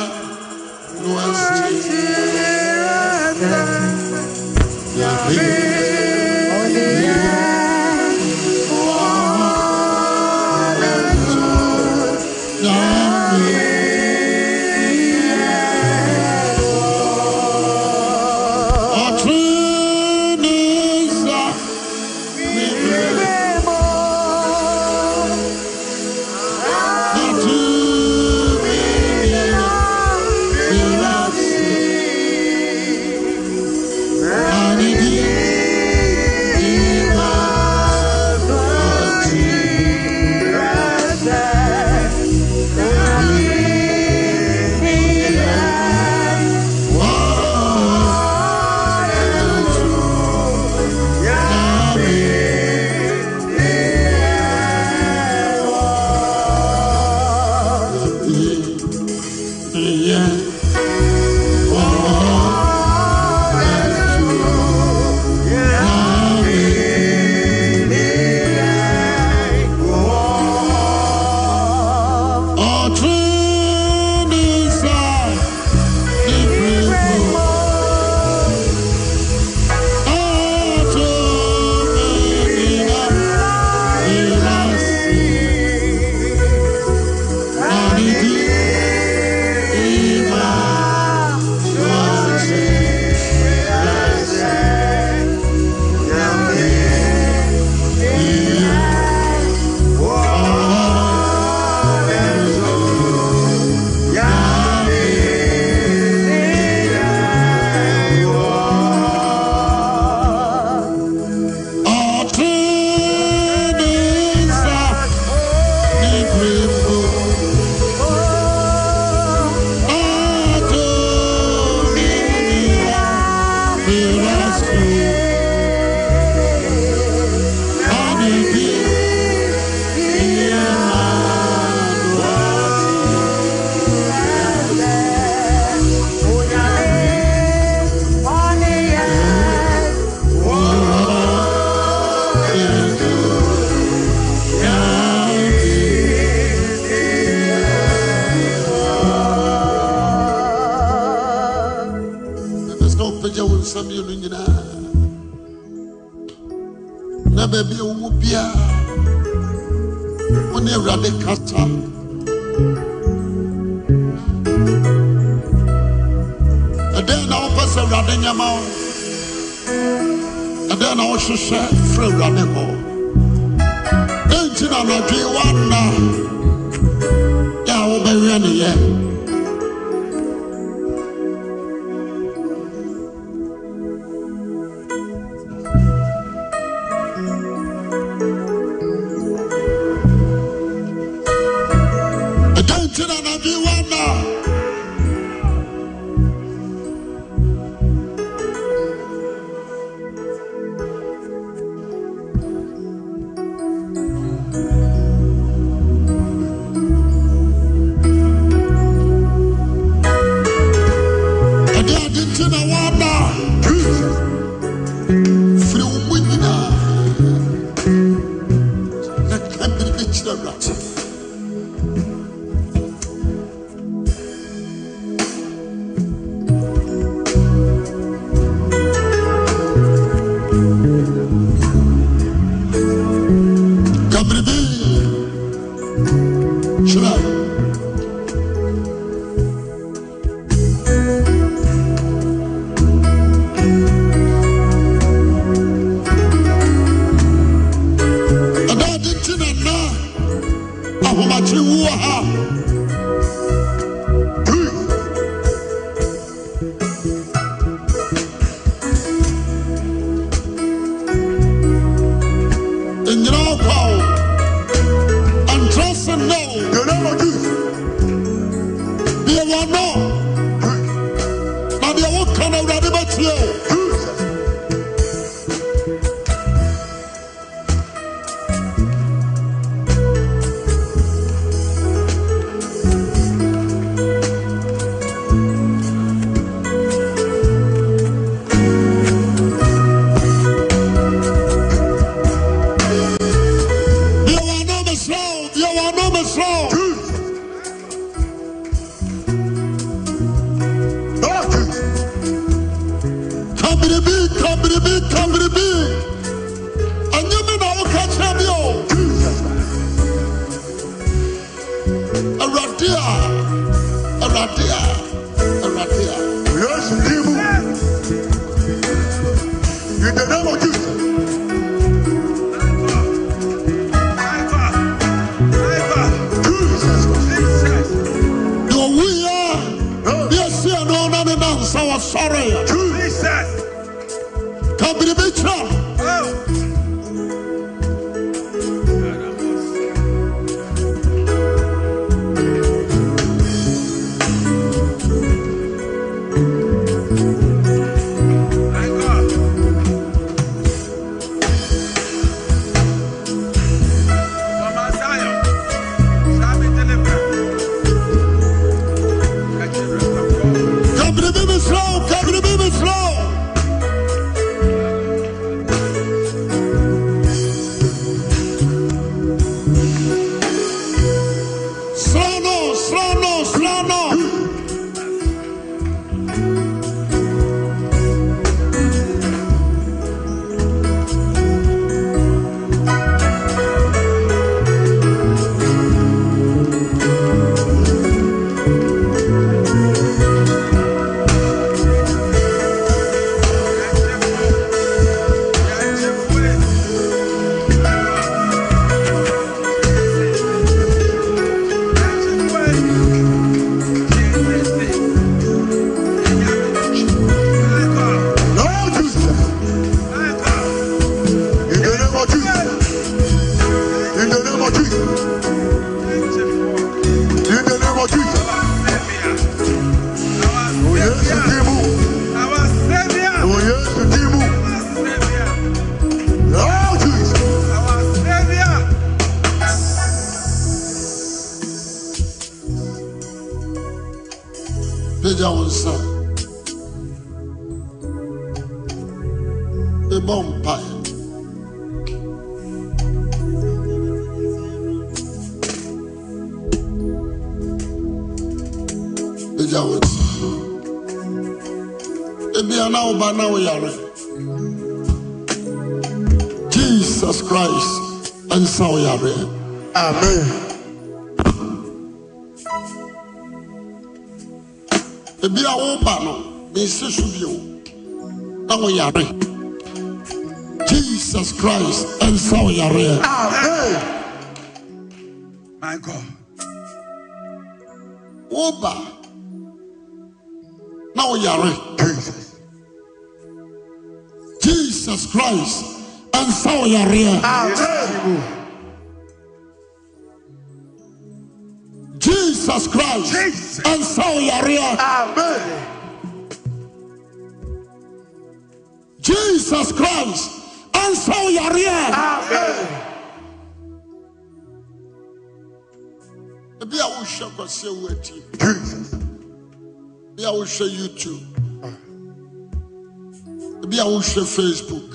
facebook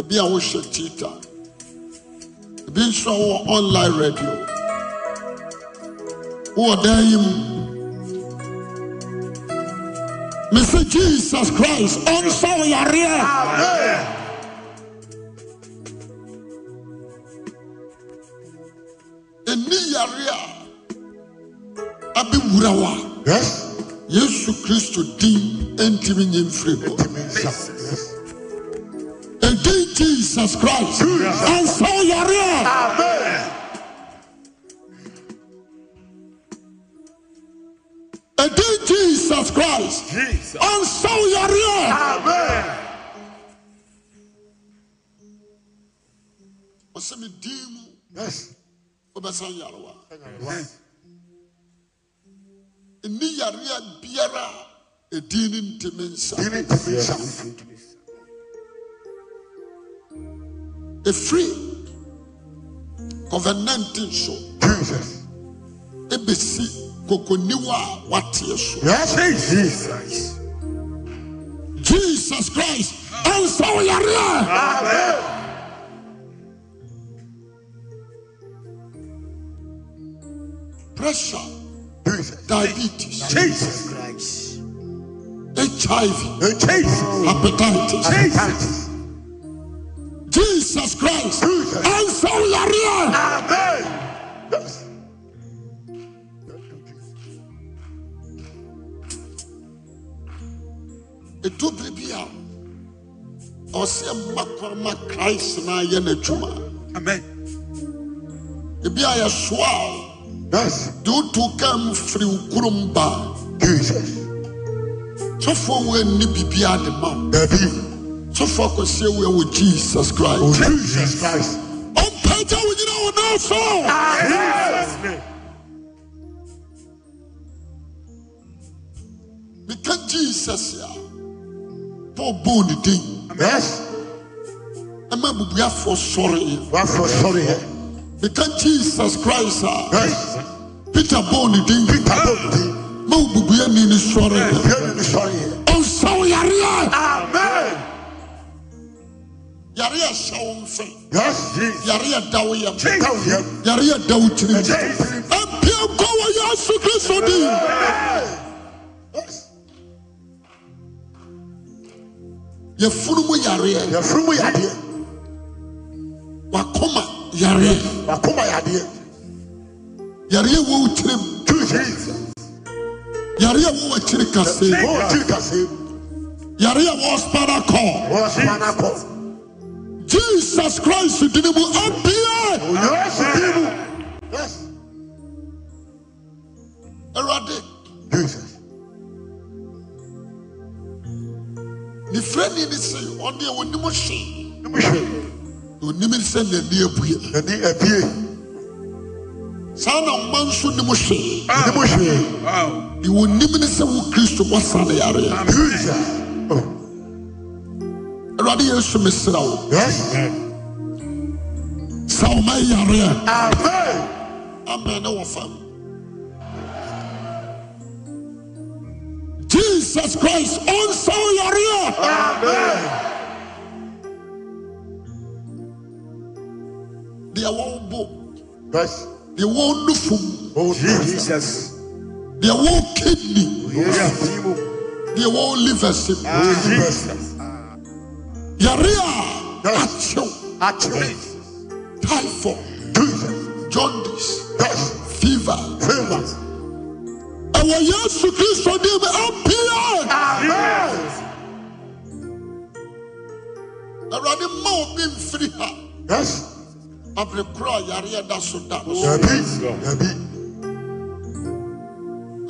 ebi a wohyɛ twitter ebi nso a wɔ online radio wowɔ dan yi mu mesɛ jesus christ ɔnsa wo yareɛ ɛni yare a abɛwura wo yesu kristo din ɛntimi nyɛ mfiri hɔ Jesus Christ. Jesus. And say, you Amen. And Jesus Christ. Jesus. And so you're real. Amen. What's the demon? Yes. Obesan Yarawa. Yes. Ni Yaria Biara. A demon dimension. Demon dimension. ɛfiri covid 19 show. jesus ABC, kokoniwa a wateɛ so yɛsɛ jesus jesus christ ɛnsa wo yareɛ pressure diabetes jesus christ hiv jesus. hepatitis jesus. Jesus Christ. Jesus. And so we are here. Amen. Yes. ɛdu biribi a ɔsɛ christ na ayɛ n'adwuma amen ebi a yɛsoa yes de wotu kam firi wo jesus sɔfoɔ wo anni biribi ade ma wo daabi so focus here with Jesus Christ. Oh, Jesus Christ. On oh, Peter, we you know now so. Because ah. Jesus here, Paul born the thing. Yes. I'm a bubuya for sorry. What for sorry? Because Jesus Christ, yes. Peter born the thing. Peter born the thing. Mo bubuya ni ni sorry. ni Sorry. On oh, sorry. Amen yàrá yẹ ṣẹwọn fẹ yàrá yẹ dawo yẹ yàrá yẹ dawo tiri mu ẹ bí ẹ kọ wọ Yesu Kristo di. yẹ funumu yàrá yẹ yẹ funumu yàrá yẹ wakoma yàrá wakoma yadi. yẹ yàrá yẹ wọ tiri mu yàrá yẹ wọ tiri kase yàrá yẹ wọ spinal cord jesus christ dini mu Yes, dini Yes. awurade jesus friend you. you. ni se you. ɛwɔ nimu hwe nimu hwe onim sɛ n'ani abue n'ani abue saa na mma you. nimu hwe you. hwe ni wɔnim ne sɛ ah. wo kristo wɔsa ne yare jesus. Oh. Rabbi, yesu mesrɛ wo sɛ woma yareɛ amɛ ne wɔ fam jesus christ ɔnsa wo yareɛ deɛ wɔn bo deɛ nufum oh, jesus deɛ wɔn kidney deɛ wɔn liver Yaria, Yes. Achoo. Eh. Typhoid. Jesus. Jaundice. Yes. Fever. Fever. Ẹ̀wọ̀ Yéésù Kristo ní ibi MPN. Amen. Ẹ̀rọ̀dì mọ́ omi nfiri ha. Yes. Abirikura yàrá yẹ da so da. Yàbí. Yàbí.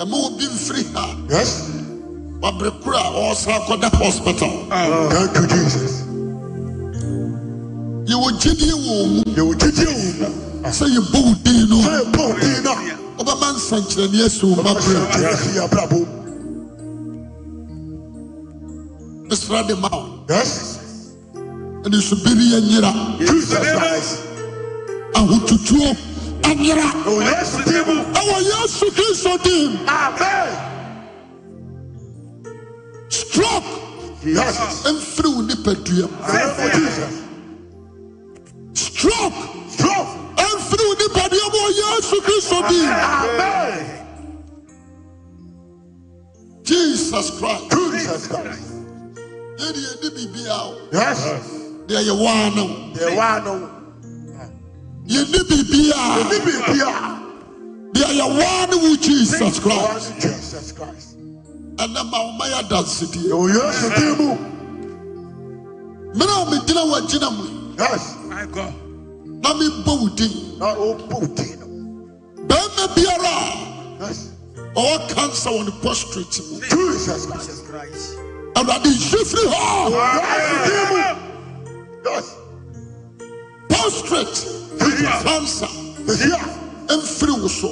Ẹ̀mọ́ omi nfiri ha. Yes. yes wabrekura ɔsan akɔda hospital. Ah. thank you jesus. yɛwɔ you. You will yɛwɔ you. Say you sɛ yɛ bɔ wo den no. sɛ yɛ bɔ wo den no. ɔbɛba nsɛnkyerɛnneɛ si wo ma brɛ. mesra de ma wo. yes. ɛne subiri yɛ nyira. jesus christ. ahotutuo anyira. ɛwɔ oh, yesu kristo din. amen stroke mfiri wo nipadua mu stroke mfiri wo nipadua mu yesu kristo din jesus christ jesus christ yɛde yɛde biribia o deɛ are ano one. They are yɛde one. yɛde deɛ yɛwɔ ano jesus christ jesus christ. And the ɛnɛma woma yɛ adansedeɛ oh, ɔyɛ asɛdeɛ mu mene a megyina wagyina mu na mebɔ wo din bɛrima biara Yes, oh, cancer on a ɔwɔ kansa wɔ ne postrate mu awurade nhye firi hɔ postrate cancer Yes, mfiri wo so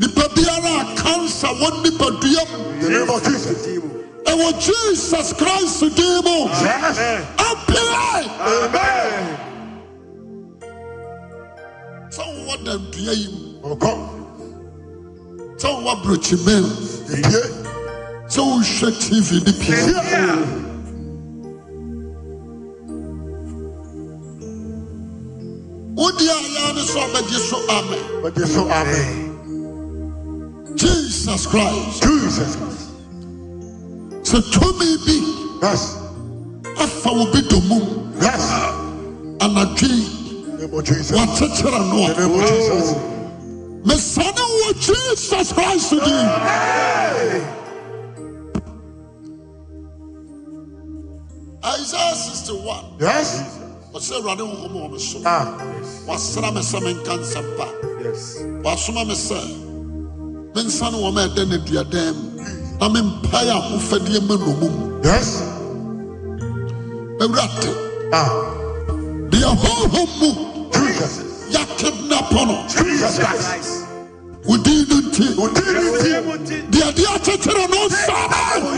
nipa biara akansa wɔ nipa dua ɛwɔ jesus christ din mu apere sɛ wowɔ nandua yi mu sɛ wowɔ aburokyimɛ mu sɛ wohwɛ tv ne pie wodi a yɛa so so amen Jesus Christ. Jesus Christ. to me be Yes. Afa wo bi do mu. Yes. Anadwi. Wakyekyere no. Mesane wo Jesus Christ di. Hey! Isaiah 61. Yes. Ɔsɛ Awurade nkomo wɔ me so. Ah. Wasra me sɛ menka pa. Yes. Wasoma me sɛ mensa ne wɔn a ɛdɛ n'aduadan mu na mempae ahofadie ma nnommum. yes. ewura te. ah. deɛ honhom mu. jesus. yɛ kidnap no. jesus christ. odin ne nti. odin ne nti. deɛ deɛ akyekyere no nsa.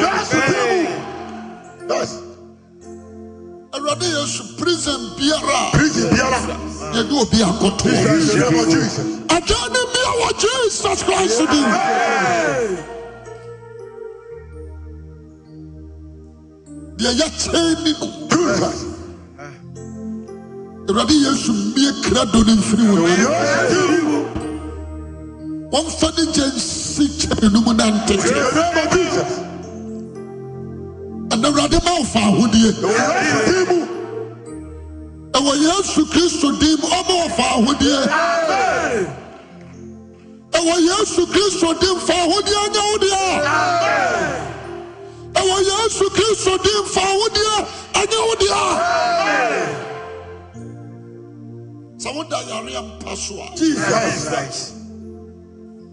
yes. yes awurade yesu prison biara prison biara yɛde obi akoto agya ne bia wɔ jesus christ din deɛ yɛkyɛn ni no awurade yesu mmie krado ne mfiri wɔ wɔmfa ne gye nsi kyɛ ne no mu nantete ɛna awurade ɔmfa ahodie di mu ɛwɔ yesu kristo di mu ɔma ɔfa ahodie ɛwɔ yesu kristo di mu fa ahodie nyɛ wodeɛ ɛwɔ yesu kristo di mu fa ahodie ɛnyɛ wodeɛ sɛ woda yare mpa so a jesus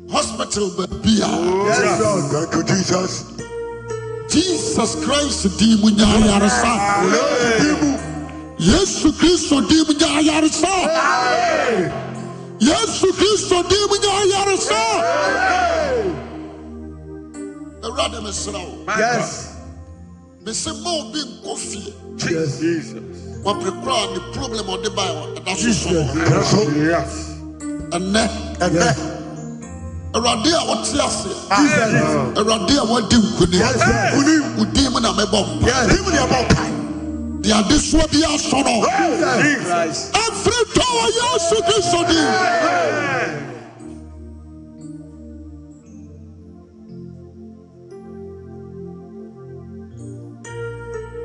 hospital baabi a jesus jesus christ dii mu nyaa ayaresa yesu kristo dii mu nyaa ayaresa yesu kristo dii mu nyaa ayaresa awurade Yes. wo mesɛ ma obi Jesus. fie wɔpere koraa ne problem ɔde bae ɛda so sɔ ɛnɛ ɛnɛ awurade a wɔte ase awurade a wɔadi nkonim wodim na mɛbɔ mpa de adesoa bi no tɔ wɔ yesu kristo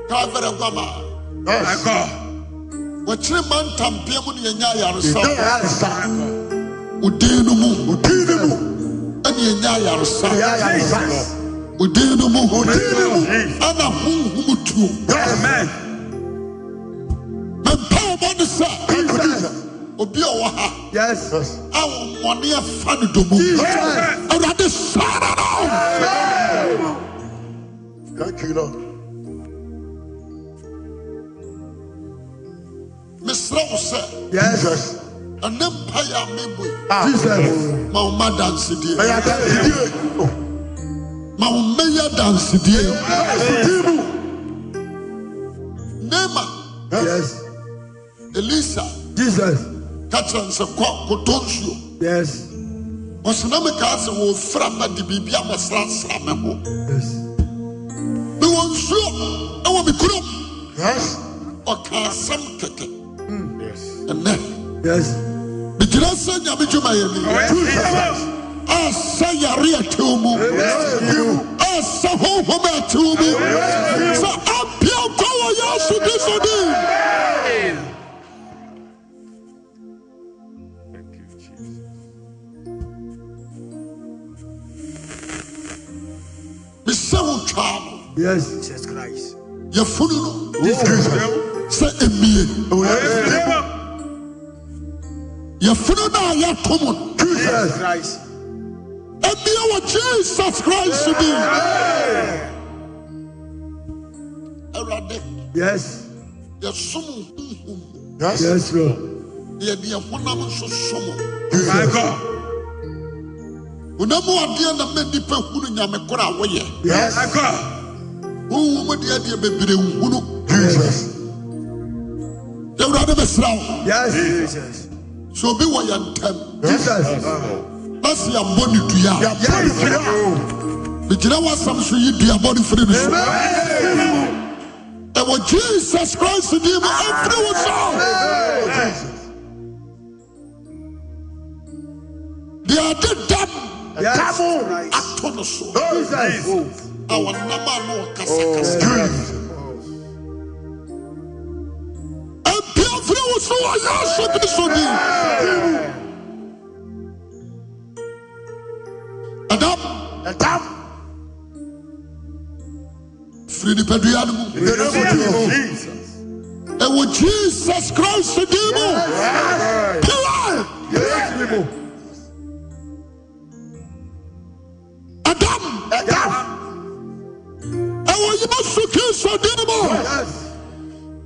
kaavɛrɛ ma ntampeɛ mu ne yɛnya ayaresa no mu no mu ɛde ɛnya ayaresa odin no mu ɛna honhom tuo mempɛ ɔbɔ ne sɛ obi a ɔwɔ ha a wɔmmɔne afa no domu awurade sara no Thank you, Lord. Yes. anampa yɛ amebo ah. jesus ma wo ma dansidie oh. ma wo mɛyɛ dansidie nema yes elisa jesus ka kyerɛ nsɛ kɔ nsuo yes ɔsena me kaa sɛ wɔfra ma de biribi amɛsrasra me ho mewɔ nsuo ɛwɔ me kurom ɔka asɛm kɛkɛ ɛnɛ yes. ntina sɛ nyame dwumayɛ ni asɛ yare atew mu asɛ honhom atew mu sɛ apia nkwa wɔ yesu kristo din mesɛ wo twaa no yɛfunu no sɛ ɛmie yɛfunu no a yɛto mo ebia wɔ jesus christ bi awurade yɛsom honhom yɛde yɛhonam nso som onamu adeɛ na mɛ nipa hunu nyame koro a woyɛ honhom deɛ deɛ bebree nhunu yɛwurade bɛsra wo So sɛ obi your body to ya. sɛ yɛmbɔ ne dua megyina woasɛm so yi duabɔ for the no And when jesus christ din mu ɛmfiri wo so deɛ ade dam atɔ no Our a wɔnam a na Jesus. Όσο αλλιώσω Adam. Adam. Free the pedal mu. Ewo Jesus Christ di mu. Pilai. Adam. Adam. Ewo yimasu Kristo di mu.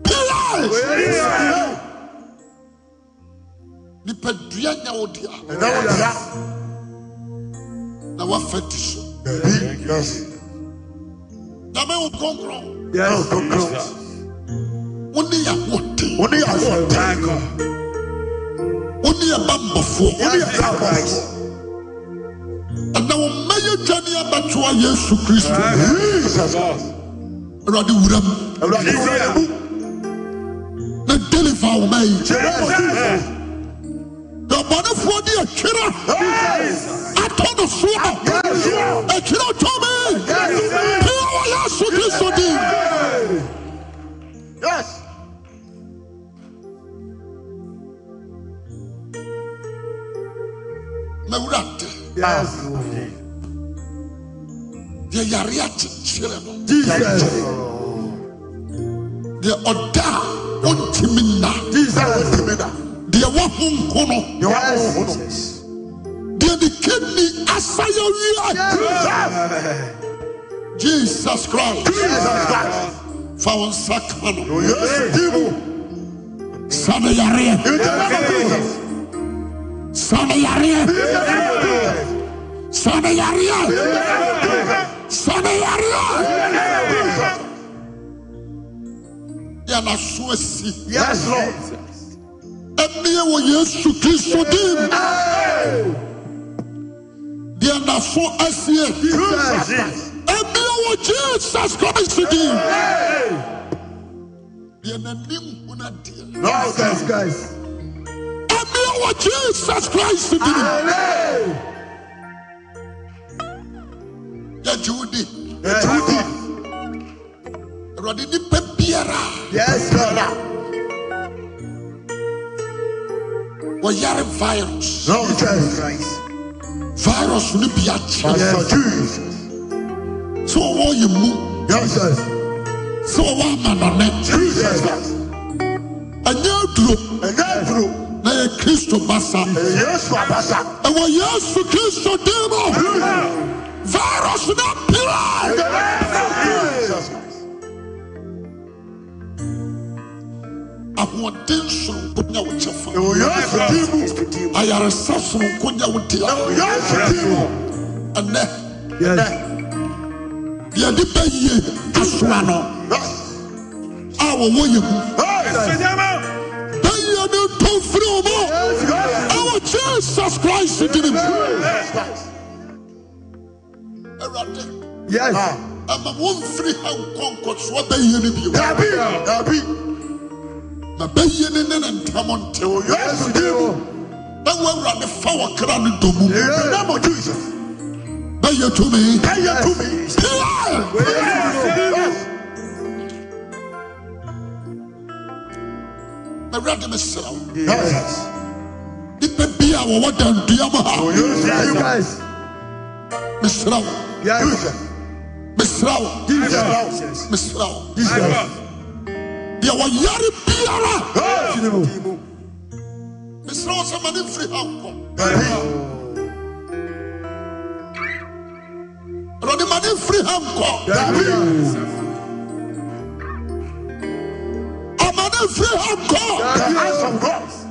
Pilai nipadua nya wo dea ɛna Yes, dea na woafa yes, so na ma wo kronkron wo ne yɛwoɔden wo ne yɛ bambɔfoɔ wo ne yɛ bambɔfoɔ ɛna wo mma yɛ dwa ne Yes, yesu kristo awurade wura mu na deliver wo ma yi adabanefoɔ ne akyerɛ atɔ no soɔ akyerɛ tɔme pia wɔ yesu kristo din Yes. mawura ntɛ deɛ yare akyekyerɛ no deɛ ɔda a ɔntimi nna na yɛwɔ honko no yɛwɔ honko no deɛ de kidney asayɛwia jesus christ fa wo nsa ka no sane yareɛ sane yareɛ sane yes lord ɛneɛ wɔ yesu kristo dim deɛ nafo aseɛ ɛneɛ wɔ jesus christ dim deɛ n'anim huna deɛ ɛneɛ wɔ jesus christ dim yɛgye wo di awurade nipa biara wɔyare virus. na ɔjɛ christ. virus ni bi akyerɛ. yes jesus. tí wọn wọ yìí mu. yes jesus. tí wọn wọ amanane. jesus. ɛnyɛ aduro. ɛnyɛ aduro. na yɛ kristo basa. yesu yes to Christ to diimu. virus will na pila. ahoɔden soronko nya wo kyɛfa ɛwɔyɛmfidi mu ayaresa soronko nya wo tia ɛwɔyɛmfidi mu ɛnɛ yɛde bɛyie asoa no a wɔwɔ yɛ mu bɛyie ne ntɔ mfiri wo mu ɛwɔ jesus na bɛyie ne ne ne ntam ntew yɛ asodie mu na woawurade fa wɔkra no dɔ mu nam of jesus bɛyɛ tumi bɛyɛ tumi awurade mesrɛ wo nipa bi a wɔwɔ dandua mu ha oh, mesrɛ wo mesrɛ wo mesrɛ wo mesrɛ wo deɛ wɔyare biara mesrɛ wo sɛ ma ne mfiri ha nkɔ awurade ma ne mfiri ha nkɔ ama ne mfiri ha nkɔ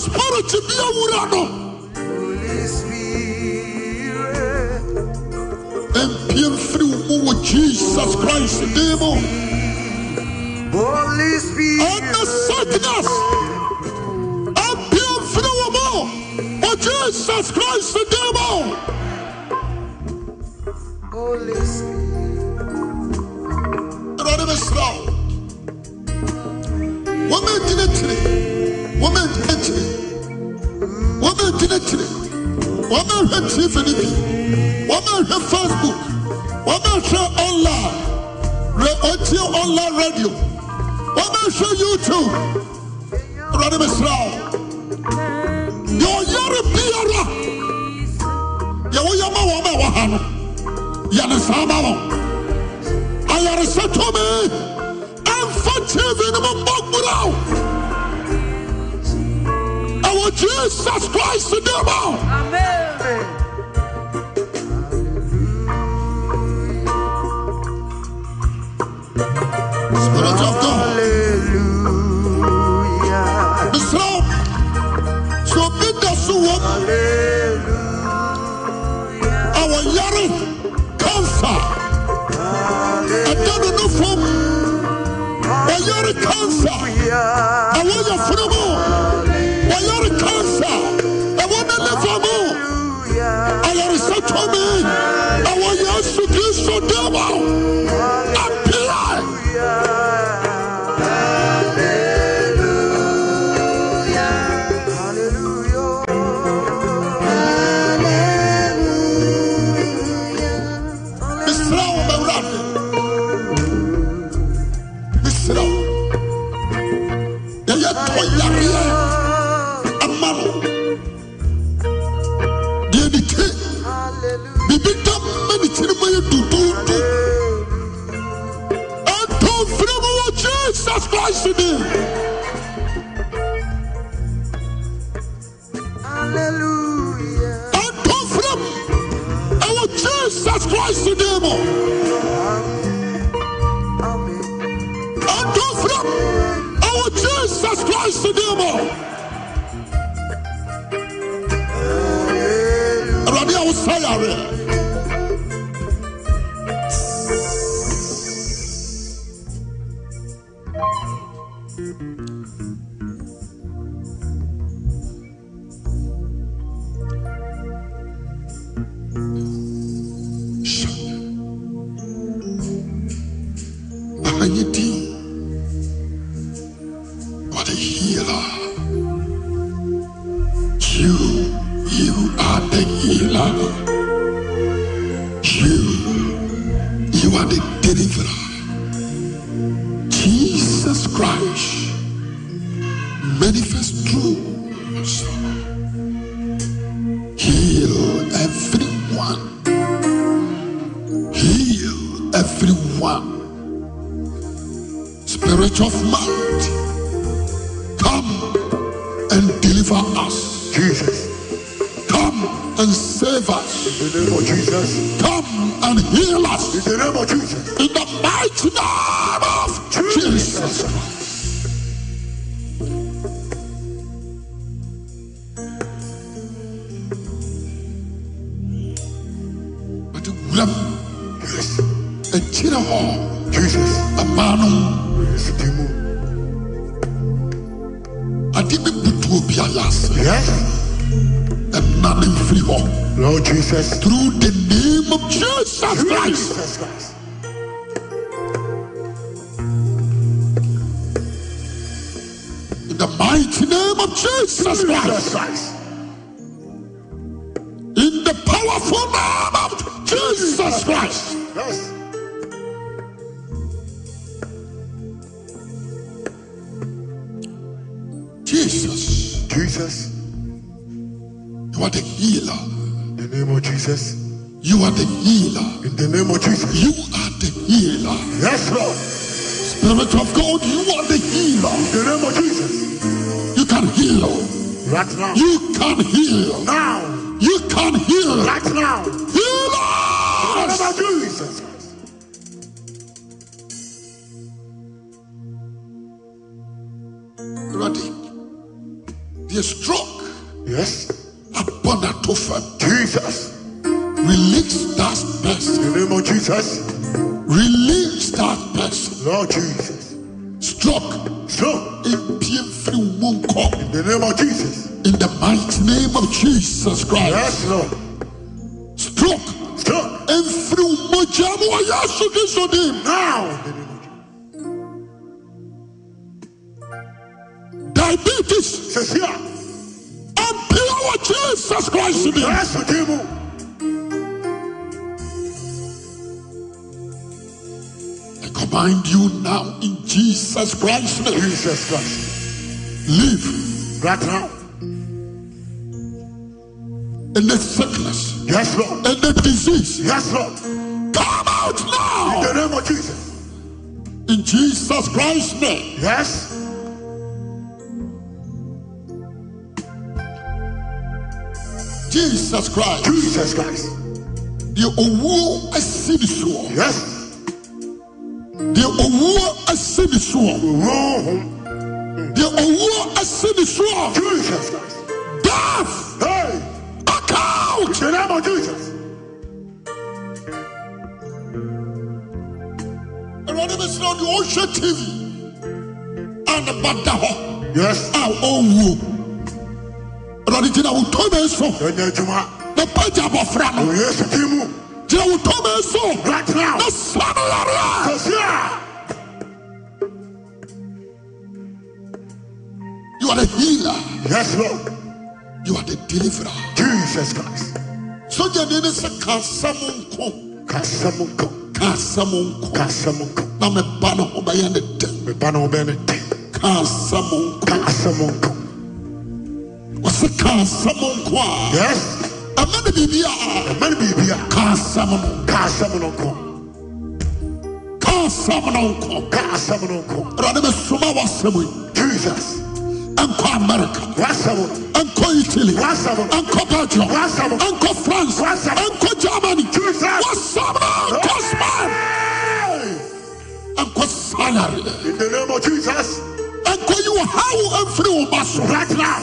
spirit bi awura no mpie mfiri wo wɔ jesus christ din mu ɛne sickness mpie mfiri wo mu wɔ jesus christ din mu ɛwurade mesra wo wɔmɛntinatiri wɔmɛntinatiri akyinakyire wɔmɛhwɛ tv no bi wɔmɛhwɛ facebook wɔmɛhwɛ online re ɔtie online radio wɔmɛhwɛ youtube awurade mesra wo deɛ ɔyare biara deɛ woyɛ ma wɔn a ɛwɔ ha no yɛ ne saa ma wɔn ayaresɛ tumi ɛmfa tv no mu mmɔgbora wo for Jesus Christ to do more. Amen. Spirit of God. so want. Hallelujah. Our Yari cancer. the Our Yari cancer. Our Yari glory comes tó mi. Àwọn Jesus Christ. Live right now. In the sickness. Yes, Lord. In the disease. Yes, Lord. Come out now. In the name of Jesus. In Jesus Christ's name. Yes. Jesus Christ. Jesus Christ. The owu this soɔ. Yes deɛ ɔwuo asi ne soɔ deɛ ɔwuo asi ne soɔ death hey. back out in the name of Jesus. Awurade bɛ sinna the ocean tv a ne ba da hɔ yes. Owo. ɔwuo awurade ti na wotɔ bɛ so na Yes, abɔfra yes deɛ wo tɔ bɛ so na sane yare You are the healer. Yes, Lord. You are the deliverer. Jesus Christ. So your name is Kasamunko. Kasamunko. Kasamunko. Kasamunko. Now me bana obaya ne den. Me bana obaya ne Kasamunko. Kasamunko. What's the Kasamunko? Yes ɛma ne biribia ɛma ne biribia ka asɛm no ka asɛm no nko ka asɛm no nko ka asɛm no nko awurade mesoma w'asɛm yi jesus ɛnkɔ america w'asɛm ɛnkɔ italy w'asɛm ɛnkɔ belgium w'asɛm ɛnkɔ france w'asɛm germany jesus w'asɛm no nkɔ spain ɛnkɔ salary in the name of jesus ɛnkɔ you how haw ɛmfiri right now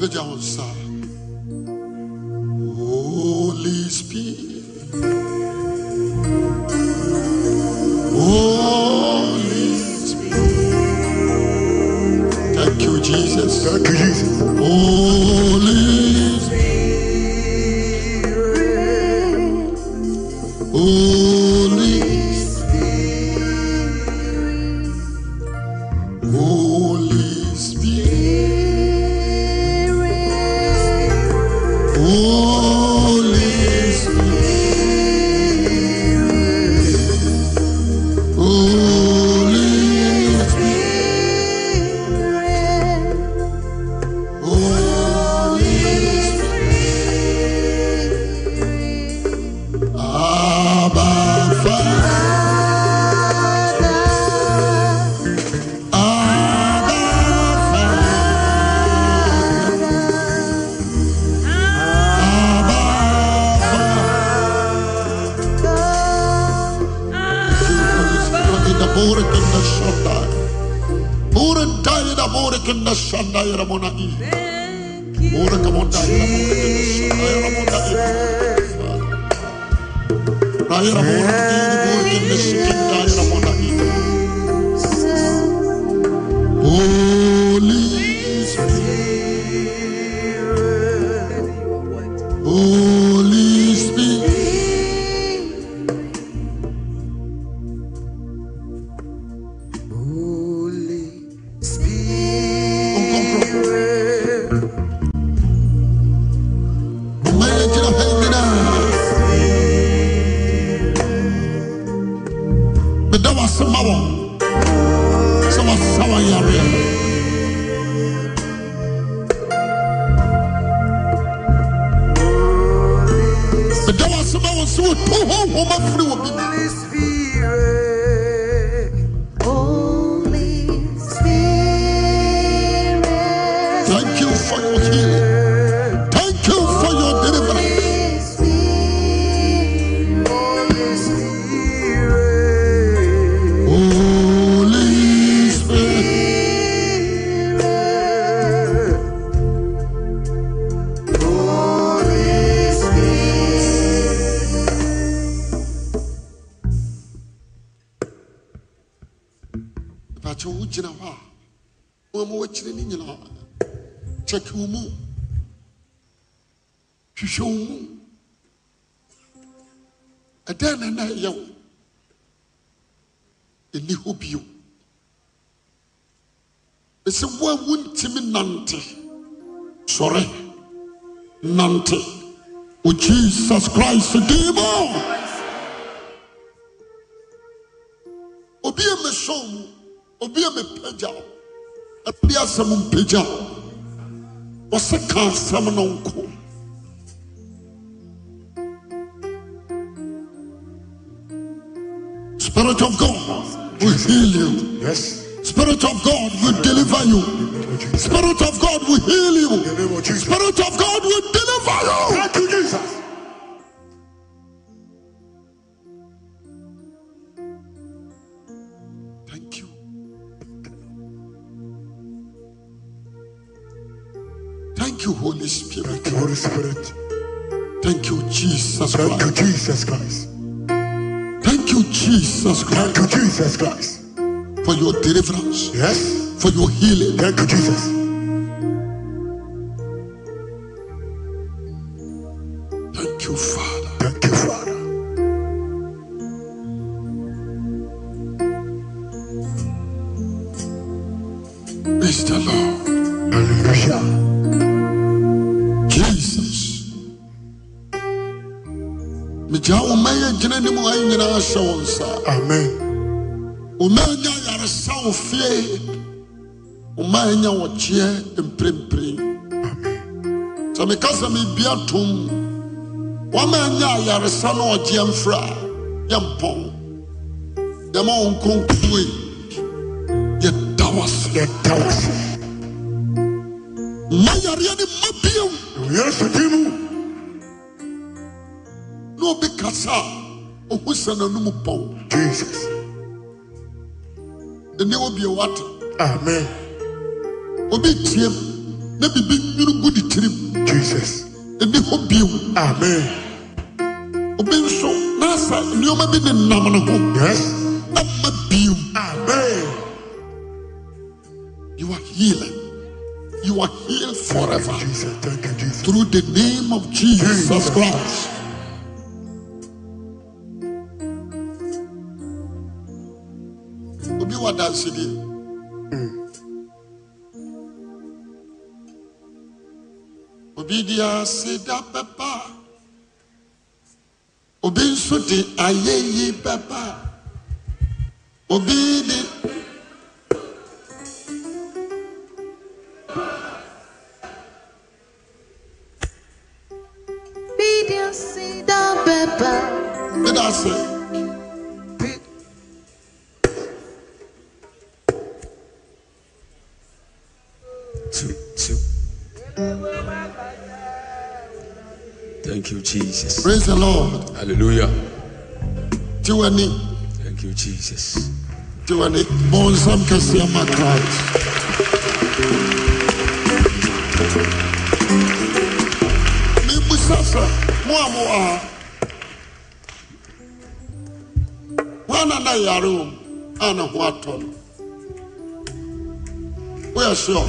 표정을 쌓아 Holy Spirit Holy Spirit Thank you Jesus Thank you Jesus Holy Spirit Holy Yes. Spirit of God will deliver you. Spirit of God will heal you. Spirit of God will deliver you. Thank you, Jesus. Thank you. Thank you, Holy Spirit. Thank you, Holy Spirit. Thank you, Jesus Christ. Thank you, Jesus Christ. Thank you, Jesus Christ. Thank you, Jesus Christ for your deliverance. Yes. For your healing. Thank you, Jesus. Thank you, Father. Thank you, Father. Praise the Lord. Hallelujah. Jesus. Amen. Amen mma wo fie wo ma anya wɔkyeɛ mprempren sɛ meka sɛ mebia tom wama anya ayaresa na ɔgyeɛ mfra a yɛmpɔn yɛma wo nkonkue yɛda wase yɛda wase ma yareɛ ne ma bio mu na obi kasa a ɔhu sɛ n'anom pɔn jesus ɛnɛ obi ewa te. amen. obi tie mu na bibi nwiri gu di tirim. jesus. ɛnɛ hɔ bio. amen. obi nso n'asa nneɛma bi ne nam ne ho. yes. ama bio. amen. you are healing. You are healed forever. Jesus, thank you, Jesus. Through the name of Jesus, Jesus. Christ. CD. Hmm. Obidia seda papa, obin suti ayi Papa. pepa. Jesus. Praise the Lord. Hallelujah. Tiwani. Thank you, Jesus. Tiwani. Bonsam Kasiama Christ. Mibusasa. Muamua. Wana na yarum. Ana huaton. We are sure.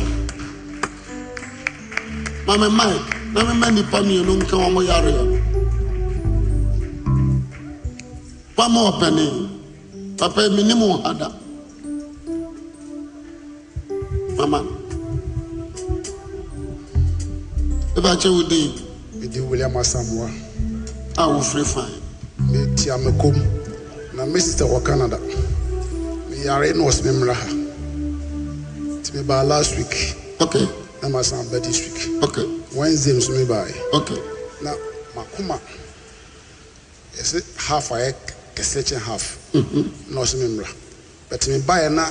Mama Mike. na mema nnipa mmienu nka wɔn mo yareɛ pama ɔpɛne papa mi nim wɔ ha mama ɛbɛ e akyɛ wo den mede william e asamoa a wofiri fae metia me kom na me sister wɔ canada meyare na ɔse me mmra ha nti ba last week okay. na masan ba this week okay. wednesday nso mi baa yi na makoma half a yɛ kɛseɛ half mhm. na ɔsɛ mi mra bɛtɛ mi baa yɛ na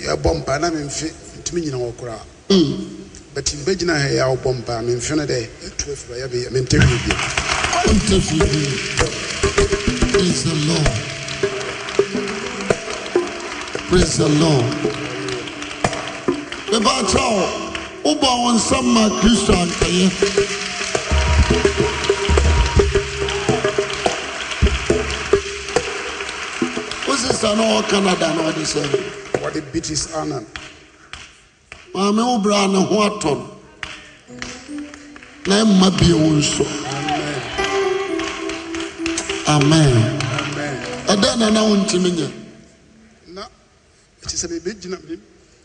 yɛbɔ mpaa na mi nfe ntumi nyina wɔ koraa mm. bɛtɛ mi bɛgyina ha yɛ a ɔbɔ mpaa mi nfe no dɛ etu efura yɛ bi yɛ mi nte fi bi. nte fi bi praise the lord praise the lord bɛ wobɔ wo nsɛm ma kristo ankɛyɛ wo sista no ɔwɔ canada na ɔde sɛ wɔde bitis anan maame wo brɛ a ne ho atɔ no na ɛmma bie wo nso amen ɛdɛn na na wontimi nyɛ na ɛkyɛ sɛ mebɛgyina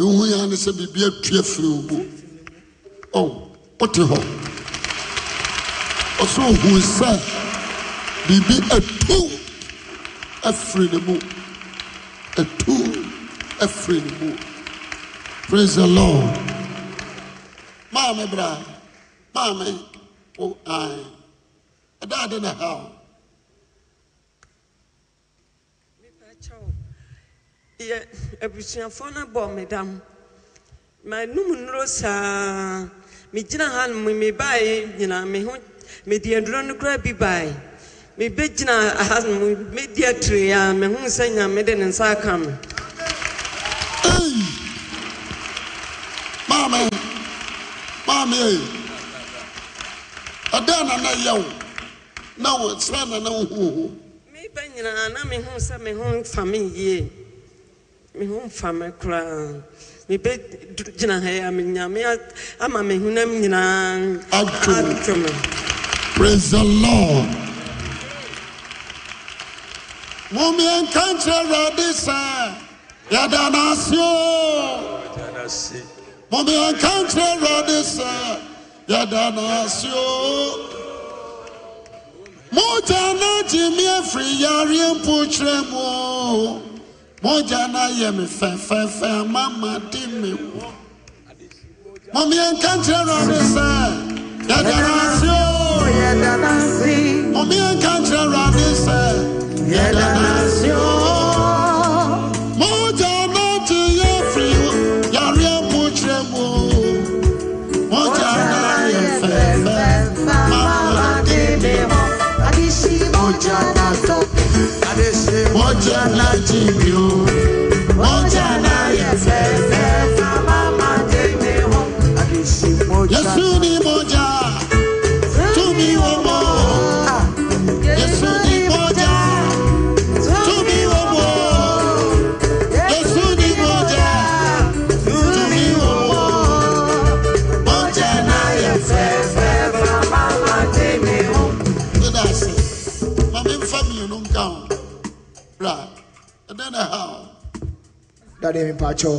ehu ya ne sɛ biribi atu afiri wo mu ɔ wote hɔ ɔsɛ ohu sɛ biribi atu afiri ne mu atu afiri ne mu praise the lord maame bra maame Oh, I. ɛdaade na ha o yɛ abusuafoɔ no bɔ me dam num nnuro saa megyina ha no me baeɛ nyinaa me ho mede aduro no koraa bi baeɛ mebɛgyina ha no medi atire a me ho sɛ nyame de ne nsa aka me maame maame ei ɛdɛn na na yɛ wo na wo srɛ na na wohuo ho meba nyinaa na me ho sɛ me ho mfa me yie me ho mfa me koraa mebɛgyina ha yi a menyame ama me honam nyinaa adwo me praise the lord momeɛnka nkyerɛ awurade sɛ yɛda nase o momeɛnka nkyerɛ awurade sɛ yɛda nase o mogya na gye me afiri yareɛ mpo mu o mogya no ayɛ mi. fɛfɛɛfɛ ama ma de mi wɔ mɔmeɛnka nkyerɛ awurade sɛ yɛdanase o mi mɔmeɛnka nkyerɛ awurade sɛ yɛdanase o alájí mi o. Ó jà láyẹ̀fẹ́. dadeɛ mepakyɛw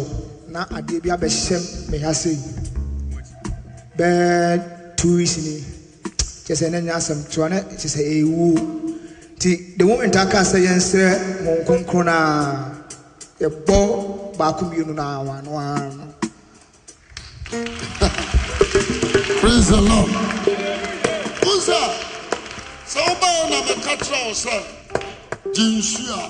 na adeɛ bi abɛhyɛ me ha sei bɛɛ two weeks ni kyɛ sɛ ne nya asɛm toa ne kyɛ sɛ ɛwu e nti the moment aka sɛ yɛnsrɛ mo nkonkron e no a yɛbɔ baako mmienu no awa no ara praise the lord wo sɛ sɛ wobɛɛ na meka kyerɛ wo sɛ gye a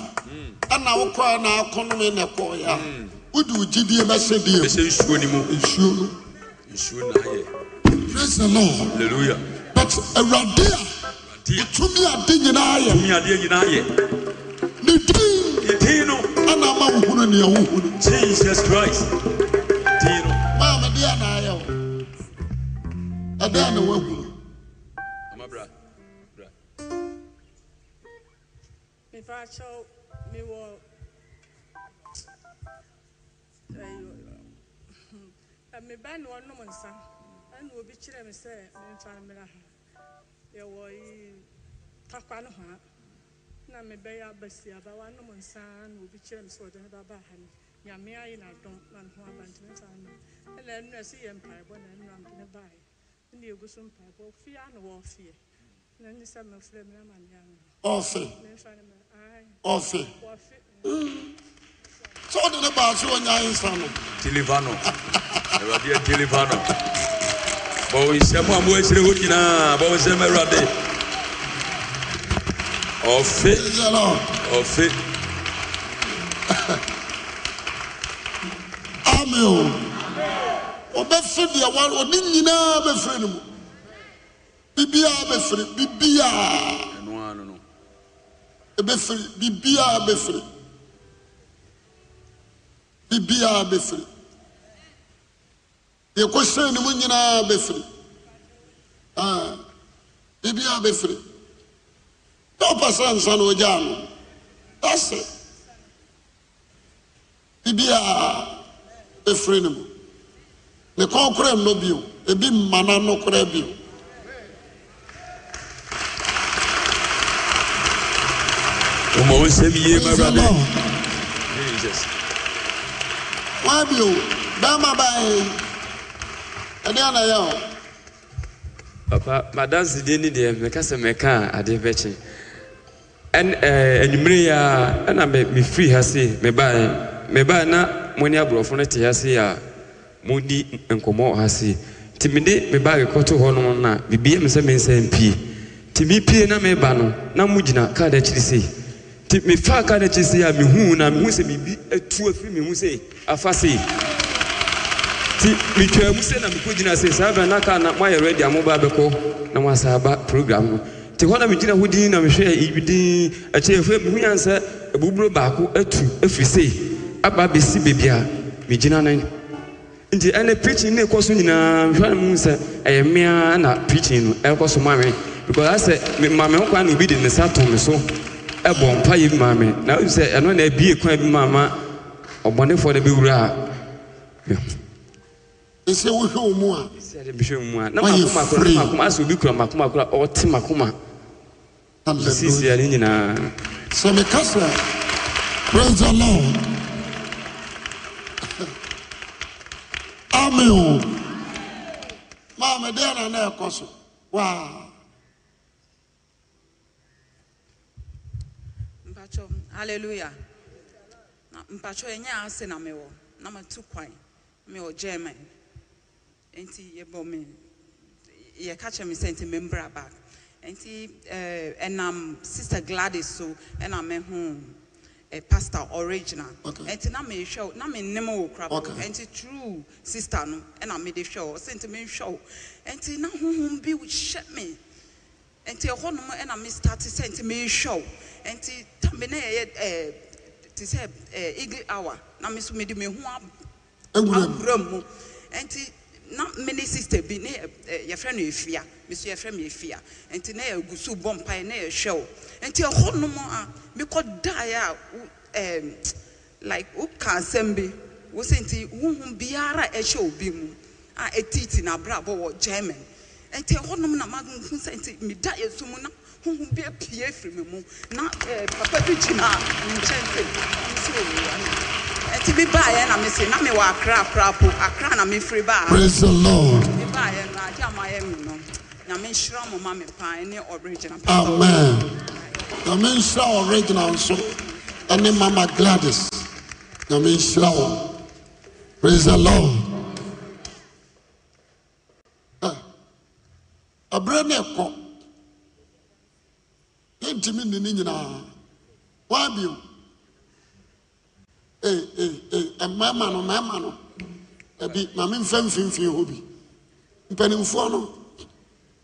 ɛna wokɔɛ na akɔnom na ɛkɔɔeɛ a mm. wode wo gyidie bɛhyɛ deɛ nsuo no mu nsuo no nsuo na praise the lord hallelujah but awurade a tumi ade nyinaa yɛ tumi ade nyinaa yɛ ne din ne din no ɛna ama wo nea wo jesus christ din no maame deɛ na ayɛ wo ɛdeɛ na woahu Amabra. Bra. Mefakyɛw mewɔ me ba na ɔnom nsa ɛna obi kyerɛ me sɛ memfa mmra ha yɛwɔ yi takwa no ho a na mebɛyɛ abasiaba wanom nsa na obi kyerɛ me sɛ ɔde me baba ha no nyame ayɛ n'adɔm na ne ho aba nti memfa mmra ɛna ɛnura sɛ yɛ mpaebɔ na ɛnura mpe ne baeɛ ɛna ɛgu so mpaebɔ fie a na wɔɔfeɛ na ne sɛ mefrɛ me ama ne ano ɔfe memfa ɔse sɛ wode ne baase ɔnya nsa no tiliva no awurade atiliva no bɔwo nsɛm a moakyire ho nyinaa bɔwo nsɛm awurade ɔfe ɔfe ame o ɔbɛfe deɛ wa ɔne nyinaa bɛfiri no mu biribiaa bɛfiri biribiaa ɛbɛfiri biribiara bɛfiri biribiara bɛfiri deɛ kɔhyɛn ne mu nyinaa bɛfiri aa ah, biribiara bɛfiri na ɔpɛ nsa na ɔgyaa no ɛsɛ biribiara bɛfiri ne mu ne kɔn koraa mu no bio ebi mma na no koraa bio. ọmọ wọn sẹ́mi yé mẹ́rọ̀dẹ́. wọ́n á bí o bẹ́ẹ̀ma báyìí ẹni àná yẹ o. papa madansi di ni deɛ mɛka sɛ mɛka a adeɛ bɛkye ɛn ɛɛ enyimire yɛ a ɛna mɛ mefiri ha se mɛbaeɛ mɛbaeɛ na mo ne aborɔfo no te ha se a mo di nkɔmɔ ha se nti me de me baage kɔto hɔ nom na bibia me sɛ me mpie nti mepie na meba no na mo gyina kaa akyiri sei nti mefa ka no kyi sei a mehu na mehu sɛ biribi atu afiri hu sɛ afa sei nti metwaa mu sɛ na mekɔgyina sɛ saa bra na ka na moayɛ redi a mobaa bɛkɔ na moasa aba program no nti hɔ na megyina ho din na mehwɛ ibidin akyɛ ɛfɛ mehu ya sɛ abuburo e baako atu e afiri e sei aba bɛsi baabi a megyina no nti ɛnɛ preaching ne ɛkɔ so nyinaa mehwɛ na mehu sɛ ɛyɛ mmea na preaching no ɛkɔ so ma me because asɛ mame ho kwan na obi de ne nsa to me so ɛbɔ mpa yi maa me na wonim sɛ ɛno na abie kwan bi maa ma ɔbɔnefoɔ no bɛwura a ɛsɛ wohwɛ wo mu a sɛde mehwɛ wo mu a na makomakoramakoma asɛ obi kura makomakora ɔte makoma sisia ne nyinaa sɛ meka sɛ praise the lord amen o maame de ana na ɛkɔ so waa mpacho hallelujah na mpacho enya ase na mewo na matu kwan me o german enti ye bo me ye ka che me sent me mbra back enti eh enam sister gladys so enam me ho eh, pastor original okay. enti na me show. na me nim wo kra okay. enti true sister no ena me de hwɛ sent me show. enti na honhom bi hyɛ me nti ɛhɔnom ɛna me start sɛ nti mehwɛw nti tambe na yɛyɛ ɛɛ eh, te sɛ ɛɛ eh, eagle hour na me so mede me ho abura mu nti na me ne sister bi ne ɛ eh, yɛfrɛ no efia me so yɛfrɛ me efia nti na yɛgu so bɔ mpae na yɛhwɛw nti ɛhɔnom a mekɔ daeɛ a ɛɛ like woka asɛm bi wo sɛ nti wohu biara ɛhyɛ obi mu a ɛtiiti n'abrabɔ wɔ german nti ɛhɔnom na maa hu sɛ nti meda yɛsu na huhu bi apue afiri mi mu na ɛɛ eh, papa bi gyina nkyɛn sɛ nso owura mi nti mi baa yɛ na mi si na mi wɔ akra akra po akra na mi firi baa praise the lord mi baa yɛ no adi ama yɛ mi no nyame nhyira mo ma mi paa ɛne ɔregina amen nyame nhyira ɔregina nso ɛne mama gladys nyame nhyira wɔn praise the lord. ɛberɛ no ɛkɔ yɛntumi nni ne nyinaa waabio mmarima no mmarima no maame hɔ bi mpanimfoɔ no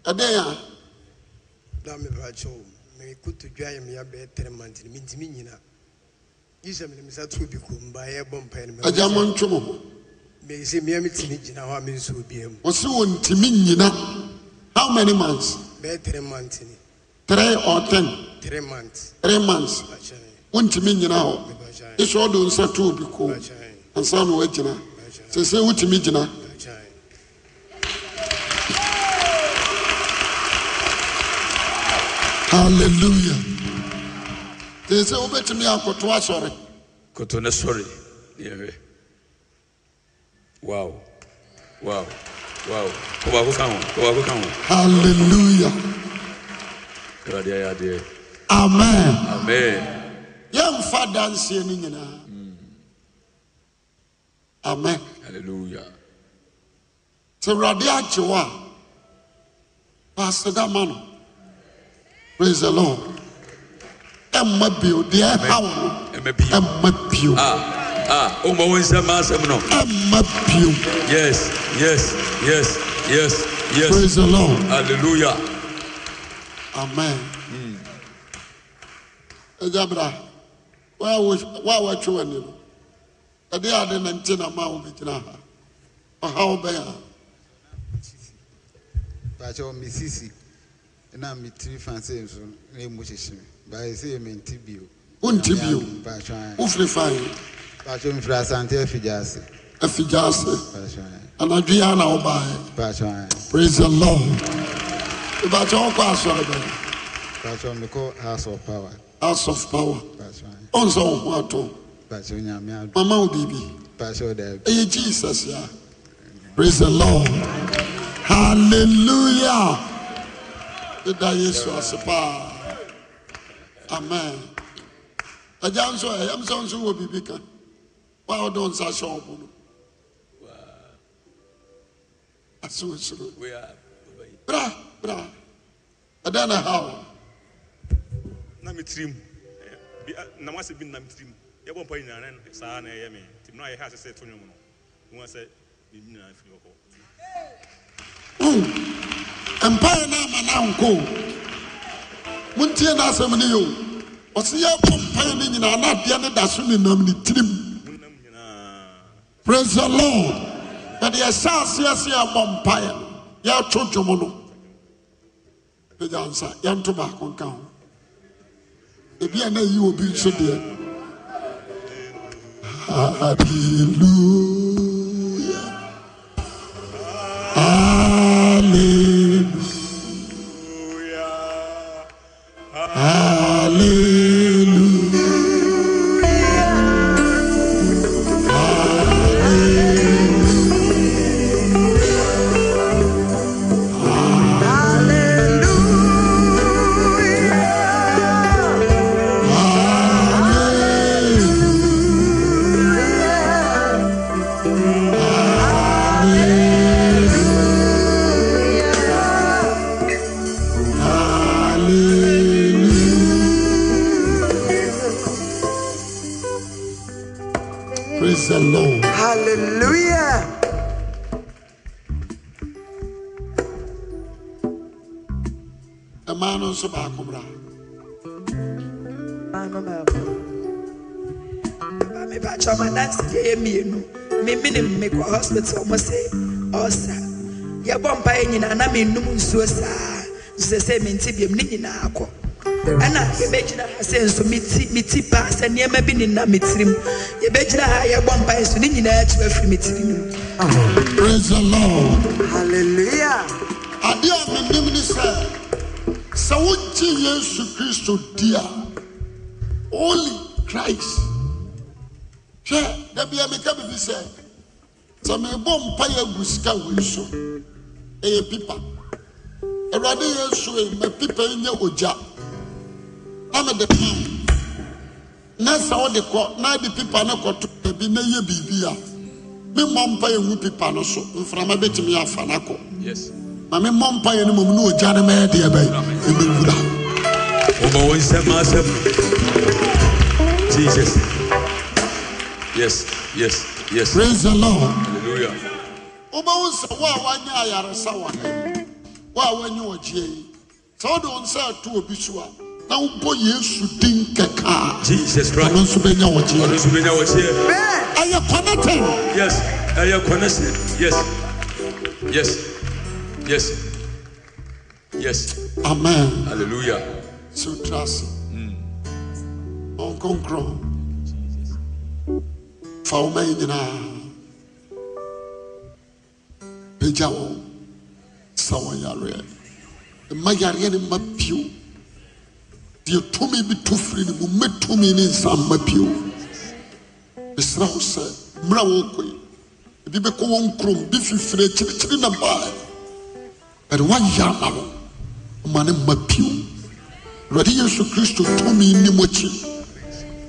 ɛdɛn a da mepakyɛw mekoto dwaeɛ meyɛ bɛyɛ tre mante no mentumi nyina gye sɛ mene mesa too bi kom baa yɛbɔ mpae no agya mo ntwe mo ho mesɛ mea metumi gyina hɔ a mensuo bia mu ɔse wɔntumi nyina How many months? Bẹ́ẹ̀ three months ni. Three or ten? Three months. Three months. Wontumi nyina hɔ. Esu ɔdo nsa to obi ko. Ansa na wagyina. Sese mi gyina. Hallelujah. Sese mi akoto asɔre. Koto ne sɔre. Wow. Wow wow kó wa kó káwọn kó wa kó hallelujah. amen. amen. yẹn fa dansie ni nyinaa. amen. hallelujah. tí ìrọ̀lẹ́ àjẹ wa pàṣẹ dá mánu praise the lord ẹ mọ bi o deɛ ẹ ha wọn ẹ mọ bi o a o ma wọn nsɛm asɛm no. ama pio. yes yes yes yes yes. praise the lord. hallelujah. amen. ɛgya eh, bra wa a wɔatwe w'ani no ɛde ade na nti na ma wobɛgyina ha ɔha wobɛn a baakyɛ wɔ mesisi na metiri fa sɛ nso na ɛmu hyehye me baayɛ sɛ yɛ menti bio wonti bio wofiri fae Pàṣẹ mi fura asante ẹ̀fìjà ase. Ẹ̀fìjà ase. Anadu yà nà ọba yẹ. Praise the Lord. Ìbàjẹ́ wọn kọ́ aṣọ ẹ̀bẹ̀. Pàṣẹ mi kọ́ house of power. House of power. Ó ń sọ òkú àtọ. Pàṣẹ onyàmí àdó. Màmá ò bìbí. Pàṣẹ ò dàbí. Ẹ yẹ Jesus yá. Praise the Lord. Hallelujah. Dídá Yéṣu ase paa. Amen. Ẹja nso ẹ̀yẹ́mísọ́ nso wọ bìbí kan wa ọdọ nsa hyɛ ɔmo no ase osoro bra bra ɛdá na ha o. na mi tirim na wase bi na mi tirim yɛ bɔ mpa yi nyinaa nɛ saa na ɛyɛ mi ti mu na yɛ ha sɛ sɛ to nyɔmu no mo sɛ mi nyinaa firi hɔ. mpa yɛ na ama hmm. na nko mo n tie na asɛm ni yi o ɔsi yɛ bɔ mpa yɛ ne nyinaa na adeɛ ne da so ne nam ne tirim. praise the lord That the ɛhyɛ aseɛ se ɛbɔ mpaeɛ no yɛato dwom The answer. nsa yɛnto baako nka ho ebi a na ɛyi obi nso hallelujah ne nnum nsuo saa nsɛ sɛ mente biam ne nyinaa akɔ ɛna yɛbɛgyina ha sɛ nso meti paa sɛ nneɛma bi nenam me tirim yɛbɛgyina ha yɛbɔ mpae so ne nyinaa akyi afiri me tiri no praise the lord hallelujah adeɛ a menim ne sɛ sɛ wogye yesu kristo di a only christ hwɛ da bia meka bibi sɛ sɛ merebɔ mpa yɛ agu sika wei so ɛyɛ pipa awurade yɛ sue ma pipa yi nyɛ ogya na mede pa na sɛ wode kɔ na de pipa no kɔto baabi na yɛ biribi a memmɔ mpa yɛhu pipa no so mframa bɛtumi afa no akɔ ma memmɔ mpa yɛ no mmom ne ogya no mɛyɛ deɛ bɛyɛ ɛbɛwura wobɔ wo nsɛm asɛm jesus yes yes yes praise the lord hallelujah wobɛhu sɛ wo a woanyɛ ayaresa wɔ ha wo a woanyɛ ɔgyeɛ yi sɛ wode wo nsa ato obi so a na wobɔ yesu din kɛka a ɔno nso bɛnya wɔgyeɛ ɛyɛ connected yes ɛyɛ connected yes yes yes yes amen hallelujah so trust mm. ɔnkonkrɔn fa wo ma yi nyinaa pagya wo sɛ wɔnyareɛ mma yareɛ no mma pio deɛ tumi bi to firi no mu mɛtumi ne nsa mma pio mesrɛ ho sɛ mmerɛ wɔkɔi ebi bɛkɔ wɔn kurom bi fifiri akyirikyiri na baa ɛde woayɛ ama wo ma ne mma pio awurade yesu kristo tumi nni mu akyi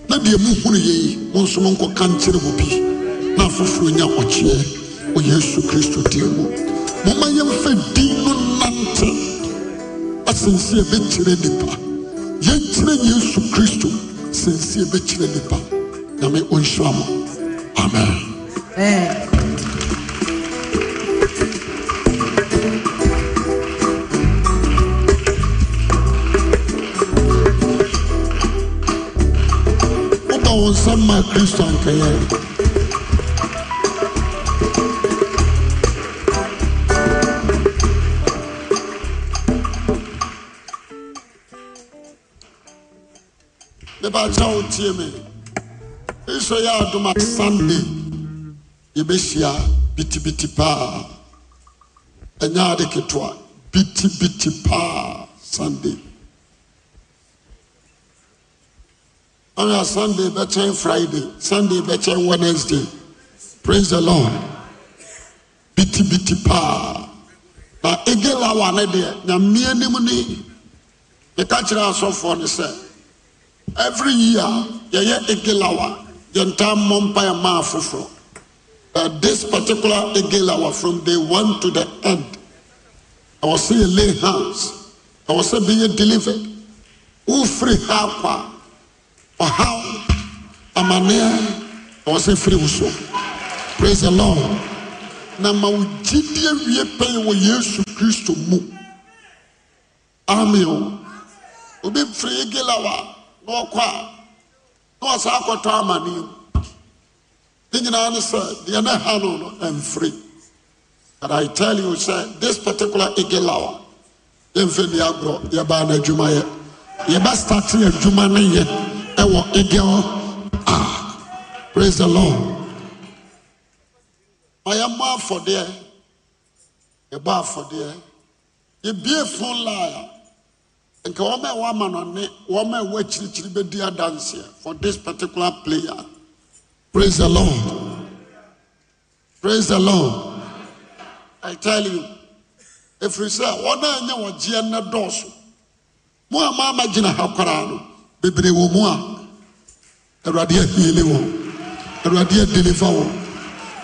na deɛ muhunu yei mo nso monkɔka nkyere mu bi na afoforɔ nya ɔkyeɛ wɔ oh, yesu kristo deɛ mu momma yɛmfa din no nante a asɛnsi a bɛkyerɛ nnipa yɛnkyerɛ yesu kristo sɛnsi be bɛkyerɛ nnipa nyame ɔnhyira mo amen woba wo nsa ma kristo ankɛyɛ baakye a wotie me ɛhwɛ yɛ adom a sunday yɛbɛhyia bitibiti paa ɛnyɛ ade ketewa bitibiti paa sunday ɔyɛ sunday bɛkyɛn friday sunday bɛkyɛn wednesday praise the lord bitibiti paa na egelawa ne deɛ nyamea nim ne meka kyerɛ asɔfoɔ ne sɛ every year yɛyɛ egelawa yɛntaa mmɔ mpa yɛ maa foforɔ uh, this particular egelawa from day one to the end ɛwɔ sɛ yɛ lay hands ɛwɔ sɛ bi yɛ delivered wofiri ha akɔ a ɔhaw amanneɛ ɛwɔ sɛ firi wo so praise the lord na ma wo gyidie wie pɛn wɔ yesu kristo mu ameo obi firi egelawa ɔrekɔ a na ɔsan akɔtɔ amaneɛ mu ne nyinaa deɛ ne ha no no but i tell you sɛ this particular igilawa yɛmfɛ ne agorɔ yɛbaa no adwuma yɛ yɛbɛstate adwuma no yɛ ɛwɔ igil a praise the lord ma yɛmmɔ afɔdeɛ yɛbɔ afɔdeɛ yɛbie phone line a nka wɔn a wɔama no ne wɔn a ɛwɔ akyirikyiri bɛdi adanseɛ for this particular player praise the lord praise the lord i tell you efiri sɛ wɔn a nye wɔn gyeɛ ne dɔɔso mo a maama gyina ha koraa no bebree wɔ mu a awurade ahiele wɔn awurade adelifa wɔn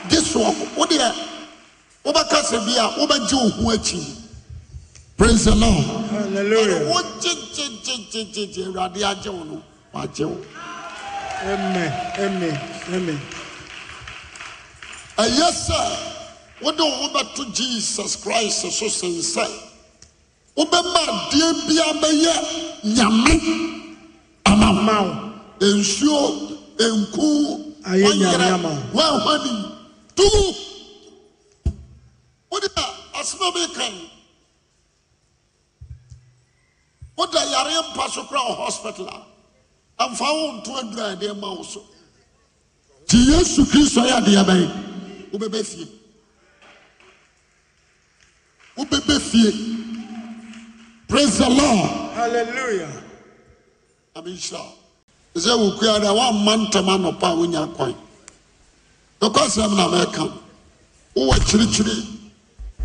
gye soɔ wɔdeɛ wɔbɛka sɛ bi a wɔbɛgye wɔn ho akyi praise the lord hallelujah ọ̀rọ̀ wọ́n jẹ́ jẹ́ jẹ́ jẹ́ jẹ́ jẹ́ ajé wọn nù wọ́n ajé wọn. amen amen amen. ẹ̀yẹ sẹ́ wọ́n dẹ̀ wọ́n bẹ tó jesus christ so sẹ́nsẹ́ wọ́n bẹ bá adé bí abẹ́yẹ nyàmé amaw nsuo nku wọ́n yẹrẹ wọ́n ahọ́ni tumu wọ́n dẹ̀ ah, asọ́nà mi kàn yìí woda yare mpa so kora wɔ hospital a ɛmfa wo nto adura adeɛ ma wo so nti yesu kristo yɛ adeɛ bɛn wobɛbɛ fie wobɛbɛ fie praise the lord hallelujah amenhyira sɛ wokua dɛ woamma ntam anɔpa a wonya kwan nokwasɛm na mɛka wowɔ kyirikyiri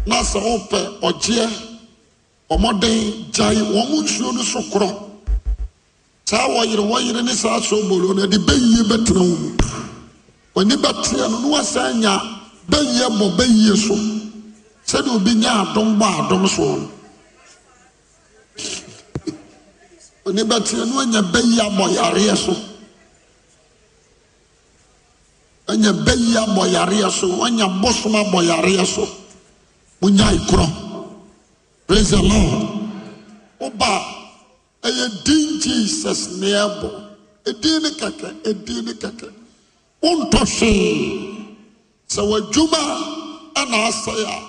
na sɛ wopɛ ɔgyeɛ ɔmɔden gyae wɔn mu nsuo no so korɔ saa wɔyere wɔyere ne saa sombolo no ɛde bɛyie bɛtena wo mu w'ani bɛteɛ no na wasan nya bɛyie bɔ bɛyie so sɛdeɛ obi nya adom bɔ adom soɔ no w'ani bɛteɛ na wanya bɛyie abɔ yareɛ so wanya bɛyie abɔ yareɛ so wanya bosom abɔ yareɛ so wonyae korɔ praise the lord woba ɛyɛ din jesus ne ẹ deen ne kɛkɛ deen ne kɛkɛ so we sɛ w'adwuma ɛna asɛe a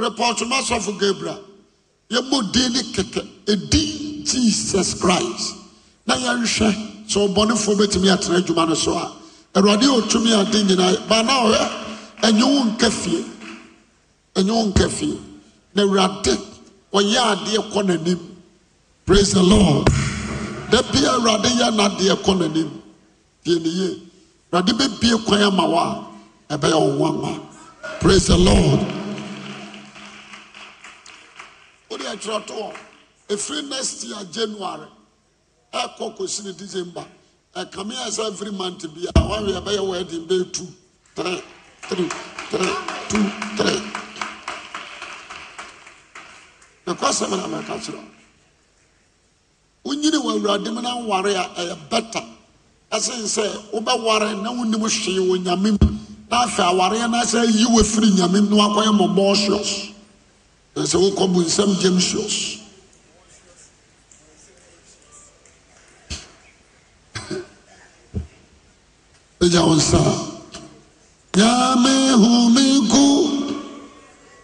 repɔtoma sɔfo gabriel yɛbɔ din keke, kɛkɛ ɛdin jesus christ na yɛnhwɛ so ɔbɔnefoɔ bɛtumi atena adwuma no so a awurade ɔtumi ade nyinaa baana ɔyɛ ɛnyɛ wo nka fie ɛnyɛ na awurade ɔyɛ adeɛ kɔ n'anim praise the lord da bia awurade yɛ n'adeɛ kɔ n'anim die ne yie awurade bɛbie kwan ama wo a ɛbɛyɛ wo nwanwa praise the lord wode atwerɛtoɔ ɛfiri next year january ɛkɔ kɔsi ne december ɛkame e a sɛ every month biaa wawe ɛbɛyɛ wɔ adin bɛyɛ two three three three two three. The na mɛka kyerɛ wonyini wɔ awurade mu na nware a ɛyɛ bɛta ɛsen sɛ wobɛware na wonim hwee wɔ nyame mu na afei awareɛ no sɛ yi wo firi nyame mu na wakɔyɛ mɔmɔɔsios na sɛ wokɔ bu nsɛm gyemsios ɛgya wo nsa nyame homeku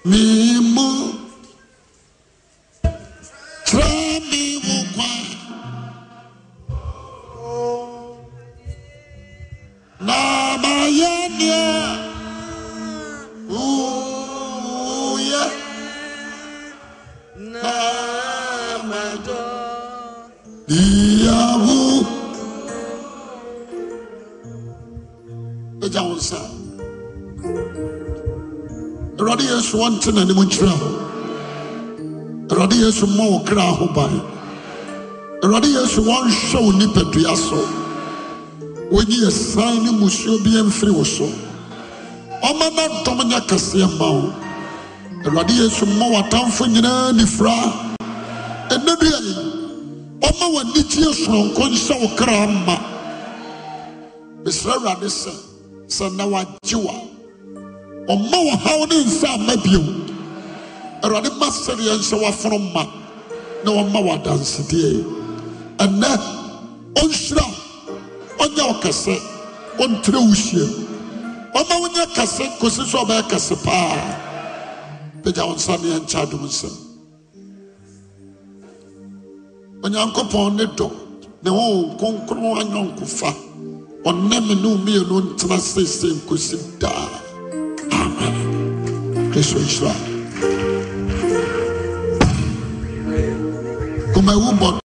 mimu nti na ne mu nkyerɛ ho awurade yesu mma wo kra ho ban awurade yesu wɔnhwɛ wo nipadua so wonyi yɛsan ne musuo bi mfiri wo so ɔma na dɔm nyɛ kɛseɛ mma wo awurade yesu mma w'atamfo nyinaa nifira ɛnɛ dua yi ɔma w'anigyeɛ soronko nhyɛ wo kra mma mesrɛ awurade sɛ sɛ na wagye wa ɔma wɔ haw ne nsa ama bio awurade ma sɛdeɛ nhyɛ waforo ma na wɔmma wɔadansedeɛ ɛnnɛ ɔnhyira ɔnyɛ wo kɛse ɔntrɛ wo hyiam ɔma wonyɛ kɛse kɔsi sɛ ɔbɛyɛ kɛse paa bɛgya wo nsa ne yɛnkyɛ adom nsɛm onyankopɔn ne dɔ ne ho kronkron fa ɔne me ne omienu ntena seesei nkɔsi daa amen kristo nhyira Como é o bot.